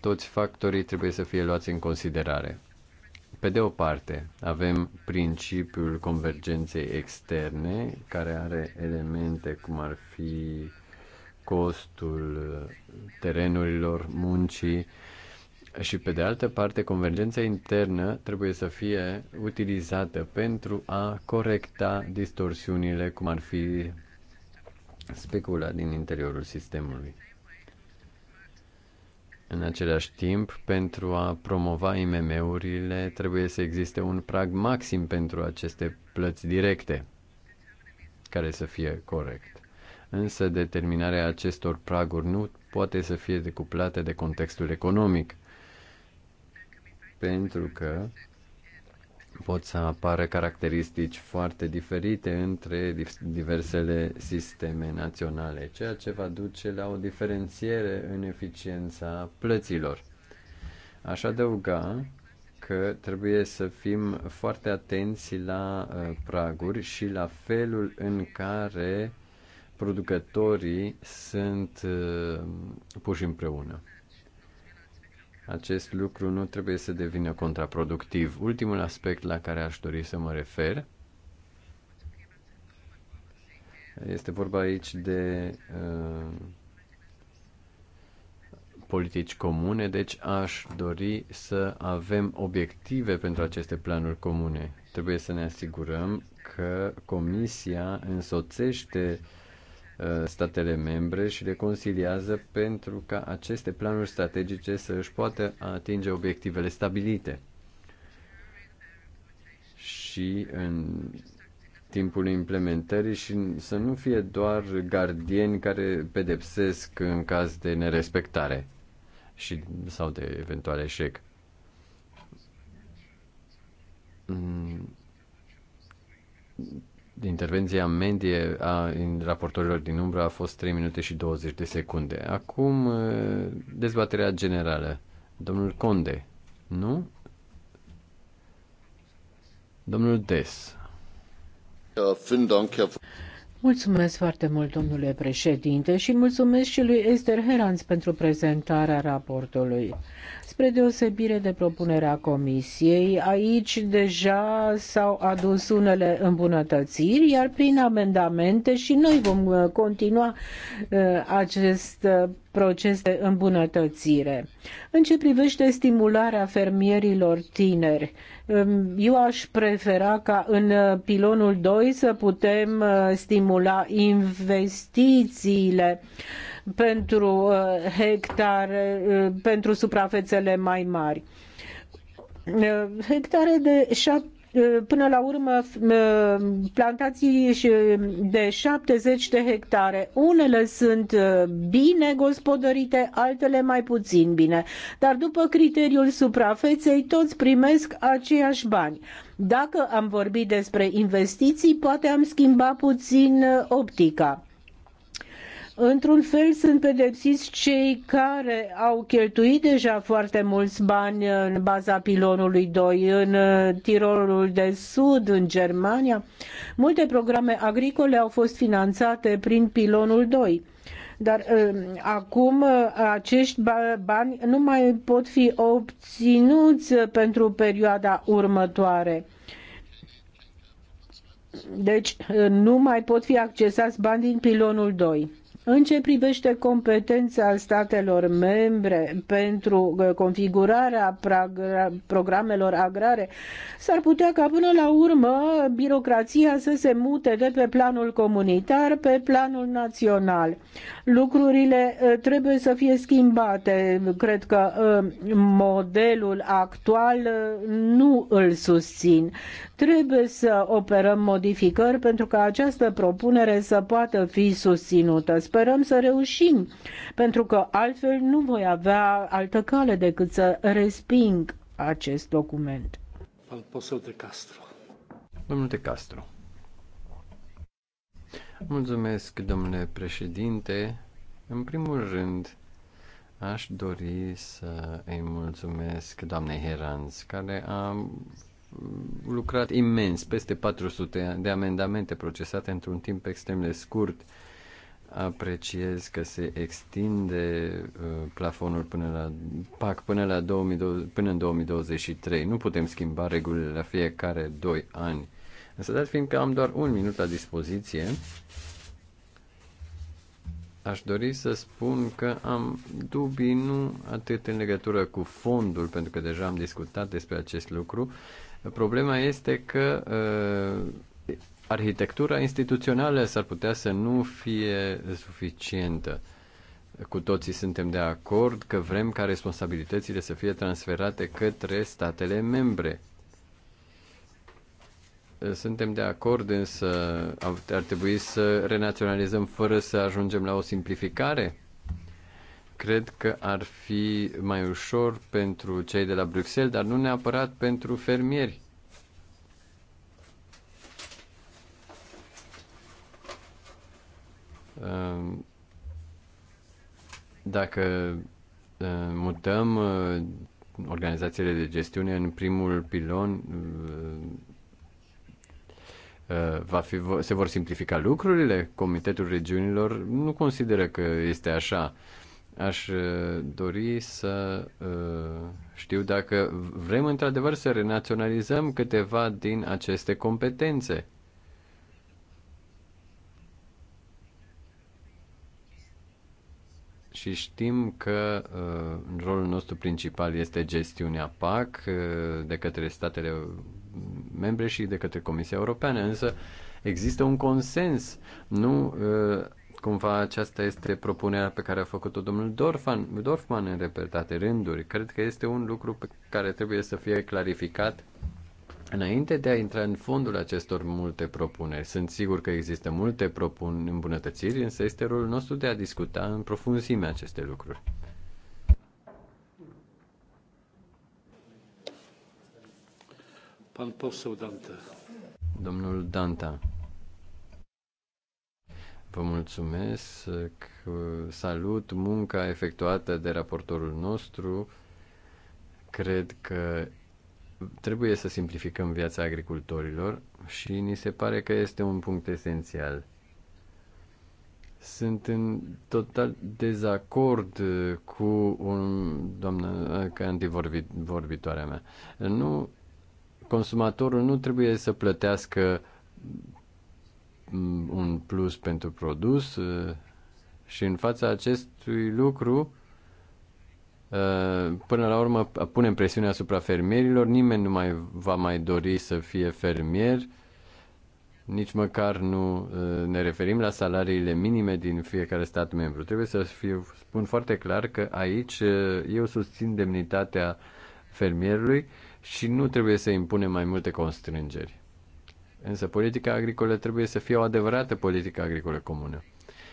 toți factorii trebuie să fie luați în considerare. Pe de o parte, avem principiul convergenței externe, care are elemente cum ar fi costul terenurilor, muncii, și pe de altă parte convergența internă trebuie să fie utilizată pentru a corecta distorsiunile cum ar fi specula din interiorul sistemului. În același timp, pentru a promova IMM-urile, trebuie să existe un prag maxim pentru aceste plăți directe, care să fie corect. Însă determinarea acestor praguri nu poate să fie decuplată de contextul economic pentru că pot să apară caracteristici foarte diferite între diversele sisteme naționale, ceea ce va duce la o diferențiere în eficiența plăților. Aș adăuga că trebuie să fim foarte atenți la uh, praguri și la felul în care producătorii sunt uh, puși împreună acest lucru nu trebuie să devină contraproductiv. Ultimul aspect la care aș dori să mă refer este vorba aici de uh, politici comune, deci aș dori să avem obiective pentru aceste planuri comune. Trebuie să ne asigurăm că Comisia însoțește uh, Uh, statele membre și le conciliază pentru ca aceste planuri strategice să își poată atinge obiectivele stabilite. Și în timpul implementării și să nu fie doar gardieni care pedepsesc în caz de nerespectare și, sau de eventual eșec. Mm intervenția medie a raportorilor din umbră a fost 3 minute și 20 de secunde. Acum, dezbaterea generală. Domnul Conde, nu? Domnul Des. Mulțumesc foarte mult, domnule președinte, și mulțumesc și lui Esther Herans pentru prezentarea raportului. Spre deosebire de propunerea Comisiei, aici deja s-au adus unele îmbunătățiri, iar prin amendamente și noi vom uh, continua uh, acest uh, proces de îmbunătățire. În ce privește stimularea fermierilor tineri, um, eu aș prefera ca în pilonul 2 să putem stimula investițiile pentru uh, hectare, uh, pentru suprafețele mai mari. Uh, hectare de șapte, până la urmă plantații de 70 de hectare. Unele sunt bine gospodărite, altele mai puțin bine. Dar după criteriul suprafeței, toți primesc aceiași bani. Dacă am vorbit despre investiții, poate am schimbat puțin optica. Într-un fel sunt pedepsiți cei care au cheltuit deja foarte mulți bani în baza pilonului 2, în Tirolul de Sud, în Germania. Multe programe agricole au fost finanțate prin pilonul 2 dar um, acum uh, acești bani nu mai pot fi obținuți pentru perioada următoare. Deci uh, nu mai pot fi accesați bani din pilonul 2. În ce privește competența statelor membre pentru uh, configurarea programelor agrare, s-ar putea ca până la urmă birocrația să se mute de pe planul comunitar pe planul național. Lucrurile uh, trebuie să fie schimbate. Cred că uh, modelul actual nu îl susțin. Trebuie să operăm modificări pentru ca această propunere să poată fi susținută. Sper sperăm să reușim, pentru că altfel nu voi avea altă cale decât să resping acest document. Al postul de Castro. Domnul de Castro. Mulțumesc, domnule președinte. În primul rând, aș dori să îi mulțumesc doamnei Heranz care a lucrat imens, peste 400 de amendamente procesate într-un timp extrem de scurt apreciez că se extinde uh, plafonul până la PAC până, la 2020, până în 2023. Nu putem schimba regulile la fiecare 2 ani. Însă, dat fiindcă am doar un minut la dispoziție, aș dori să spun că am dubii nu atât în legătură cu fondul, pentru că deja am discutat despre acest lucru. Problema este că uh, arhitectura instituțională s-ar putea să nu fie suficientă. Cu toții suntem de acord că vrem ca responsabilitățile să fie transferate către statele membre. Suntem de acord, însă ar trebui să renaționalizăm fără să ajungem la o simplificare? Cred că ar fi mai ușor pentru cei de la Bruxelles, dar nu neapărat pentru fermieri Ehm, dacă ehm, mutăm uh, organizațiile de gestiune în primul pilon, uh, uh, va fi, se vor simplifica lucrurile? Comitetul regiunilor nu consideră că este așa. Aș dori să știu dacă vrem într-adevăr să renaționalizăm câteva din aceste competențe. și știm că uh, rolul nostru principal este gestiunea PAC uh, de către statele membre și de către Comisia Europeană, însă există un consens, nu uh, cumva aceasta este propunerea pe care a făcut-o domnul Dorfman, Dorfman în repetate rânduri. Cred că este un lucru pe care trebuie să fie clarificat Înainte de a intra în fondul acestor multe propuneri, sunt sigur că există multe propun îmbunătățiri, însă este rolul nostru de a discuta în profunzime aceste lucruri. Pan poseu Danta. Domnul Danta. Vă mulțumesc, salut munca efectuată de raportorul nostru. Cred că trebuie să simplificăm viața agricultorilor și ni se pare că este un punct esențial. Sunt în total dezacord uh, cu un doamnă uh, ca antivorbitoarea mea. Nu, consumatorul nu trebuie să plătească mm, un plus pentru produs uh, și în fața acestui lucru Uh, până la urmă punem presiune asupra fermierilor, nimeni nu mai va mai dori să fie fermier, nici măcar nu uh, ne referim la salariile minime din fiecare stat membru. Trebuie să fiu, spun foarte clar că aici uh, eu susțin demnitatea fermierului și nu trebuie să impunem mai multe constrângeri. Însă politica agricolă trebuie să fie o adevărată politică agricolă comună.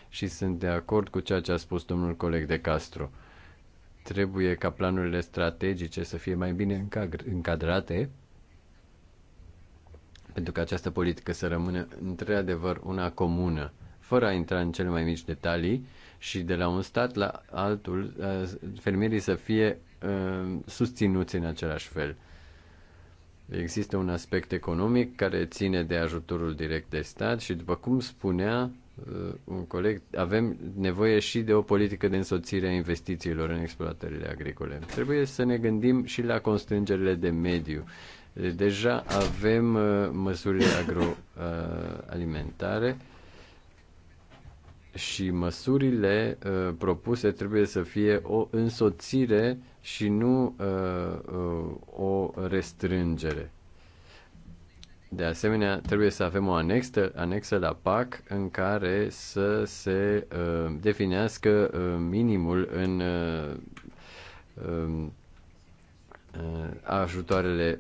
Și sunt de acord cu ceea ce a spus domnul coleg de Castro. Uh, Trebuie ca planurile strategice să fie mai bine încadrate pentru că această politică să rămână într-adevăr una comună, fără a intra în cele mai mici detalii și de la un stat la altul, eh, fermierii să fie eh, susținuți în același fel. Există un aspect economic care ține de ajutorul direct de stat și, după cum spunea Uh, un coleg, avem nevoie și de o politică de însoțire a investițiilor în exploatările agricole. Trebuie să ne gândim și la constrângerile de mediu. Deja avem uh, măsurile agroalimentare uh, și măsurile propuse trebuie să fie o însoțire și nu o restrângere de asemenea, trebuie să avem o anexă, anexă la PAC în care să se uh, definească uh, minimul în uh, um, uh, ajutoarele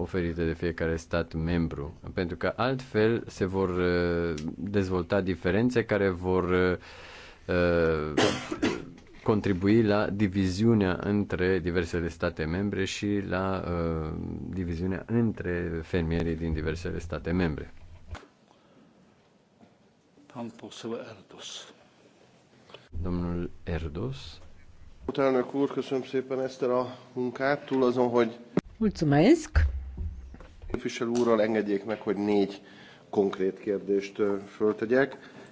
oferite de fiecare stat membru, pentru că altfel se vor uh, dezvolta diferențe care vor uh, uh contribui la diviziunea între diversele state membre și la uh, diviziunea între fermierii din diversele state membre. Pan poseł Erdos. Domnul Erdos. Elnök úr, köszönöm szépen ezt a munkát. Túl azon, hogy... Mulțumesc. Képviselő úrral engedjék meg, hogy négy konkrét kérdést föltegyek.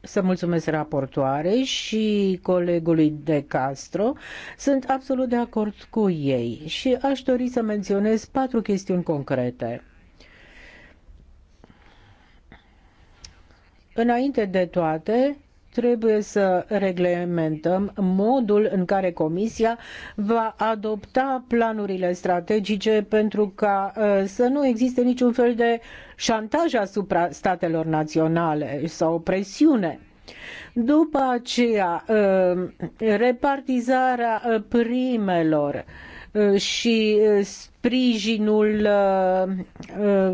să mulțumesc raportoarei și colegului De Castro. Sunt absolut de acord cu ei și aș dori să menționez patru chestiuni concrete. Înainte de toate, trebuie să reglementăm modul în care Comisia va adopta planurile strategice pentru ca uh, să nu existe niciun fel de șantaj asupra statelor naționale sau presiune. După aceea, uh, repartizarea uh, primelor și sprijinul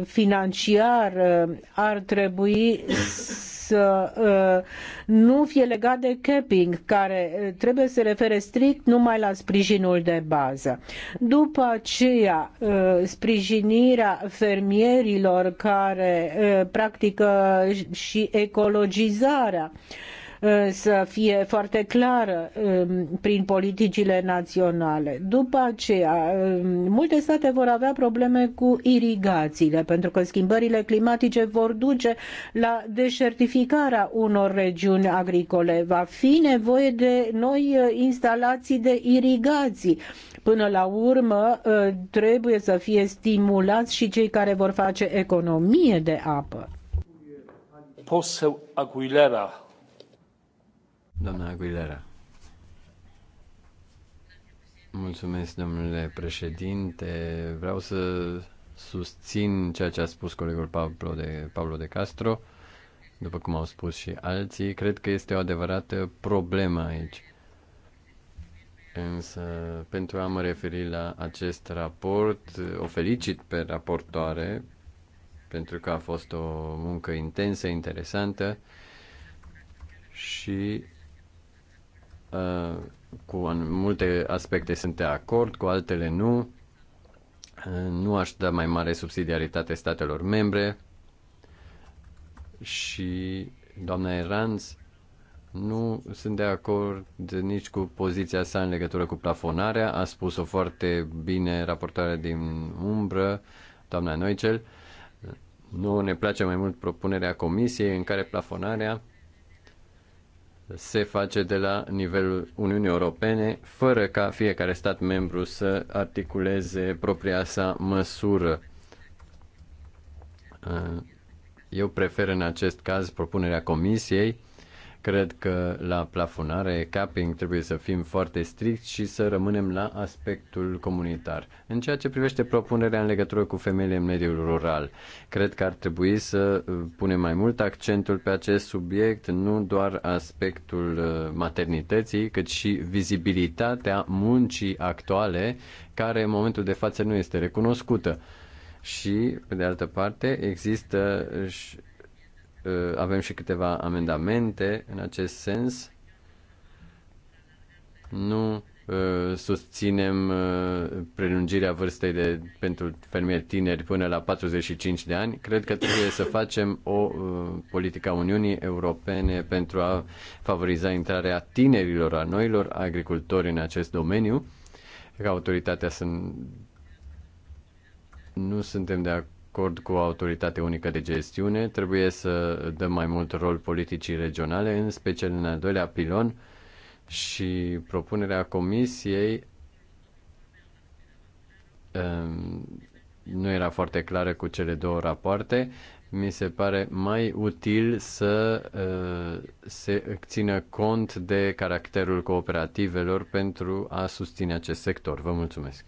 financiar ar trebui să uh, nu fie legat de capping, care uh, trebuie să se refere strict numai la sprijinul de bază. După aceea, uh, sprijinirea fermierilor care practică și ecologizarea Uh, să fie foarte clară um, prin politicile naționale. După aceea, um, multe state vor avea probleme cu irigațiile, pentru că schimbările climatice vor duce la deșertificarea unor regiuni agricole. Va fi nevoie de noi uh, instalații de irigații. Până la urmă, uh, trebuie să fie stimulați și cei care vor face economie de apă. Poseu Aguilera Doamna Aguilera. Mulțumesc, domnule președinte. Vreau să susțin ceea ce a spus colegul Pablo de, Pablo de Castro, după cum au spus și alții. Cred că este o adevărată problemă aici. Însă, pentru a mă referi la acest raport, o felicit pe raportoare, pentru că a fost o muncă intensă, interesantă și cu multe aspecte sunt de acord, cu altele nu. Nu aș da mai mare subsidiaritate statelor membre și doamna Eranz nu sunt de acord nici cu poziția sa în legătură cu plafonarea. A spus-o foarte bine raportarea din umbră, doamna Noicel. Nu ne place mai mult propunerea comisiei în care plafonarea se face de la nivelul Uniunii Europene, fără ca fiecare stat membru să articuleze propria sa măsură. Eu prefer în acest caz propunerea Comisiei Cred că la plafonare, capping, trebuie să fim foarte strict și să rămânem la aspectul comunitar. În ceea ce privește propunerea în legătură cu femeile în mediul rural, cred că ar trebui să uh, punem mai mult accentul pe acest subiect, nu doar aspectul uh, maternității, cât și vizibilitatea muncii actuale, care în momentul de față nu este recunoscută. Și, pe de altă parte, există Uh, avem și câteva amendamente în acest sens. Nu uh, susținem uh, prelungirea vârstei de, pentru fermieri tineri până la 45 de ani. Cred că trebuie să facem o politică a Uniunii Europene pentru a favoriza intrarea tinerilor, a noilor agricultori în acest domeniu. Ca autoritatea sunt... nu suntem de acord cu autoritatea unică de gestiune, trebuie să dăm mai mult rol politicii regionale, în special în al doilea pilon și propunerea comisiei um, nu era foarte clară cu cele două rapoarte, mi se pare mai util să uh, se țină cont de caracterul cooperativelor pentru a susține acest sector. Vă mulțumesc.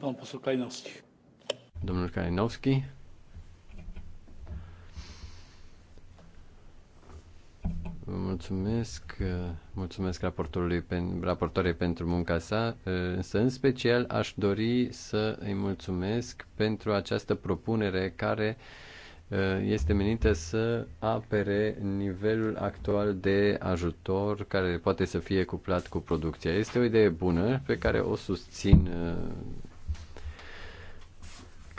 Domnul Kalinowski. Domnul Kalinowski. Vă mulțumesc, uh, mulțumesc raportorului, raportorului pentru munca sa, uh, însă în special aș dori să îi mulțumesc pentru această propunere care uh, este menită să apere nivelul actual de ajutor care poate să fie cuplat cu producția. Este o idee bună pe care o susțin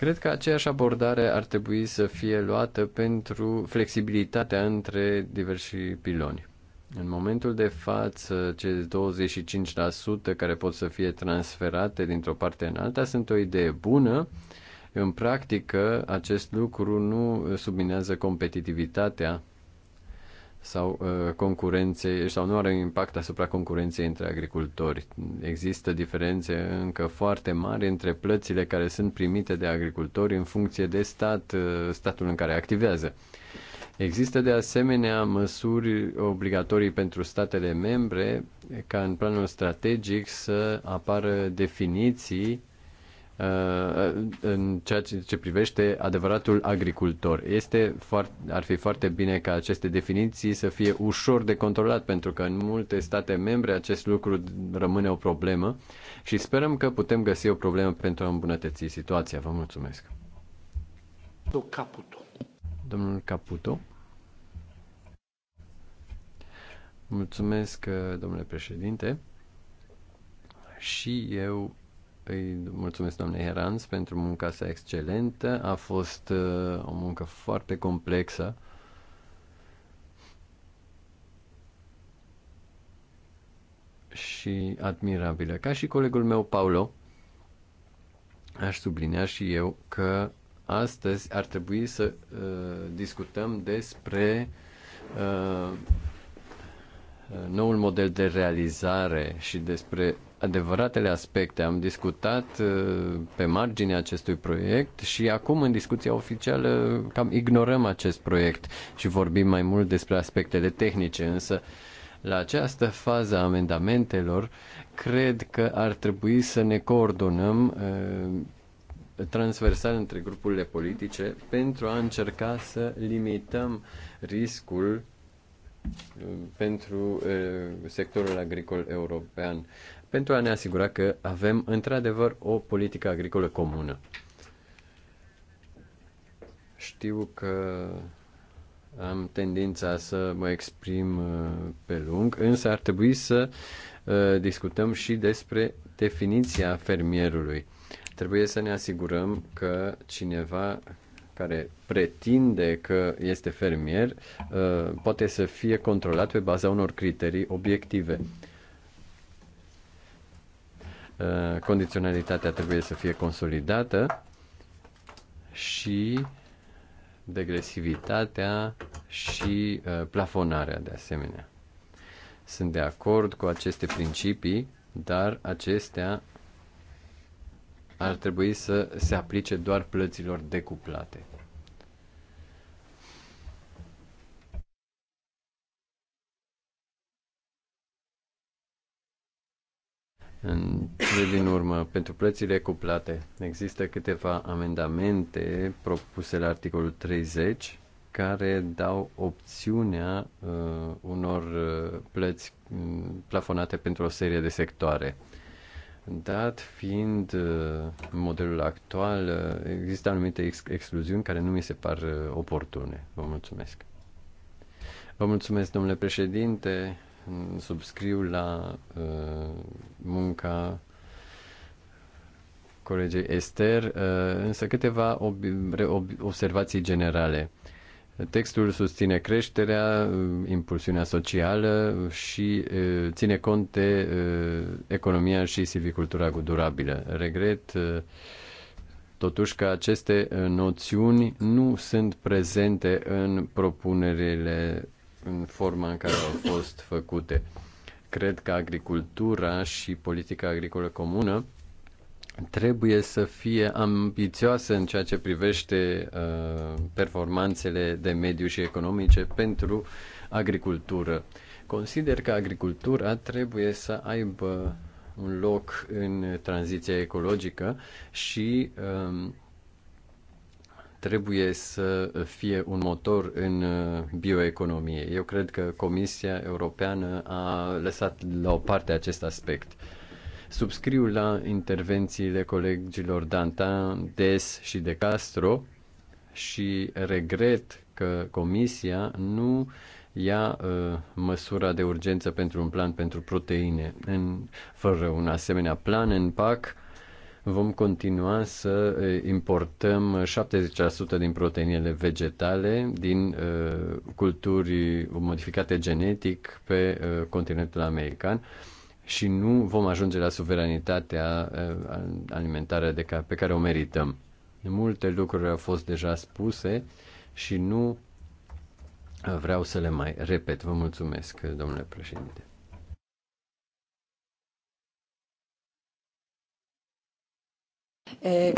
Cred că aceeași abordare ar trebui să fie luată pentru flexibilitatea între diversi piloni. În momentul de față, cei 25% care pot să fie transferate dintr-o parte în alta sunt o idee bună. În practică, acest lucru nu subminează competitivitatea sau uh, concurențe sau nu are impact asupra concurenței între agricultori. Există diferențe încă foarte mari între plățile care sunt primite de agricultori în funcție de stat, uh, statul în care activează. Există de asemenea măsuri obligatorii pentru statele membre ca în planul strategic să apară definiții Uh, în ceea ce privește adevăratul agricultor. Este foarte, ar fi foarte bine ca aceste definiții să fie ușor de controlat, pentru că în multe state membre acest lucru rămâne o problemă și sperăm că putem găsi o problemă pentru a îmbunătăți situația. Vă mulțumesc. Domnul Caputo. Domnul Caputo. Mulțumesc, uh, domnule președinte. Și eu Păi, mulțumesc doamne Herans pentru munca sa excelentă. A fost uh, o muncă foarte complexă. și admirabilă. Ca și colegul meu, Paulo, aș sublinea și eu că astăzi ar trebui să uh, discutăm despre uh, uh noul model de realizare și despre adevăratele aspecte. Am discutat uh, pe marginea acestui proiect și acum în discuția oficială cam ignorăm acest proiect și vorbim mai mult despre aspectele tehnice, însă la această fază a amendamentelor cred că ar trebui să ne coordonăm uh, transversal între grupurile politice pentru a încerca să limităm riscul uh, pentru sectorul agricol european pentru a ne asigura că avem într-adevăr o politică agricolă comună. Știu că am tendința să mă exprim uh, pe lung, însă ar trebui să uh, discutăm și despre definiția fermierului. Trebuie să ne asigurăm că cineva care pretinde că este fermier uh, poate să fie controlat pe baza unor criterii obiective. Uh, condiționalitatea trebuie să fie consolidată și degresivitatea și uh, plafonarea de asemenea. Sunt de acord cu aceste principii, dar acestea ar trebui să se aplice doar plăților decuplate. În cele din urmă, pentru plățile cuplate, există câteva amendamente propuse la articolul 30 care dau opțiunea uh, unor uh, plăți mm, plafonate pentru o serie de sectoare. Dat fiind uh, modelul actual, uh, există anumite ex- excluziuni care nu mi se par uh, oportune. Vă mulțumesc. Vă mulțumesc, domnule președinte subscriu la uh, munca colegei Ester, uh, însă câteva ob- ob- observații generale. Textul susține creșterea, uh, impulsiunea socială și uh, ține cont de uh, economia și silvicultura durabilă. Regret totuși că aceste noțiuni nu sunt prezente în propunerile în forma în care au fost făcute. Cred că agricultura și politica agricolă comună trebuie să fie ambițioasă în ceea ce privește uh, performanțele de mediu și economice pentru agricultură. Consider că agricultura trebuie să aibă un loc în tranziția ecologică și um, trebuie să fie un motor în uh, bioeconomie. Eu cred că Comisia Europeană a lăsat la o parte acest aspect. Subscriu la intervențiile colegilor Dantan, Des și De Castro și regret că Comisia nu ia uh, măsura de urgență pentru un plan pentru proteine. În, fără un asemenea plan în PAC, vom continua să importăm 70% din proteinele vegetale din culturi modificate genetic pe continentul american și nu vom ajunge la suveranitatea alimentară de ca, pe care o merităm. Multe lucruri au fost deja spuse și nu vreau să le mai repet. Vă mulțumesc, domnule președinte. Eh,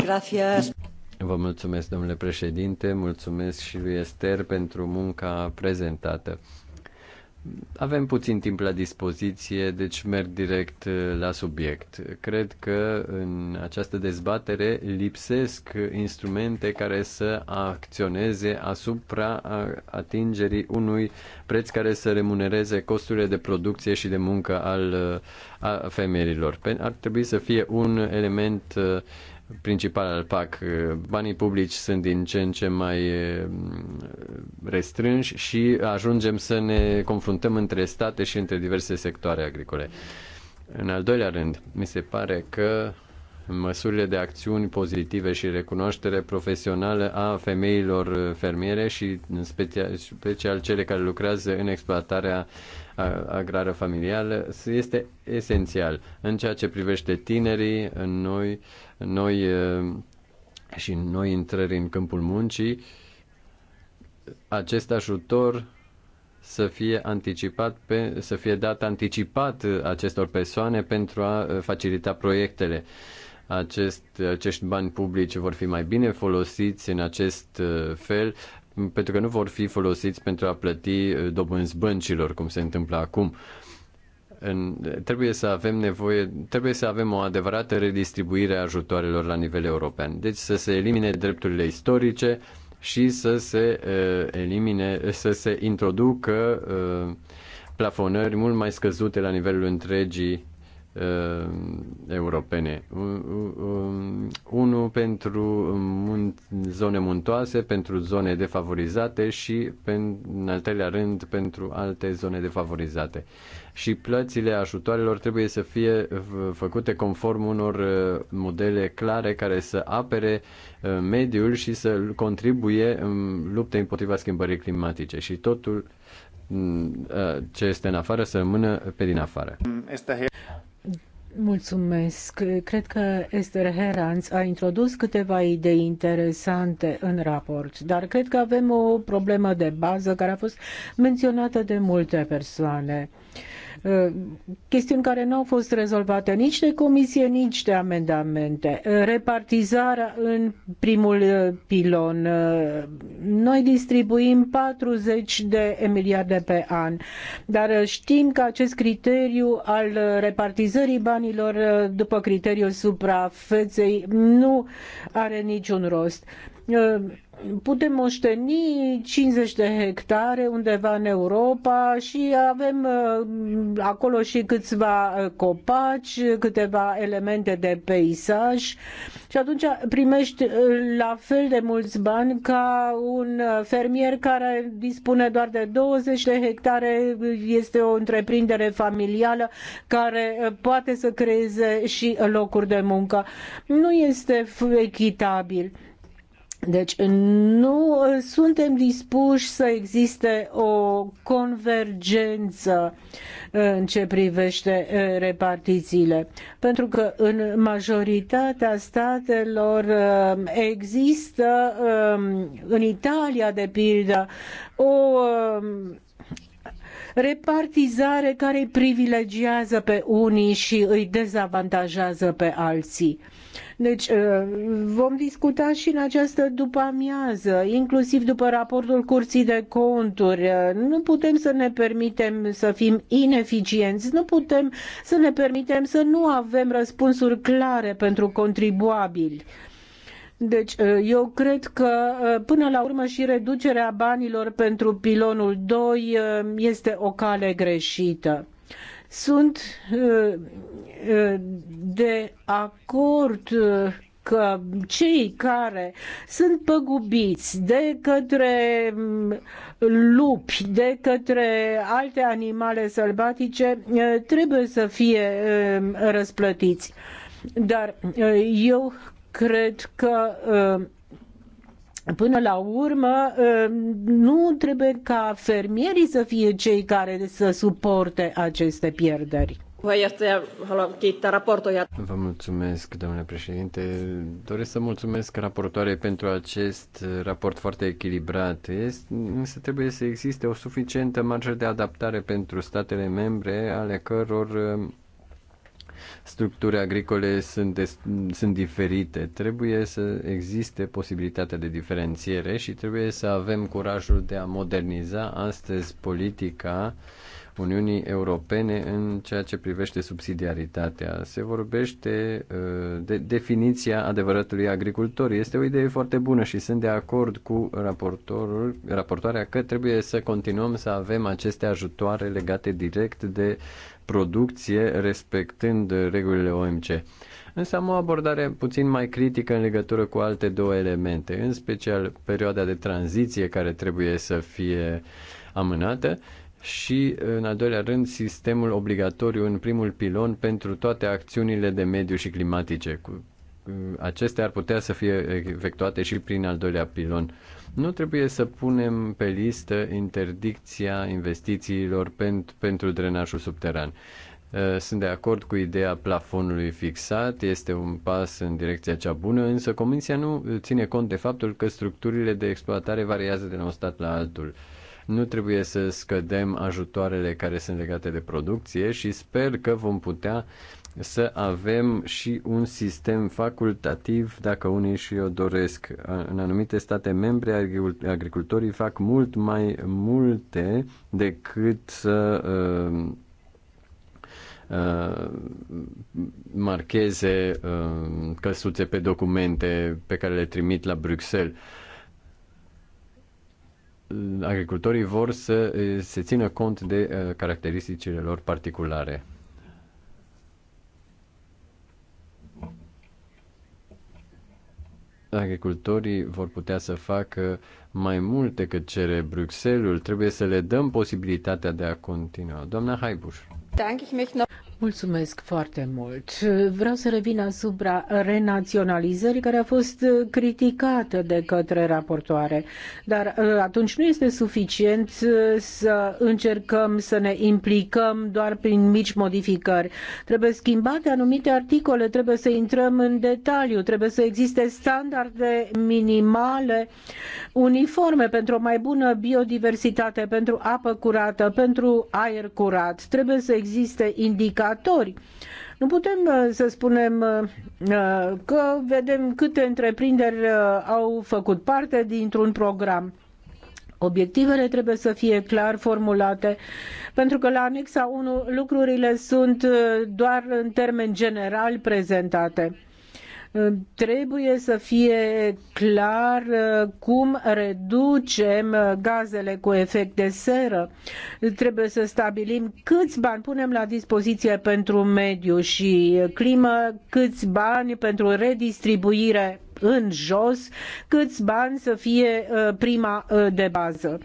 Vă mulțumesc, domnule președinte, mulțumesc și lui Ester pentru munca prezentată. Avem puțin timp la dispoziție, deci merg direct eh, la subiect. Cred că în această dezbatere lipsesc instrumente care să acționeze asupra atingerii unui preț care să remunereze costurile de producție și de muncă al eh, femeilor. Ar trebui să fie un element principal al PAC. Uh, banii publici sunt din ce în ce mai uh, restrânși și ajungem să ne confruntăm între state și între diverse sectoare agricole. În al doilea rând, mi se pare că măsurile de acțiuni pozitive și recunoaștere profesională a femeilor uh, fermiere și în special, cele care lucrează în exploatarea agrară familială este esențial. În ceea ce privește tinerii, noi, noi și noi intrări în câmpul muncii, acest ajutor să fie anticipat, pe, să fie dat anticipat acestor persoane pentru a facilita proiectele acest, acești bani publici vor fi mai bine folosiți în acest fel pentru că nu vor fi folosiți pentru a plăti uh, dobânzi băncilor, cum se întâmplă acum. În, trebuie să avem nevoie, trebuie să avem o adevărată redistribuire a ajutoarelor la nivel european. Deci să se elimine drepturile istorice și să se uh, elimine, să se introducă uh, plafonări mult mai scăzute la nivelul întregii Uh, europene. Unul pentru zone muntoase, pentru zone defavorizate și, în al treilea rând, pentru alte zone defavorizate. Și plățile ajutoarelor trebuie să fie făcute conform unor uh, modele clare care să apere uh, mediul și să contribuie în lupta împotriva schimbării climatice. Și totul mm, ce este în afară să rămână pe din afară. Mulțumesc. Cred că Esther Heranz a introdus câteva idei interesante în raport, dar cred că avem o problemă de bază care a fost menționată de multe persoane. Uh, chestiuni care nu au fost rezolvate nici de comisie, nici de amendamente. Repartizarea în primul uh, pilon. Uh, noi distribuim 40 de miliarde pe an, dar uh, știm că acest criteriu al repartizării banilor după criteriul suprafeței nu are niciun rost putem moșteni 50 de hectare undeva în Europa și avem uh, acolo și câțiva uh, copaci, câteva elemente de peisaj și atunci primești uh, la fel de mulți bani ca un fermier care dispune doar de 20 de hectare, este o întreprindere familială care poate să creeze și locuri de muncă. Nu este echitabil deci nu suntem dispuși să existe o convergență în ce privește repartițiile, pentru că în majoritatea statelor există în Italia de pildă o repartizare care îi privilegiază pe unii și îi dezavantajează pe alții. Deci uh, vom discuta și în această după-amiază, inclusiv după raportul Curții de Conturi. Uh, nu putem să ne permitem să fim ineficienți, nu putem să ne permitem să nu avem răspunsuri clare pentru contribuabili. Deci, uh, eu cred că până la urmă și reducerea banilor pentru pilonul 2 este o cale greșită. Sunt uh, uh, de acord uh, că cei care sunt păgubiți de către mm, lupi, de către alte animale sălbatice, trebuie să fie răsplătiți. Dar eu cred că Până la urmă, uh, nu trebuie ca fermierii să fie cei care să suporte aceste pierderi. Vă mulțumesc, domnule președinte. Doresc să mulțumesc raportoare pentru acest raport foarte echilibrat. Este, însă trebuie să existe o suficientă marjă de adaptare pentru statele membre ale căror structuri agricole sunt, sunt diferite. Trebuie să existe posibilitatea de diferențiere și trebuie să avem curajul de a moderniza astăzi politica Uniunii Europene în ceea ce privește subsidiaritatea. Se vorbește uh, de definiția adevăratului agricultor. Este o idee foarte bună și sunt de acord cu raportorul, raportoarea că trebuie să continuăm să avem aceste ajutoare legate direct de producție respectând regulile OMC. Însă am o abordare puțin mai critică în legătură cu alte două elemente, în special perioada de tranziție care trebuie să fie amânată și, în al doilea rând, sistemul obligatoriu în primul pilon pentru toate acțiunile de mediu și climatice. Uh, acestea ar putea să fie efectuate și prin al doilea pilon. Nu trebuie să punem pe listă interdicția investițiilor pentru, pentru drenajul subteran. Uh, sunt de acord cu ideea plafonului fixat, este un pas în direcția cea bună, însă Comisia nu ține cont de faptul că structurile de exploatare variază de la un stat la altul. Nu trebuie să scădem ajutoarele care sunt legate de producție și sper că vom putea să avem și un sistem facultativ, dacă unii și eu doresc. În anumite state membre, agricultorii fac mult mai multe decât să uh, uh, marcheze uh, căsuțe pe documente pe care le trimit la Bruxelles agricultorii vor să uh, se țină cont de uh, caracteristicile lor particulare. agricultorii vor putea să facă mai mult decât cere Bruxelles. Trebuie să le dăm posibilitatea de a continua. Doamna Haibuș. Mulțumesc foarte mult. Vreau să revin asupra renaționalizării care a fost criticată de către raportoare, dar uh, atunci nu este suficient uh, să încercăm să ne implicăm doar prin mici modificări. Trebuie schimbate anumite articole, trebuie să intrăm în detaliu, trebuie să existe standarde minimale uniforme pentru o mai bună biodiversitate, pentru apă curată, pentru aer curat. Trebuie să existe indicații angajatori. Nu putem uh, să spunem uh, uh, că vedem câte întreprinderi au făcut parte dintr-un program. Obiectivele trebuie să fie clar formulate, pentru că la anexa 1 lucrurile sunt doar în termeni general prezentate. Trebuie să fie clar uh, cum reducem uh, gazele cu efect de seră. Trebuie să stabilim câți bani punem la dispoziție pentru mediu și climă, câți bani pentru redistribuire în jos, câți bani să fie uh, prima de bază.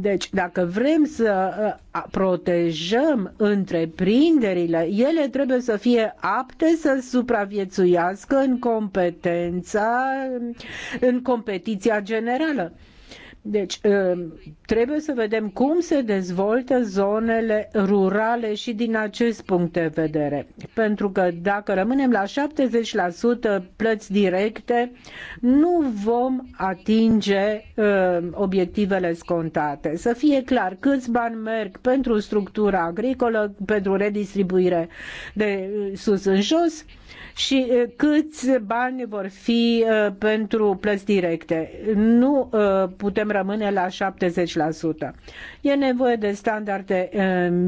Deci, dacă vrem să uh, protejăm întreprinderile, ele trebuie să fie apte să supraviețuiască în competența, în competiția generală. Deci, ă, trebuie să vedem cum se dezvoltă zonele rurale și din acest punct de vedere. Pentru că dacă rămânem la 70% plăți directe, nu vom atinge ă, obiectivele scontate. Să fie clar câți bani merg pentru structura agricolă, pentru redistribuire de ă, sus în jos și câți bani vor fi pentru plăți directe. Nu putem rămâne la 70%. E nevoie de standarde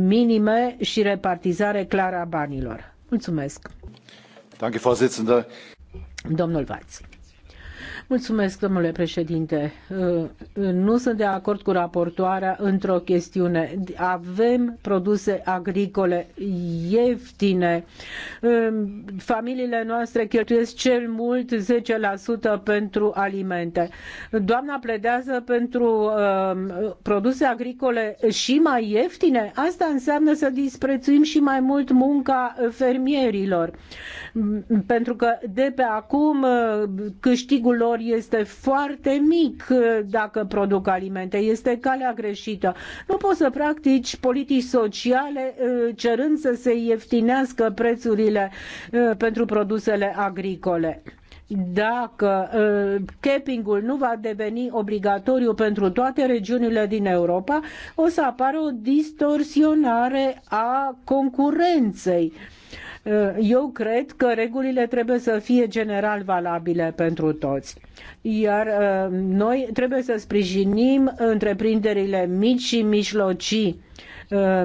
minime și repartizare clară a banilor. Mulțumesc. Danke, Vorsitzender. Domnul Mulțumesc, domnule președinte. Uh, nu sunt de acord cu raportoarea într-o chestiune. Avem produse agricole ieftine. Uh, familiile noastre cheltuiesc cel mult 10% pentru alimente. Doamna pledează pentru uh, produse agricole și mai ieftine. Asta înseamnă să disprețuim și mai mult munca fermierilor. Mm, pentru că de pe acum câștigul lor lor este foarte mic uh, dacă produc alimente. Este calea greșită. Nu poți să practici politici sociale uh, cerând să se ieftinească prețurile uh, pentru produsele agricole dacă capping-ul nu va deveni obligatoriu pentru toate regiunile din Europa, o să apară o distorsionare a concurenței. Uh, Eh, eu cred că regulile trebuie să fie general valabile pentru toți. Iar eh, noi trebuie să sprijinim întreprinderile mici și mijlocii eh,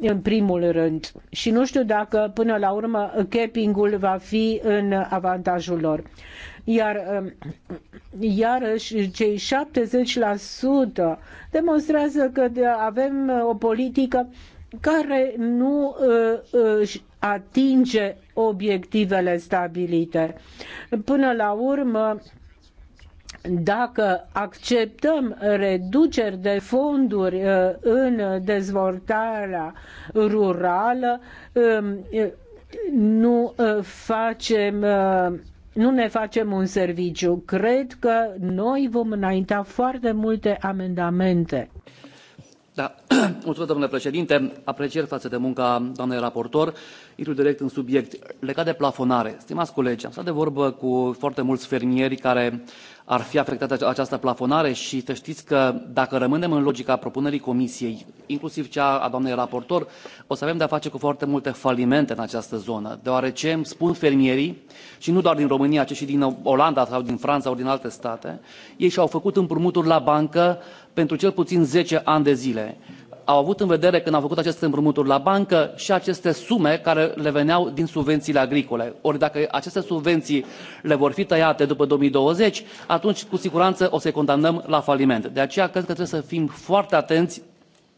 în primul rând. Și nu știu dacă până la urmă capping-ul va fi în avantajul lor. Iar iarăși cei 70% demonstrează că avem o politică care nu uh, își atinge obiectivele stabilite. Până la urmă, dacă acceptăm reduceri de fonduri uh, în dezvoltarea rurală, um, nu uh, facem nu ne facem un serviciu. Cred că noi vom înainta foarte multe amendamente. Da. domnule președinte aprecieri față de munca doamnei raportor intru direct în subiect legat de plafonare stimați colegi am stat de vorbă cu foarte mulți fermieri care ar fi afectată această plafonare și să știți că dacă rămânem în logica propunerii Comisiei, inclusiv cea a doamnei raportor, o să avem de-a face cu foarte multe falimente în această zonă, deoarece îmi spun fermierii, și nu doar din România, ci și din Olanda sau din Franța sau din alte state, ei și-au făcut împrumuturi la bancă pentru cel puțin zece ani de zile au avut în vedere când au făcut aceste împrumuturi la bancă și aceste sume care le veneau din subvențiile agricole. Ori dacă aceste subvenții le vor fi tăiate după 2020, atunci cu siguranță o să i condamnăm la faliment. De aceea cred că trebuie să fim foarte atenți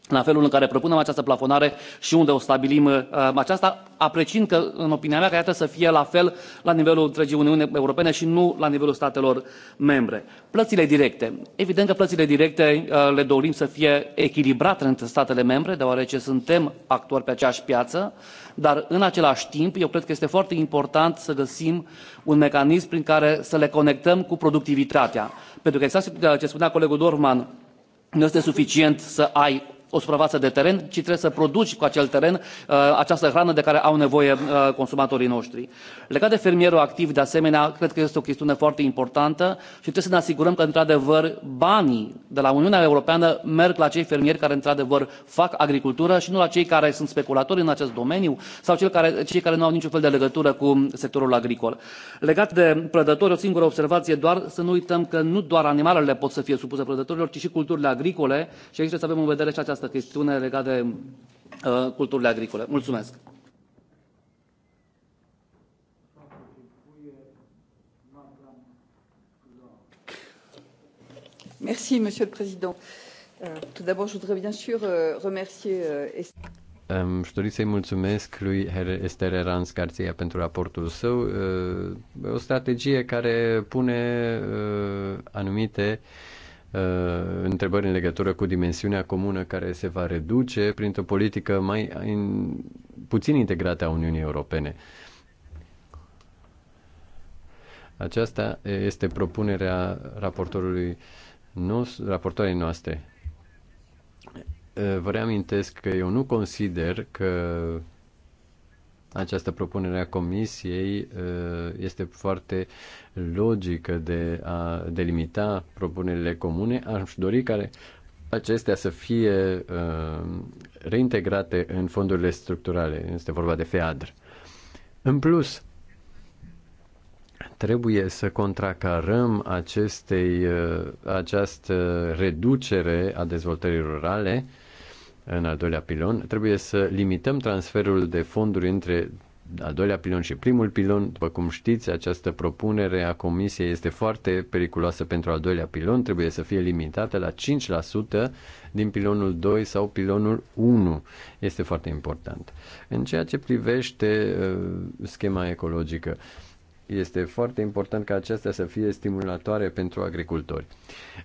la felul în care propunem această plafonare și unde o stabilim uh, aceasta apreciind că în opinia mea ea trebuie să fie la fel la nivelul întregii uniuni europene și nu la nivelul statelor membre. plățile directe evident că plățile directe uh, le dorim să fie echilibrate între statele membre deoarece suntem actori pe aceeași piață dar în același timp eu cred că este foarte important să găsim un mecanism prin care să le conectăm cu productivitatea pentru că exact ce spunea colegul dorfmann nu este suficient să ai o suprafață de teren, ci trebuie să produci cu acel teren uh, această hrană de care au nevoie uh, consumatorii noștri. Legat de fermierul activ, de asemenea, cred că este o chestiune foarte importantă și trebuie să ne asigurăm că, într-adevăr, banii de la Uniunea Europeană merg la cei fermieri care, într-adevăr, fac agricultură și nu la cei care sunt speculatori în acest domeniu sau cei care, cei care nu au niciun fel de legătură cu sectorul agricol. Legat de prădători, o singură observație doar, să nu uităm că nu doar animalele pot să fie supuse prădătorilor, ci și culturile agricole și aici trebuie să avem în vedere și această această chestiune legată de uh, culturile agricole. Mulțumesc! Merci, Monsieur le Président. Euh, tout d'abord, je voudrais bien sûr euh, remercier euh, Aș dori să-i mulțumesc lui Esther Erans Garcia pentru raportul său. Uh, o strategie care pune uh, anumite uh, Uh, întrebări în legătură cu dimensiunea comună care se va reduce printr-o politică mai in, puțin integrată a Uniunii Europene. Aceasta este propunerea raportorului nostru, raportoarei noastre. Uh, vă reamintesc că eu nu consider că această propunere a Comisiei uh, este foarte logică de a delimita propunerile comune. Aș dori care acestea să fie uh, reintegrate în fondurile structurale. Este vorba de FEADR. În plus, trebuie să contracarăm acestei, uh, această reducere a dezvoltării rurale în al doilea pilon, trebuie să limităm transferul de fonduri între al doilea pilon și primul pilon. După cum știți, această propunere a Comisiei este foarte periculoasă pentru al doilea pilon, trebuie să fie limitată la 5% din pilonul 2 sau pilonul 1. Este foarte important. În ceea ce privește uh, schema ecologică, uh, este foarte important ca acestea să fie stimulatoare pentru agricultori.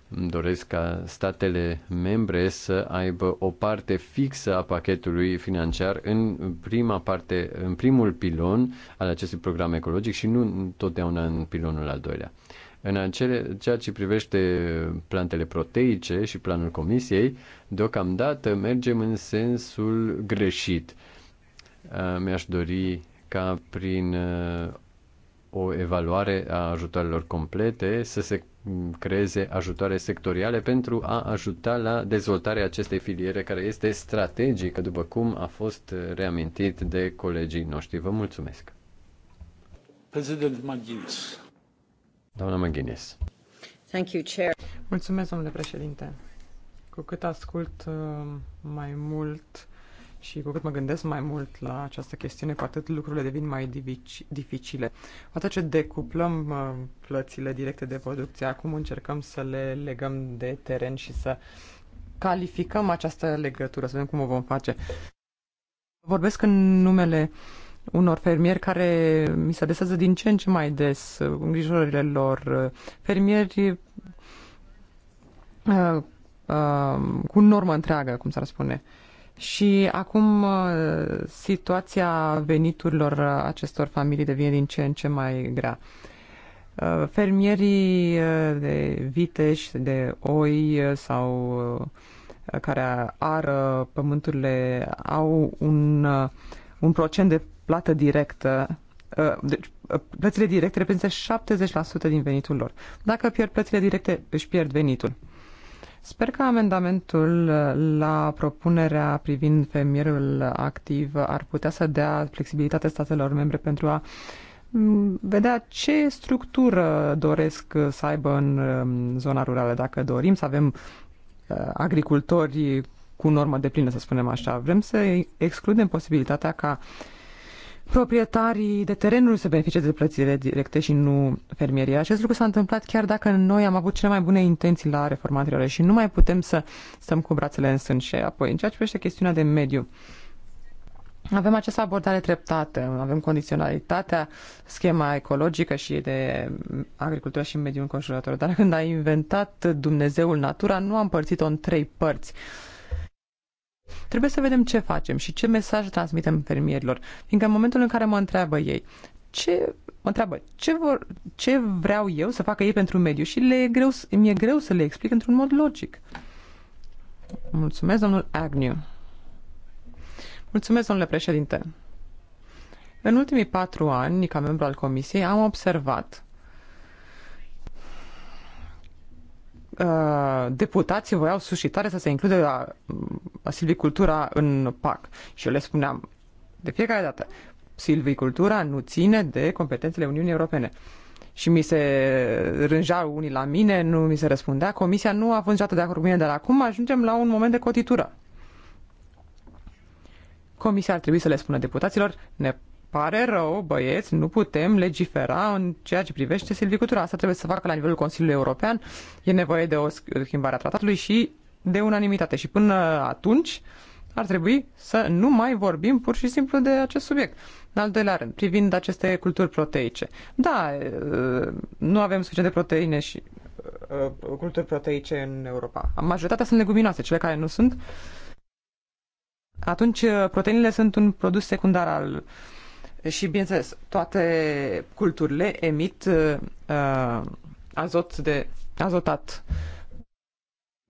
Îmi doresc ca statele membre să aibă o parte fixă a pachetului financiar în, prima parte, în primul pilon al acestui program ecologic și nu totdeauna în pilonul al doilea. În acele, ceea ce privește plantele proteice și planul comisiei, deocamdată mergem în sensul greșit. Mi-aș dori ca prin o evaluare a ajutoarelor complete, să se creeze ajutoare sectoriale pentru a ajuta la dezvoltarea acestei filiere care este strategică, după cum a fost reamintit de colegii noștri. Vă mulțumesc. President McGuinness. Doamna McGuinness. Thank you, Chair. Mulțumesc, domnule președinte. Cu cât ascult uh, mai mult și cu cât mă gândesc mai mult la această chestiune, cu atât lucrurile devin mai dificile. Odată ce decuplăm uh, plățile directe de producție, acum încercăm să le legăm de teren și să calificăm această legătură, să vedem cum o vom face. Vorbesc în numele unor fermieri care mi se adesează din ce în ce mai des uh, îngrijorările lor. Fermieri uh, uh, cu normă întreagă, cum s-ar spune. Uh, și acum uh, situația veniturilor uh, acestor familii devine din ce în ce mai grea. Uh, fermierii de vite și de oi sau care ară pământurile au un, un procent de plată directă deci plățile directe reprezintă 70% din venitul lor. Dacă pierd plățile directe, își pierd venitul. Sper că amendamentul uh, la propunerea privind fermierul activ ar putea să dea flexibilitate statelor membre pentru a mm, vedea ce structură doresc să aibă în um, zona rurală. Dacă dorim să avem uh, agricultori cu normă de plină, să spunem așa, vrem să excludem posibilitatea ca uh, proprietarii de terenuri să beneficieze de plățile directe și nu fermierii. Acest lucru s-a întâmplat chiar dacă noi am avut cele mai bune intenții la reforma anterioară și nu mai putem să stăm cu brațele în sân și apoi în ceea ce privește chestiunea de mediu. Avem această abordare treptată, avem condiționalitatea, schema ecologică și de agricultură și mediul înconjurător. Dar când a inventat Dumnezeul natura, nu a împărțit-o în trei părți. Uh, Trebuie să vedem ce facem și ce mesaj transmitem fermierilor. Fiindcă în momentul în care mă întreabă ei ce, mă întreabă ce, vor, ce vreau eu să facă ei pentru mediu și le e greu, mi-e greu să le explic într-un mod logic. Mulțumesc, domnul Agnew. Mulțumesc, domnule președinte. În ultimii patru ani, ca membru al Comisiei, am observat Uh, deputații voiau suscitare să se include la, uh, la silvicultura în PAC. Și eu le spuneam de fiecare dată, silvicultura nu ține de competențele Uniunii Europene. Și mi se rânjau unii la mine, nu mi se răspundea. Comisia nu a fost de acord cu mine, dar acum ajungem la un moment de cotitură. Comisia ar trebui să le spună deputaților, ne pare rău, băieți, nu putem legifera în ceea ce privește silvicultura. Asta trebuie să facă la nivelul Consiliului European. E nevoie de o schimbare a tratatului și de unanimitate. Și până atunci ar trebui să nu mai vorbim pur și simplu de acest subiect. În al doilea rând, privind aceste culturi proteice. Da, uh, nu avem suficiente proteine și uh, uh, culturi proteice în Europa. Majoritatea sunt leguminoase, cele care nu sunt. Atunci, proteinele sunt un produs secundar al uh, și, bineînțeles, toate culturile emit uh, uh azot de azotat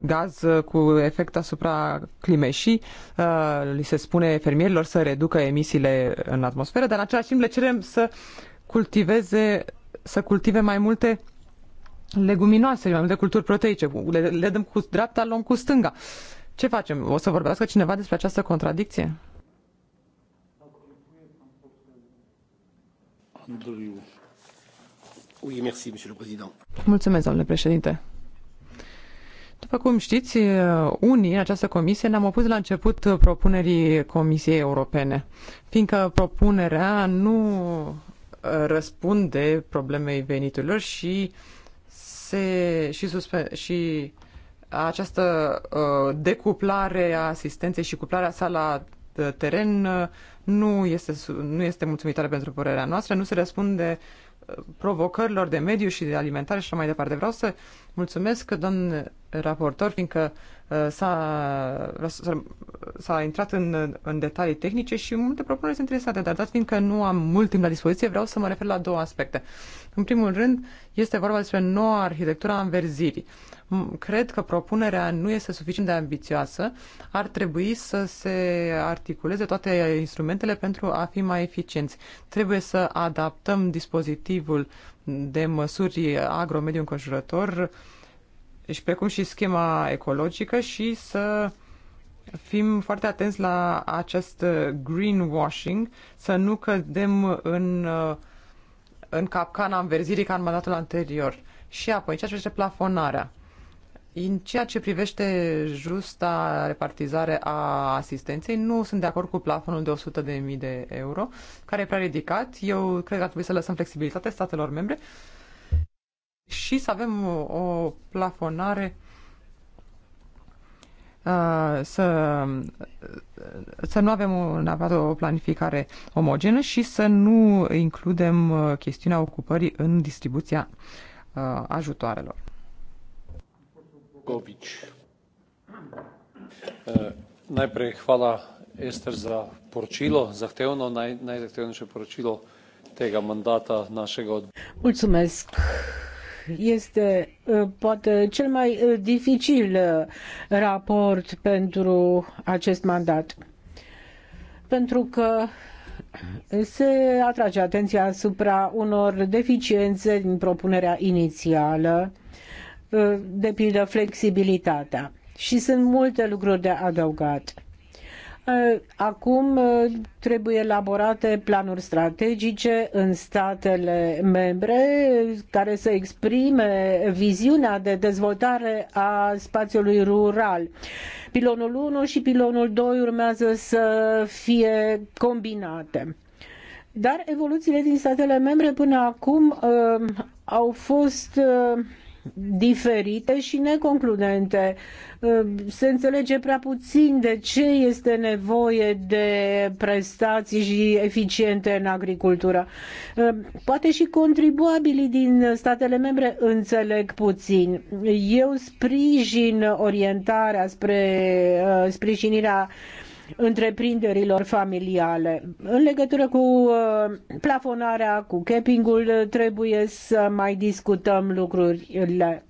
gaz uh, cu efect asupra climei și uh, li se spune fermierilor să reducă emisiile în atmosferă, dar în același timp le cerem să cultiveze, să cultive mai multe leguminoase, mai multe culturi proteice. Le, le dăm cu dreapta, luăm cu stânga. Ce facem? O să vorbească cineva despre această contradicție? Mulțumesc, domnule președinte. După cum știți, unii în această comisie ne-am opus la început propunerii Comisiei Europene, fiindcă propunerea nu uh, răspunde problemei veniturilor și se și, suspe, și această uh, decuplare a asistenței și cuplarea sa la Uh, teren uh, nu este, nu este mulțumitoare pentru părerea noastră, nu se răspunde uh, provocărilor de mediu și de alimentare și așa mai departe. Vreau să Mulțumesc, domn raportor, fiindcă uh, s-a, s-a intrat în, în detalii tehnice și multe propuneri sunt interesate, dar dat fiindcă nu am mult timp la dispoziție, vreau să mă refer la două aspecte. În primul rând, este vorba despre noua arhitectură a înverzirii. Cred că propunerea nu este suficient de ambițioasă. Ar trebui să se articuleze toate instrumentele pentru a fi mai eficienți. Trebuie să adaptăm dispozitivul de măsuri agro-mediu înconjurător și precum și schema ecologică și să fim foarte atenți la acest greenwashing, să nu cădem în, în capcana înverzirii ca în mandatul anterior. Și apoi, ceea ce este plafonarea. În ceea ce privește justa repartizare a asistenței, nu sunt de acord cu plafonul de 100.000 de, de euro, care e prea ridicat. Eu cred că ar trebui să lăsăm flexibilitate statelor membre și să avem o plafonare uh, să, să nu avem neapărat o planificare omogenă și să nu includem uh, chestiunea ocupării în distribuția uh, ajutoarelor. Gobič. Najprej hvala Ester za poročilo, zahtevno, naj, najzahtevnejše poročilo tega mandata našega odbora. Mulțumesc! Este poate cel mai dificil raport pentru acest mandat. Pentru că se atrage atenția asupra unor deficiențe din propunerea inițială Uh, de pildă flexibilitatea. Și sunt multe lucruri de adăugat. Uh, acum uh, trebuie elaborate planuri strategice în statele membre care să exprime viziunea de dezvoltare a spațiului rural. Pilonul 1 și pilonul 2 urmează să fie combinate. Dar evoluțiile din statele membre până acum uh, au fost uh, diferite și neconcludente. Se înțelege prea puțin de ce este nevoie de prestații și eficiente în agricultură. Poate și contribuabilii din statele membre înțeleg puțin. Eu sprijin orientarea spre uh, sprijinirea întreprinderilor familiale. În legătură cu uh, plafonarea, cu capping-ul, trebuie să mai discutăm lucrurile.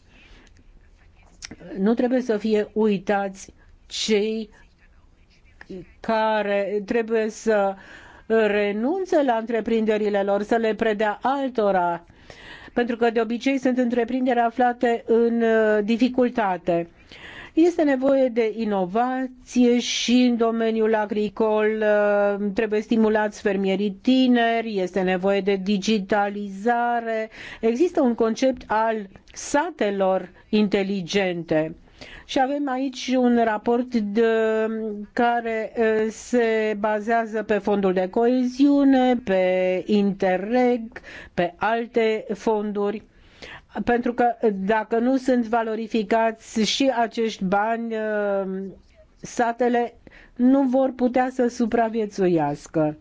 Nu trebuie să fie uitați cei care trebuie să renunțe la întreprinderile lor, să le predea altora, pentru că de obicei sunt întreprinderi aflate în uh, dificultate. Este nevoie de inovație și în domeniul agricol, uh, trebuie stimulați fermierii tineri, este nevoie de digitalizare. Există un concept al satelor inteligente. Și avem aici un raport de, care uh, se bazează pe fondul de coeziune, pe Interreg, pe alte fonduri pentru că dacă nu sunt valorificați și acești bani, uh, satele nu vor putea să supraviețuiască.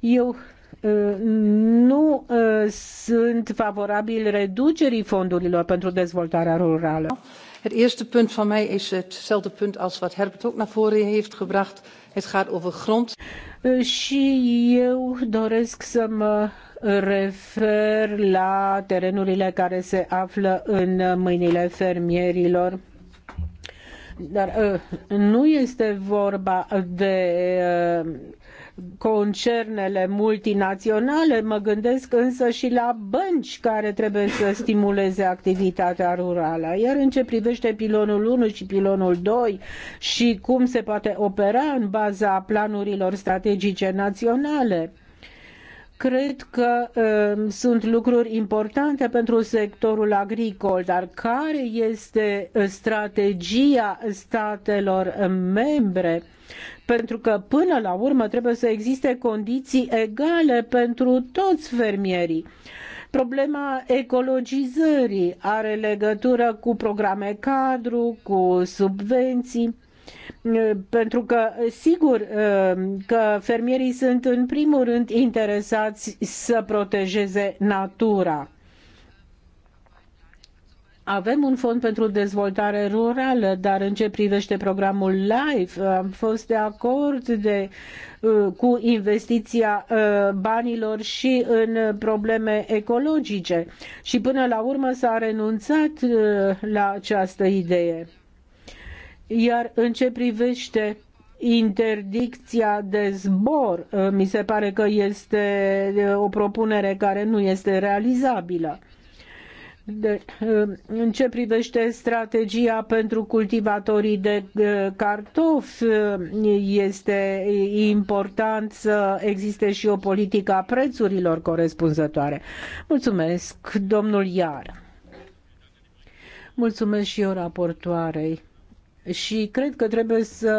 Eu uh, nu uh, sunt favorabil reducerii fondurilor pentru dezvoltarea rurală. Het eerste punt van mij is hetzelfde punt als wat Herbert ook naar voren heeft gebracht. Het gaat over grond. Și eu doresc să mă refer la terenurile care se află în mâinile fermierilor. Dar uh, nu este vorba de uh, concernele multinaționale, mă gândesc însă și la bănci care trebuie să stimuleze activitatea rurală. Iar în ce privește pilonul 1 și pilonul 2 și cum se poate opera în baza planurilor strategice naționale, Cred că uh, sunt lucruri importante pentru sectorul agricol, dar care este uh, strategia statelor um, membre? Pentru că până la urmă trebuie să existe condiții egale pentru toți fermierii. Problema ecologizării are legătură cu programe cadru, cu subvenții pentru că, sigur, uh, că fermierii sunt în primul rând interesați să protejeze natura. Avem un fond pentru dezvoltare rurală, dar în ce privește programul LIFE, am fost de acord de, uh, cu investiția uh, banilor și în probleme ecologice. Și până la urmă s-a renunțat la această idee. Iar în ce privește interdicția de zbor, uh, mi se pare că este uh, o propunere care nu este realizabilă. De, uh, în ce privește strategia pentru cultivatorii de cartofi, este important să existe și o politică a prețurilor corespunzătoare. Mulțumesc, domnul Iar. Mulțumesc și eu raportoarei și cred că trebuie să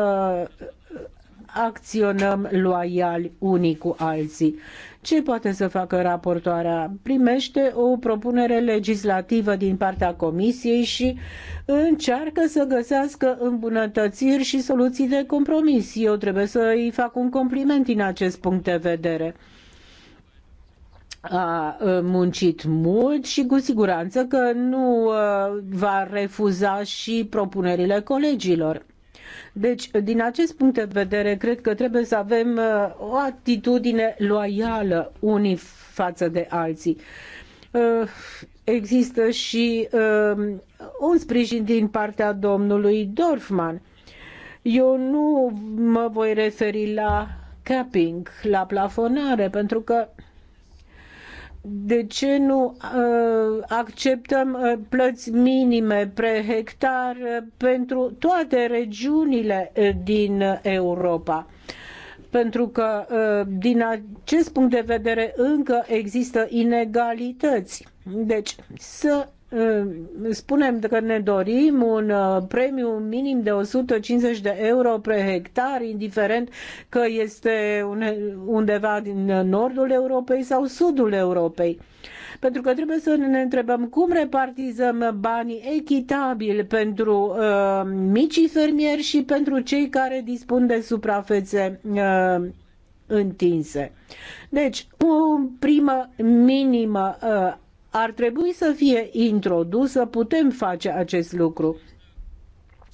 acționăm loiali unii cu alții. Ce poate să facă raportoarea? Primește o propunere legislativă din partea Comisiei și încearcă să găsească îmbunătățiri și soluții de compromis. Eu trebuie să îi fac un compliment din acest punct de vedere a muncit mult și cu siguranță că nu va refuza și propunerile colegilor. Deci, din acest punct de vedere, cred că trebuie să avem o atitudine loială unii față de alții. Există și un sprijin din partea domnului Dorfman. Eu nu mă voi referi la capping, la plafonare, pentru că de ce nu uh, acceptăm uh, plăți minime pe hectar uh, pentru toate regiunile din Europa? pentru că din acest punct de vedere încă există inegalități. Deci să spunem că ne dorim un uh, premiu minim de 150 de euro pe hectar, indiferent că este undeva din uh, nordul Europei sau sudul Europei. Pentru că trebuie să ne întrebăm cum repartizăm banii echitabil pentru uh, micii fermieri și pentru cei care dispun de suprafețe uh, întinse. Deci, o primă minimă uh, ar trebui să fie introdusă, putem face acest lucru.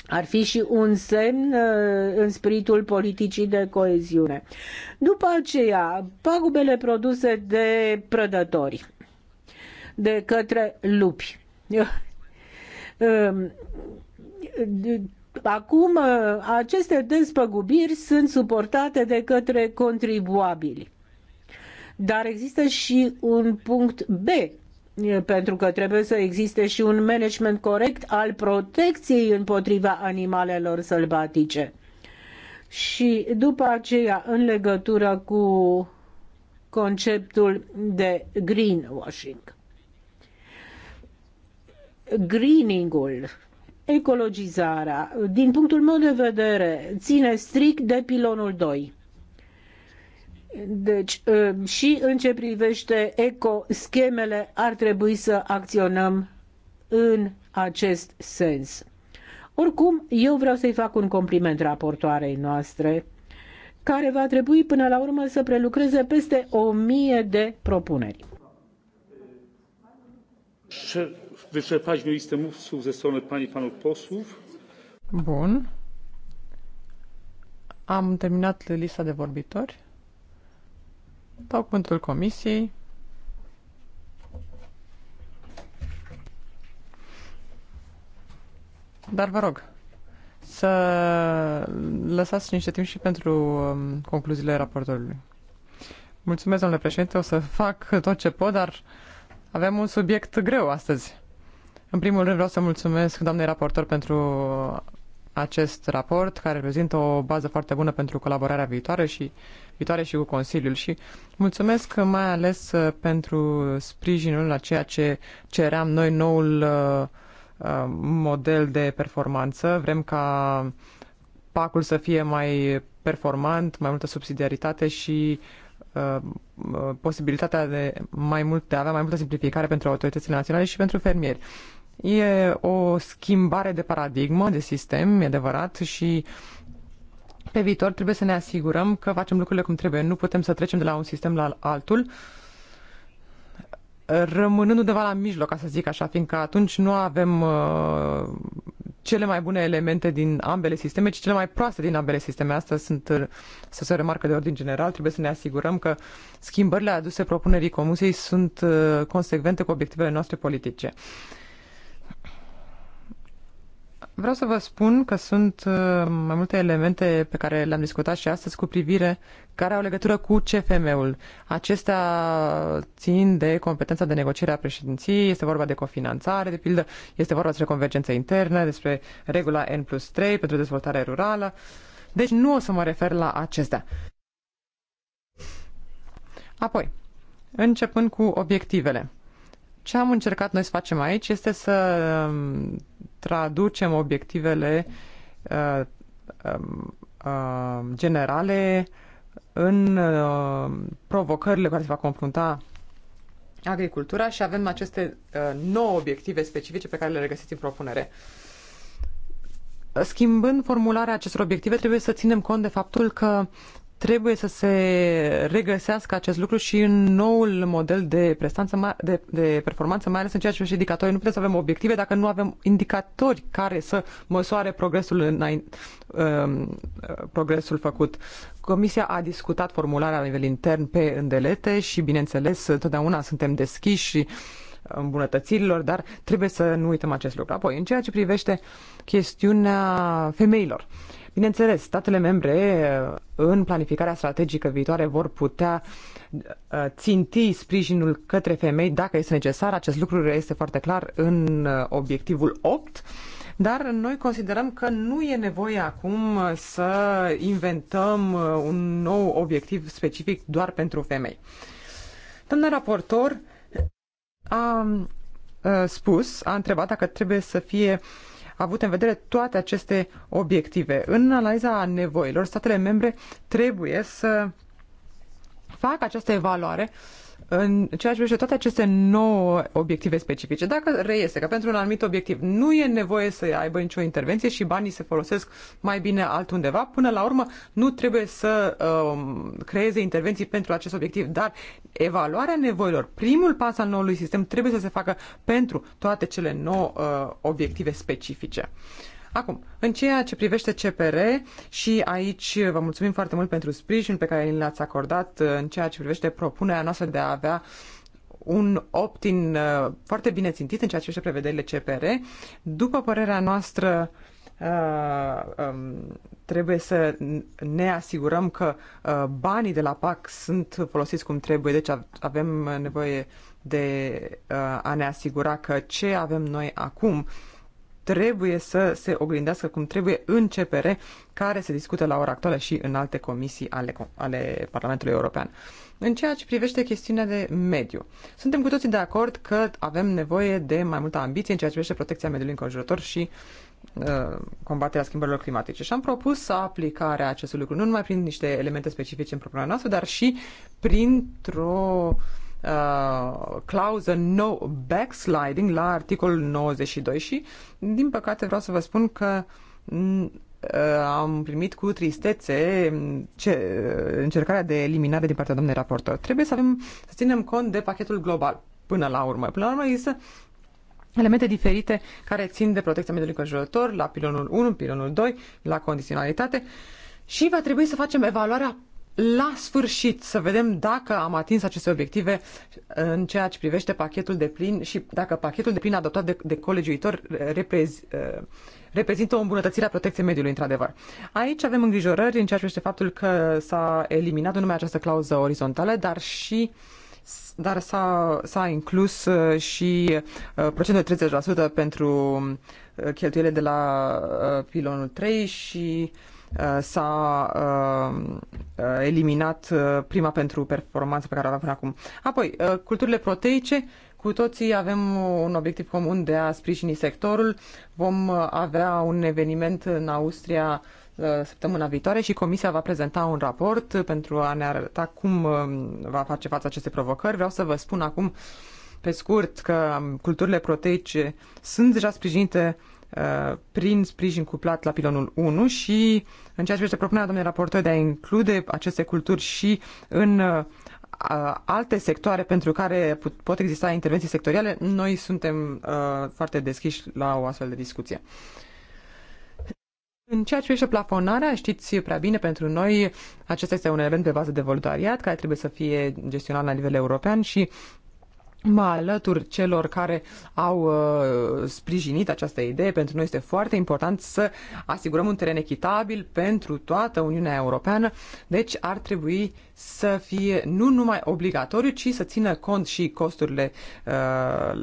Ar fi și un semn uh, în spiritul politicii de coeziune. După aceea, pagubele produse de prădători, de către lupi. Um, acum, uh, aceste despăgubiri sunt suportate de către contribuabili. Dar există și un punct B pentru că trebuie să existe și un management corect al protecției împotriva animalelor sălbatice. Și după aceea, în legătură cu conceptul de greenwashing. Greening-ul, ecologizarea, din punctul meu de vedere, ține strict de pilonul 2 deci ă, și în ce privește ecoschemele ar trebui să acționăm în acest sens. Oricum, eu vreau să-i fac un compliment raportoarei noastre, care va trebui până la urmă să prelucreze peste o mie de propuneri. pani Bun. Am terminat lista de vorbitori. Dau cuvântul comisiei. Dar vă rog să lăsați niște timp și pentru um, concluziile raportorului. Mulțumesc, domnule președinte, o să fac tot ce pot, dar avem un subiect greu astăzi. În primul rând vreau să mulțumesc doamnei raportor pentru acest raport, care reprezintă o bază foarte bună pentru colaborarea viitoare și, viitoare și cu Consiliul. Și mulțumesc mai ales uh, pentru sprijinul la ceea ce ceream noi noul uh, uh, model de performanță. Vrem ca pacul să fie mai performant, mai multă subsidiaritate și posibilitatea de mai mult de a avea mai multă simplificare pentru autoritățile naționale și pentru fermieri. E o schimbare de paradigmă, de sistem, e adevărat, și pe viitor trebuie să ne asigurăm că facem lucrurile cum trebuie. Nu putem să trecem de la un sistem la altul rămânând undeva la mijloc, ca să zic așa, fiindcă atunci nu avem uh, cele mai bune elemente din ambele sisteme, ci cele mai proaste din ambele sisteme. Asta sunt, uh, să se remarcă de ordin general, trebuie să ne asigurăm că schimbările aduse propunerii Comisiei sunt uh, consecvente cu obiectivele noastre politice. Vreau să vă spun că sunt uh, mai multe elemente pe care le-am discutat și astăzi cu privire care au legătură cu CFM-ul. Acestea țin de competența de negociere a președinției, este vorba de cofinanțare, de pildă, este vorba despre convergență internă, despre regula N plus 3 pentru dezvoltare rurală. Deci nu o să mă refer la acestea. Apoi, începând cu obiectivele. Ce am încercat noi să facem aici este să um, traducem obiectivele uh, um, uh, generale în uh, provocările cu care se va confrunta agricultura și avem aceste nouă obiective specifice pe care le regăsiți în propunere. Schimbând formularea acestor obiective, trebuie să ținem cont de faptul că trebuie să se regăsească acest lucru și în noul model de, prestanță, de, de performanță, mai ales în ceea ce privește indicatorii. Nu putem să avem obiective dacă nu avem indicatori care să măsoare progresul, înainte, um, progresul făcut. Comisia a discutat formularea la nivel intern pe îndelete și, bineînțeles, întotdeauna suntem deschiși și îmbunătățirilor, dar trebuie să nu uităm acest lucru. Apoi, în ceea ce privește chestiunea femeilor. Uh, Bineînțeles, statele membre uh, în planificarea strategică viitoare vor putea uh, ținti sprijinul către femei dacă este necesar. Acest lucru este foarte clar în uh, obiectivul 8 dar noi considerăm că nu e nevoie acum să inventăm un nou obiectiv specific doar pentru femei. Doamna raportor a spus, a întrebat dacă trebuie să fie uh, avut în vedere toate aceste obiective. În analiza nevoilor, statele membre trebuie să facă această evaluare uh, în ceea ce privește toate aceste nouă obiective specifice, dacă reiese că pentru un anumit obiectiv nu e nevoie să aibă nicio intervenție și banii se folosesc mai bine altundeva, până la urmă nu trebuie să um, creeze intervenții pentru acest obiectiv, dar evaluarea nevoilor, primul pas al noului sistem trebuie să se facă pentru toate cele nouă uh, obiective specifice. Acum, în ceea ce privește CPR și aici vă mulțumim foarte mult pentru sprijin pe care l-ați acordat uh, în ceea ce privește propunerea noastră de a avea un opt-in uh, foarte bine țintit în ceea ce privește prevederile CPR. După părerea noastră, Uh, um, trebuie să ne asigurăm că uh, banii de la PAC sunt folosiți cum trebuie, deci avem nevoie de uh, a ne asigura că ce avem noi acum trebuie să se oglindească cum trebuie în CPR, care se discută la ora actuală și în alte comisii ale, ale Parlamentului European. În ceea ce privește chestiunea de mediu, suntem cu toții de acord că avem nevoie de mai multă ambiție în ceea ce privește protecția mediului înconjurător și uh, combaterea schimbărilor climatice. Și am propus aplicarea acestui lucru nu numai prin niște elemente specifice în propunerea noastră, dar și printr-o uh, Uh, clauză no backsliding la articolul 92 și, din păcate, vreau să vă spun că mm, uh, am primit cu tristețe mm, ce, uh, încercarea de eliminare din partea domnului raportor. Trebuie să avem, să ținem cont de pachetul global până la urmă. Până la urmă există elemente diferite care țin de protecția mediului conjurător la pilonul 1, pilonul 2, la condiționalitate și va trebui să facem evaluarea la sfârșit să vedem dacă am atins aceste obiective uh, în ceea ce privește pachetul de plin și dacă pachetul de plin adoptat de, de colegiuitor reprez, uh, reprezintă o îmbunătățire a protecției mediului, într-adevăr. Aici avem îngrijorări în ceea ce privește faptul că s-a eliminat numai această clauză orizontală, dar și dar s-a, s-a inclus uh, și procentul de 30% pentru cheltuielile de la pilonul 3 și Uh, s-a uh, uh, eliminat prima pentru performanță pe care o avea până acum. Apoi, culturile proteice, cu toții avem un obiectiv comun de a sprijini sectorul. Vom avea un eveniment în Austria săptămâna viitoare și Comisia va prezenta un raport pentru a ne arăta cum va face față aceste provocări. Vreau să vă spun acum pe scurt că um, culturile proteice sunt deja sprijinite Uh, prin sprijin cuplat la pilonul 1 și în ceea ce privește propunerea domnului raportor de a include aceste culturi și în uh, alte sectoare pentru care pot exista intervenții sectoriale, noi suntem uh, foarte deschiși la o astfel de discuție. În ceea ce privește plafonarea, știți prea bine, pentru noi acesta este un element pe bază de voluntariat care trebuie să fie gestionat la nivel european și mă alătur celor care au uh, sprijinit această idee. Pentru noi este foarte important să asigurăm un teren echitabil pentru toată Uniunea Europeană. Deci ar trebui să fie nu numai obligatoriu, ci să țină cont și costurile uh,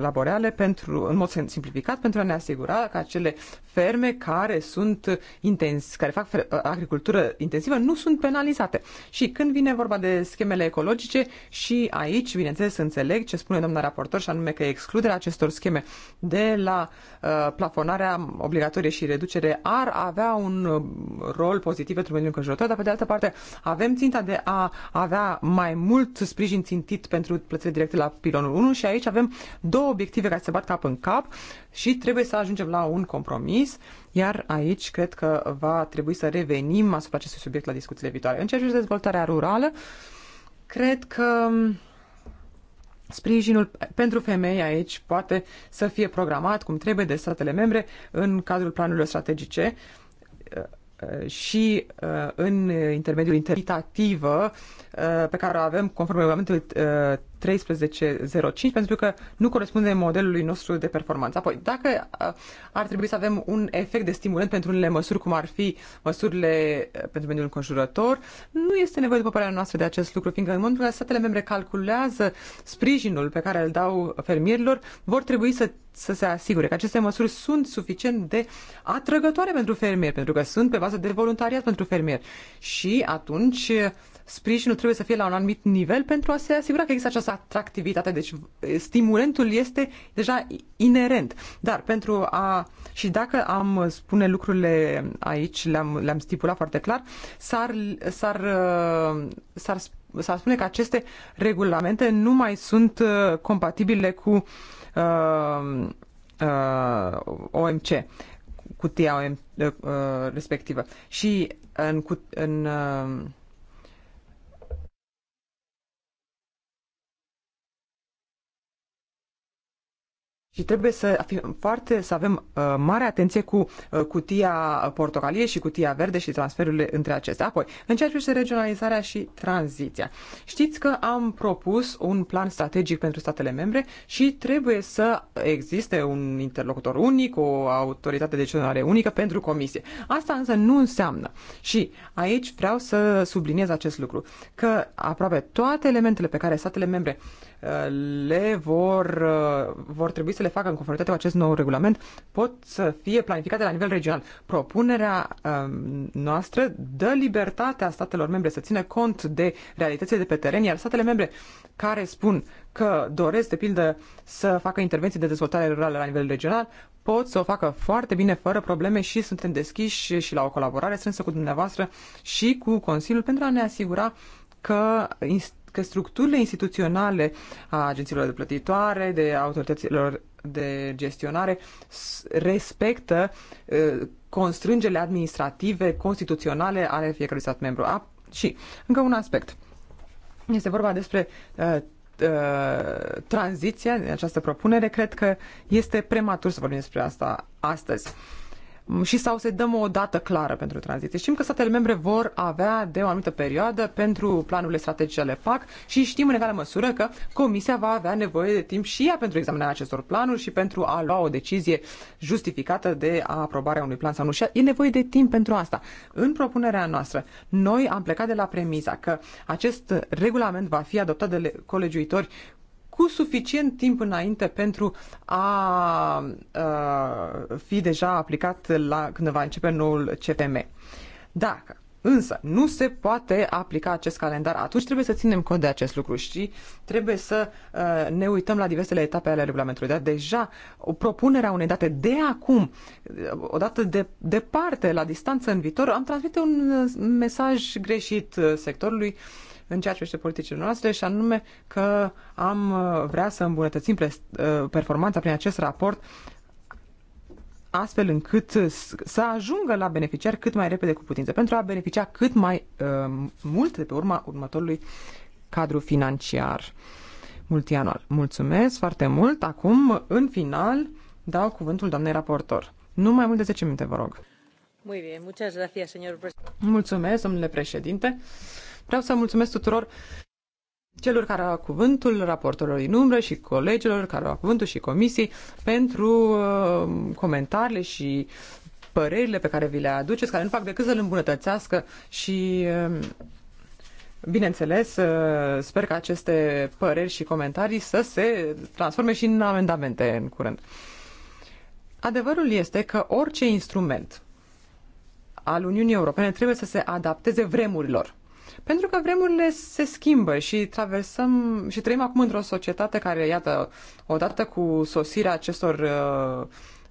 laboreale pentru, în mod simplificat pentru a ne asigura că acele ferme care sunt intens, care fac uh, agricultură intensivă nu sunt penalizate. Și când vine vorba de schemele ecologice și aici, bineînțeles, înțeleg corect ce spune doamna raportor și anume că excluderea acestor scheme de la uh, plafonarea obligatorie și reducere ar avea un uh, rol pozitiv pentru mediul înconjurător, dar pe de altă parte avem ținta de a avea mai mult sprijin țintit pentru plățile directe la pilonul 1 și aici avem două obiective care se bat cap în cap și trebuie să ajungem la un compromis, iar aici cred că va trebui să revenim asupra acestui subiect la discuțiile viitoare. În ceea ce dezvoltarea rurală, cred că Sprijinul pentru femei aici poate să fie programat cum trebuie de statele membre în cadrul planurilor strategice uh, uh, și uh, în intermediul interitativă pe care o avem conform regulamentului 13.05 pentru că nu corespunde modelului nostru de performanță. Apoi, dacă ar trebui să avem un efect de stimulant pentru unele măsuri, cum ar fi măsurile pentru mediul înconjurător, nu este nevoie, după părerea noastră, de acest lucru, fiindcă în momentul în care statele membre calculează sprijinul pe care îl dau fermierilor, vor trebui să să se asigure că aceste măsuri sunt suficient de atrăgătoare pentru fermier, pentru că sunt pe bază de voluntariat pentru fermier. Și atunci sprijinul trebuie să fie la un anumit nivel pentru a se asigura că există această atractivitate. Deci stimulentul este deja inerent. Dar pentru a... Și dacă am spune lucrurile aici, le-am, le-am stipulat foarte clar, s-ar, s-ar, uh, s-ar, s-ar spune că aceste regulamente nu mai sunt uh, compatibile cu uh, uh, OMC cutia uh, uh, respectivă. Și în, în uh, Și trebuie să fim foarte, să avem uh, mare atenție cu uh, cutia portocalie și cutia verde și transferurile între acestea. Apoi, în ceea ce privește regionalizarea și tranziția. Știți că am propus un plan strategic pentru statele membre și trebuie să existe un interlocutor unic, o autoritate de decizionare unică pentru comisie. Asta însă nu înseamnă. Și aici vreau să subliniez acest lucru, că aproape toate elementele pe care statele membre uh, le vor, uh, vor trebui să le facă în conformitate cu acest nou regulament, pot să fie planificate la nivel regional. Propunerea um, noastră dă libertatea statelor membre să țină cont de realitățile de pe teren, iar statele membre care spun că doresc, de pildă, să facă intervenții de dezvoltare rurală la nivel regional, pot să o facă foarte bine, fără probleme și suntem deschiși și la o colaborare strânsă cu dumneavoastră și cu Consiliul pentru a ne asigura că că structurile instituționale a agențiilor de plătitoare, de autorităților de gestionare, respectă constrângele administrative, constituționale ale fiecărui stat membru. A, și, încă un aspect. Este vorba despre uh, uh, tranziția, această propunere. Cred că este prematur să vorbim despre asta astăzi. Uh, și sau să dăm o dată clară pentru tranziție. Știm că statele membre vor avea de o anumită perioadă pentru planurile strategice ale PAC și știm în egală măsură că Comisia va avea nevoie de timp și ea pentru examinarea acestor planuri și pentru a lua o decizie justificată de aprobarea unui plan sau nu. Și e nevoie de timp pentru asta. În propunerea noastră, noi am plecat de la premisa că acest regulament va fi adoptat de colegiuitori cu suficient timp înainte pentru a, uh, fi deja aplicat la când va începe noul CFM. Dacă Însă, nu se poate aplica acest calendar. Atunci trebuie să ținem cont de acest lucru și trebuie să uh, ne uităm la diversele etape ale regulamentului. Dar deja o propunerea unei date de acum, odată de departe, la distanță în viitor, am transmite un mesaj greșit uh, sectorului uh, în ceea ce privește politicile noastre și anume că am uh, vrea să îmbunătățim uh, performanța prin acest raport astfel încât să ajungă la beneficiar cât mai repede cu putință, pentru a beneficia cât mai uh, mult de pe urma următorului cadru financiar multianual. Mulțumesc foarte mult. Acum, în final, dau cuvântul doamnei raportor. Nu mai mult de 10 minute, vă rog. Muy bien, muchas gracias, señor Mulțumesc, domnule președinte. Vreau să mulțumesc tuturor celor care au cuvântul, raportorilor în umbră și colegilor care au cuvântul și comisii pentru uh, comentariile și părerile pe care vi le aduceți, care nu fac decât să-l îmbunătățească și uh, Bineînțeles, uh, sper că aceste păreri și comentarii să se transforme și în amendamente în curând. Adevărul este că orice instrument al Uniunii Europene trebuie să se adapteze vremurilor. Pentru că vremurile se schimbă și traversăm și trăim acum într-o societate care, iată, odată cu sosirea acestor uh,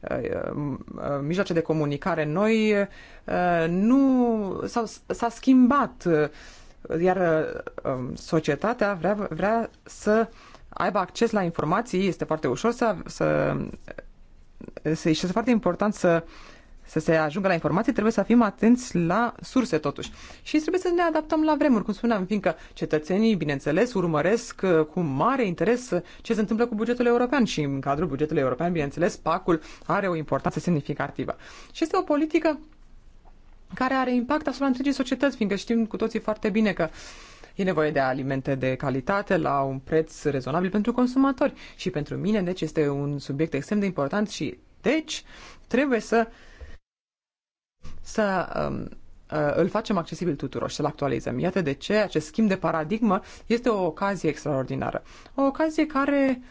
uh, uh mijloace de comunicare noi uh, nu s-a schimbat iar um, societatea vrea, vrea să aibă acces la informații, este foarte ușor să, să, să este foarte important să uh, să se ajungă la informații, trebuie să fim atenți la surse totuși. Și trebuie să ne adaptăm la vremuri, cum spuneam, fiindcă cetățenii, bineînțeles, urmăresc uh, cu mare interes ce se întâmplă cu bugetul european și în cadrul bugetului european, bineînțeles, pacul are o importanță semnificativă. Și este o politică care are impact asupra întregii societăți, fiindcă știm cu toții foarte bine că E nevoie de alimente de calitate la un preț rezonabil pentru consumatori și pentru mine, deci este un subiect extrem de important și deci trebuie să uh, să um, uh, îl facem accesibil tuturor și să-l actualizăm. Iată de ce acest schimb de paradigmă este o ocazie extraordinară. O ocazie care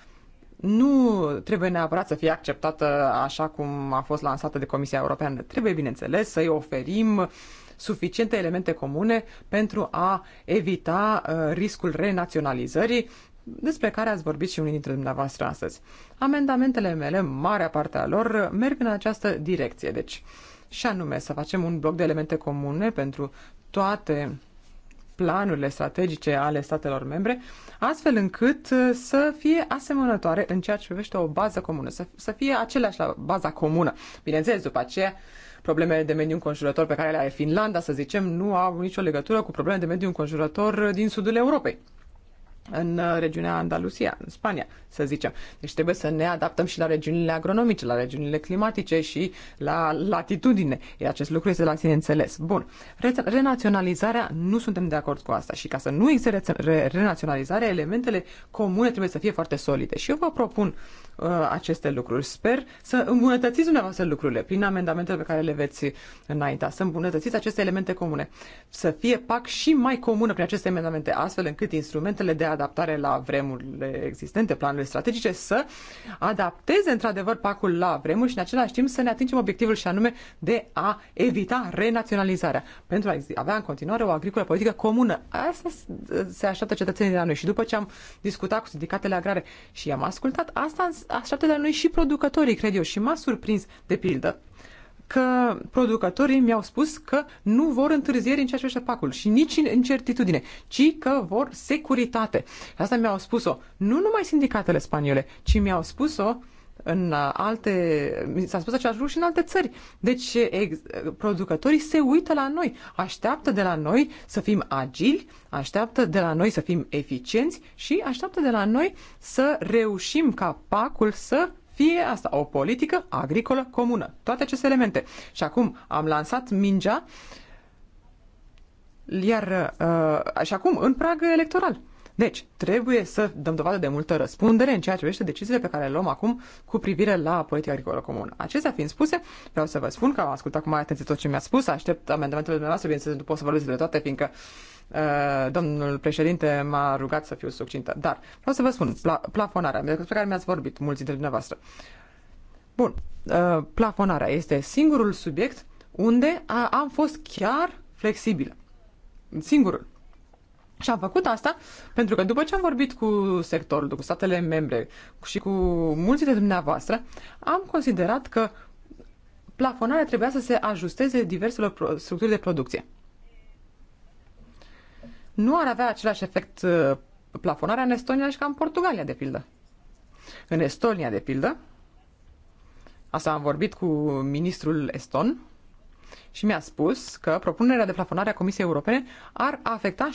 nu trebuie neapărat să fie acceptată așa cum a fost lansată de Comisia Europeană. Trebuie, bineînțeles, să-i oferim suficiente elemente comune pentru a evita uh, riscul renaționalizării despre care ați vorbit și unii dintre dumneavoastră astăzi. Amendamentele mele, marea parte a lor, merg în această direcție. Deci, uh, și anume să facem un bloc de elemente comune pentru toate planurile strategice ale statelor membre, astfel încât uh, să fie asemănătoare în ceea ce privește o bază comună, să, să fie aceleași la baza comună. Bineînțeles, după aceea, problemele de mediu înconjurător pe care le are Finlanda, să zicem, nu au nicio legătură cu problemele de mediu înconjurător uh, din sudul Europei în uh, regiunea Andalusia, în Spania, să zicem. Deci trebuie să ne adaptăm și la regiunile agronomice, la regiunile climatice și la latitudine. E acest lucru este la sine înțeles. Bun. Renaționalizarea, nu suntem de acord cu asta și ca să nu existe renaționalizarea, elementele comune trebuie să fie foarte solide. Și eu vă propun Uh, aceste lucruri. Sper să îmbunătățiți dumneavoastră lucrurile prin amendamentele pe care le veți înainta, să îmbunătățiți aceste elemente comune, să fie PAC și mai comună prin aceste amendamente, astfel încât instrumentele de adaptare la vremurile existente, planurile strategice, să adapteze într-adevăr PAC-ul la vremuri și în același timp să ne atingem obiectivul și anume de a evita renaționalizarea, pentru a avea în continuare o agricolă politică comună. Asta se așteaptă cetățenii de la noi și după ce am discutat cu sindicatele agrare și i-am ascultat, asta așteaptă de la noi și producătorii, cred eu, și m-a surprins, de pildă, că producătorii mi-au spus că nu vor întârzieri în ceea ce privește pacul și nici în incertitudine, ci că vor securitate. Asta mi-au spus-o nu numai sindicatele spaniole, ci mi-au spus-o uh, în alte, s-a spus același lucru și în alte țări. Deci ex, producătorii se uită la noi, așteaptă de la noi să fim agili, așteaptă de la noi să fim eficienți și așteaptă de la noi să reușim ca pacul să fie asta o politică agricolă comună. Toate aceste elemente. Și acum am lansat mingea, iar uh, și acum în prag electoral. Deci, trebuie să dăm dovadă de multă răspundere în ceea ce privește deciziile pe care le luăm acum cu privire la politica agricolă comună. Acestea fiind spuse, vreau să vă spun că am ascultat cu mai atenție tot ce mi-a spus, aștept amendamentele dumneavoastră, bineînțeles, nu pot să vorbesc de toate, fiindcă uh, domnul președinte m-a rugat să fiu succintă, dar vreau să vă spun, pla- plafonarea, despre care mi-ați vorbit mulți dintre dumneavoastră. Bun, uh, plafonarea este singurul subiect unde am fost chiar flexibilă. Singurul. Și am făcut asta pentru că după ce am vorbit cu sectorul, cu statele membre și cu mulți dintre dumneavoastră, am considerat că plafonarea trebuia să se ajusteze diverselor structuri de producție. Nu ar avea același efect uh, plafonarea în Estonia și ca în Portugalia, de pildă. În Estonia, de pildă, asta am vorbit cu ministrul Eston, și mi-a spus că propunerea de plafonare a Comisiei Europene ar afecta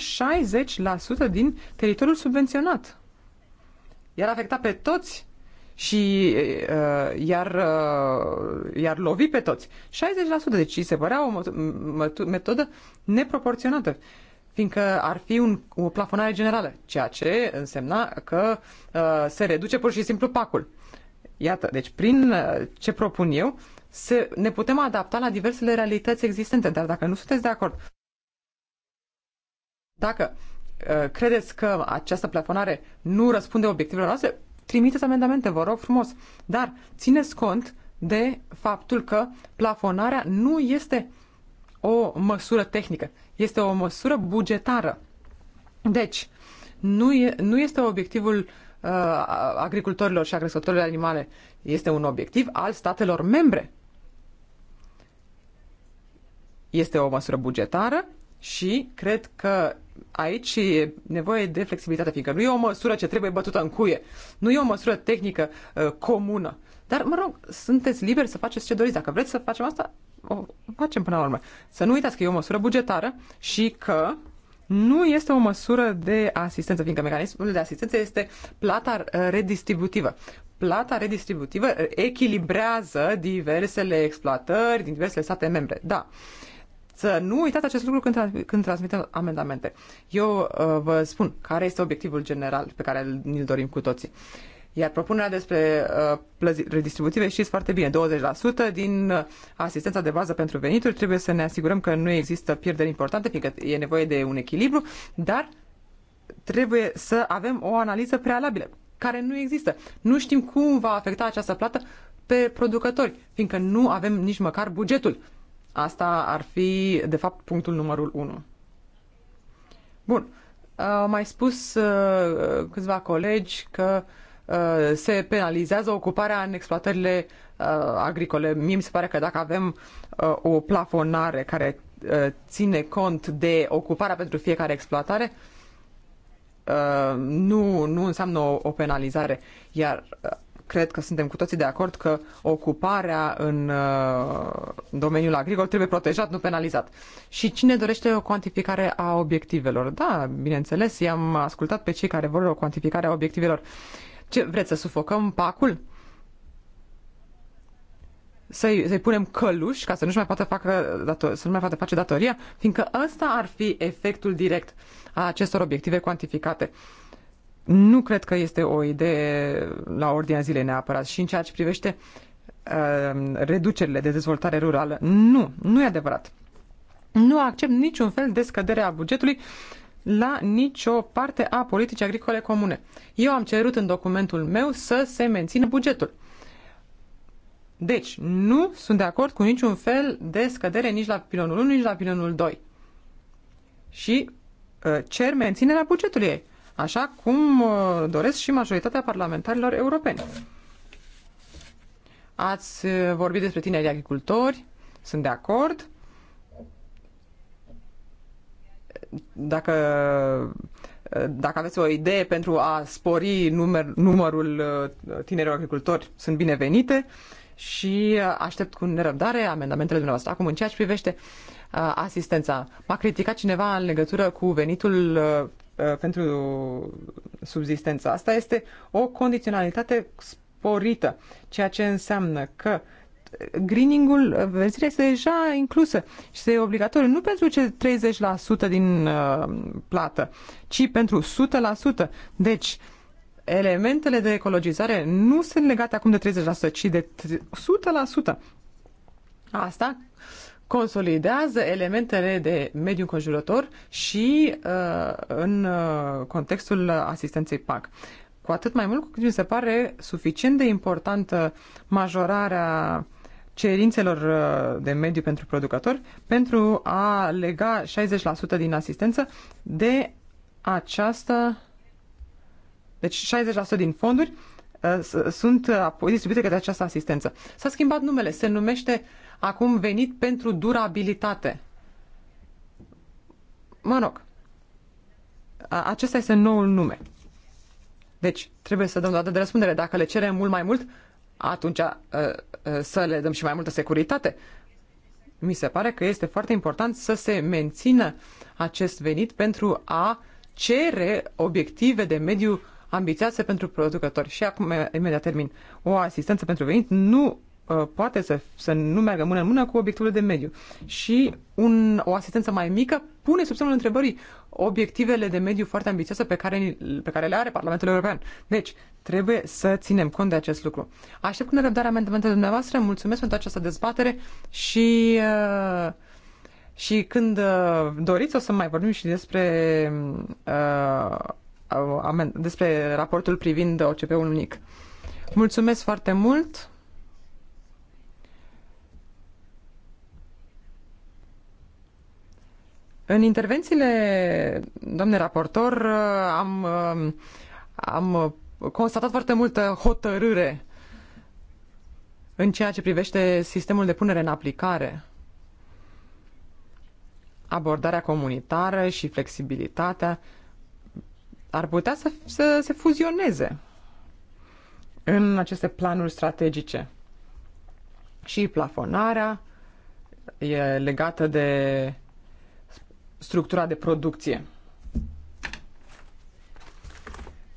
60% din teritoriul subvenționat. Iar afecta pe toți și uh, iar, uh, iar lovi pe toți. 60%, deci se părea o metodă neproporționată fiindcă ar fi un, o plafonare generală, ceea ce însemna că uh, se reduce pur și simplu pacul. Iată, deci prin uh, ce propun eu, se, ne putem adapta la diversele realități existente, dar dacă nu sunteți de acord, dacă uh, credeți că această plafonare nu răspunde obiectivelor noastre, trimiteți amendamente, vă rog frumos. Dar țineți cont de faptul că plafonarea nu este o măsură tehnică, este o măsură bugetară. Deci, nu, e, nu este obiectivul uh, agricultorilor și a de animale, este un obiectiv al statelor membre. Este o măsură bugetară și cred că aici e nevoie de flexibilitate, fiindcă nu e o măsură ce trebuie bătută în cuie, nu e o măsură tehnică uh, comună. Dar, mă rog, sunteți liberi să faceți ce doriți. Dacă vreți să facem asta, o facem până la urmă. Să nu uitați că e o măsură bugetară și că nu este o măsură de asistență, fiindcă mecanismul de asistență este plata uh, redistributivă. Plata redistributivă uh, echilibrează diversele exploatări din diversele state membre. Da, uh, să nu uitați acest lucru când, când transmitem amendamente. Eu uh, vă spun care este obiectivul general pe care îl dorim cu toții. Iar propunerea despre uh, redistributive știți foarte bine, 20% din uh, asistența de bază pentru venituri trebuie să ne asigurăm că nu există pierderi importante, fiindcă e nevoie de un echilibru, dar trebuie să avem o analiză prealabilă, care nu există. Nu știm cum va afecta această plată pe producători, fiindcă nu avem nici măcar bugetul. Asta ar fi, de fapt, punctul numărul 1. Bun. Au mai spus câțiva colegi că se penalizează ocuparea în exploatările agricole. Mie mi se pare că dacă avem o plafonare care ține cont de ocuparea pentru fiecare exploatare, nu, nu înseamnă o, penalizare. Iar cred că suntem cu toții de acord că ocuparea în uh, domeniul agricol trebuie protejat, nu penalizat. Și cine dorește o cuantificare a obiectivelor? Da, bineînțeles, i-am ascultat pe cei care vor o cuantificare a obiectivelor. Ce, vreți să sufocăm pacul? Să-i, să-i punem căluși ca să nu-și mai poată facă dator, să nu mai poată face datoria, fiindcă ăsta ar fi efectul direct a acestor obiective cuantificate. Uh, nu cred că este o idee la ordinea zilei neapărat. Și în ceea ce privește uh, reducerile de dezvoltare rurală, nu, nu e adevărat. Nu accept niciun fel de scădere a bugetului la nicio parte a politicii agricole comune. Eu am cerut în documentul meu să se mențină bugetul. Deci, nu sunt de acord cu niciun fel de scădere nici la pilonul 1, nici la pilonul 2. Și uh, cer menținerea bugetului ei așa cum uh, doresc și majoritatea parlamentarilor europeni. Ați uh, vorbit despre tinerii agricultori, sunt de acord. Dacă, uh, dacă aveți o idee pentru a spori număr, numărul tinerilor agricultori, sunt binevenite și aștept cu nerăbdare amendamentele dumneavoastră. Acum, în ceea ce privește asistența, m-a criticat cineva în legătură cu venitul Uh, pentru subzistența Asta este o condiționalitate sporită, ceea ce înseamnă că uh, greening-ul, uh, verzirea este deja inclusă și este obligatoriu nu pentru ce 30% din plată, ci pentru 100%. Deci, elementele de ecologizare nu sunt legate acum de 30%, ci de 100%. Asta consolidează elementele de mediu înconjurător și uh, în uh, contextul asistenței PAC. Cu atât mai mult cu cât mi se pare suficient de importantă majorarea cerințelor uh, de mediu pentru producători pentru a lega 60% din asistență de această deci 60% din fonduri uh, sunt apoi uh, distribuite către această asistență. S-a schimbat numele, se numește uh, acum venit pentru durabilitate. Mă rog, acesta este noul nume. Deci, trebuie să dăm dată de răspundere. Dacă le cerem mult mai mult, atunci să le dăm și mai multă securitate. Mi se pare că este foarte important să se mențină acest venit pentru a cere obiective de mediu ambițioase pentru producători. Și acum, imediat termin, o asistență pentru venit nu Uh, poate să, să nu meargă mână în mână cu obiectivele de mediu. Și un, o asistență mai mică pune sub semnul întrebării obiectivele de mediu foarte ambițioase pe care, pe care le are Parlamentul European. Deci, trebuie să ținem cont de acest lucru. Aștept cu nerăbdare amendamentele dumneavoastră, mulțumesc pentru această dezbatere și, uh, și când uh, doriți o să mai vorbim și despre, despre raportul privind OCP-ul unic. Mulțumesc foarte mult! În intervențiile, domnule raportor, am, am constatat foarte multă hotărâre în ceea ce privește sistemul de punere în aplicare, abordarea comunitară și flexibilitatea ar putea să, să se fuzioneze în aceste planuri strategice. Și plafonarea e legată de structura de producție.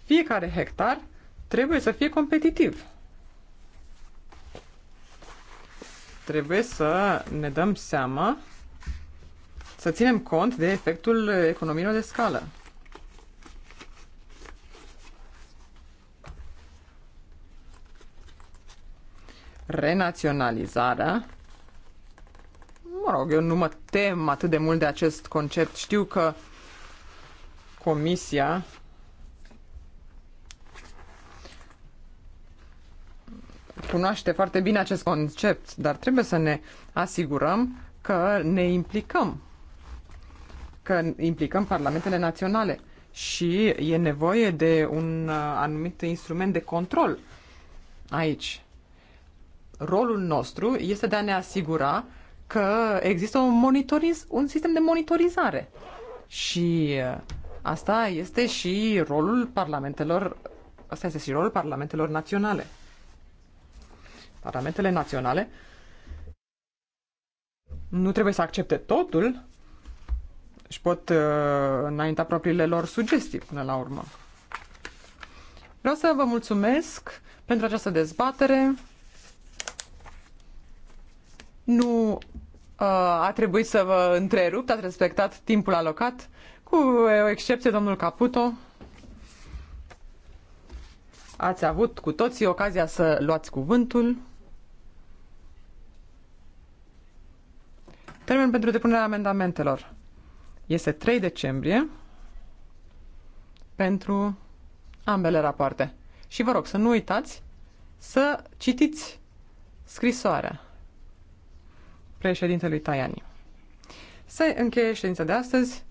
Fiecare hectar trebuie să fie competitiv. Trebuie să ne dăm seama, să ținem cont de efectul economiilor de scală. Renaționalizarea mă rog, eu nu mă tem atât de mult de acest concept. Știu că comisia cunoaște foarte bine acest concept, dar trebuie să ne asigurăm că ne implicăm, că implicăm parlamentele naționale și e nevoie de un uh, anumit instrument de control aici. Rolul nostru este de a ne asigura că există un, monitoriz, un sistem de monitorizare. Și uh, asta este și rolul parlamentelor, asta este și rolul parlamentelor naționale. Parlamentele naționale nu trebuie să accepte totul și pot uh, înainta propriile lor sugestii până la urmă. Vreau să vă mulțumesc pentru această dezbatere. Nu uh, a trebuit să vă întrerupt, ați respectat timpul alocat, cu o excepție domnul Caputo. Ați avut cu toții ocazia să luați cuvântul. Termen pentru depunerea amendamentelor este 3 decembrie pentru ambele rapoarte. Și vă rog să nu uitați să citiți scrisoarea președintelui Tajani. Se încheie ședința de astăzi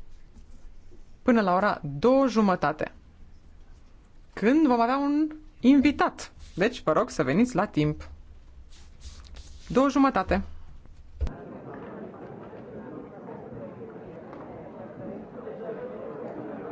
până la ora două jumătate, când vom avea un invitat. Deci, vă rog să veniți la timp. Două jumătate.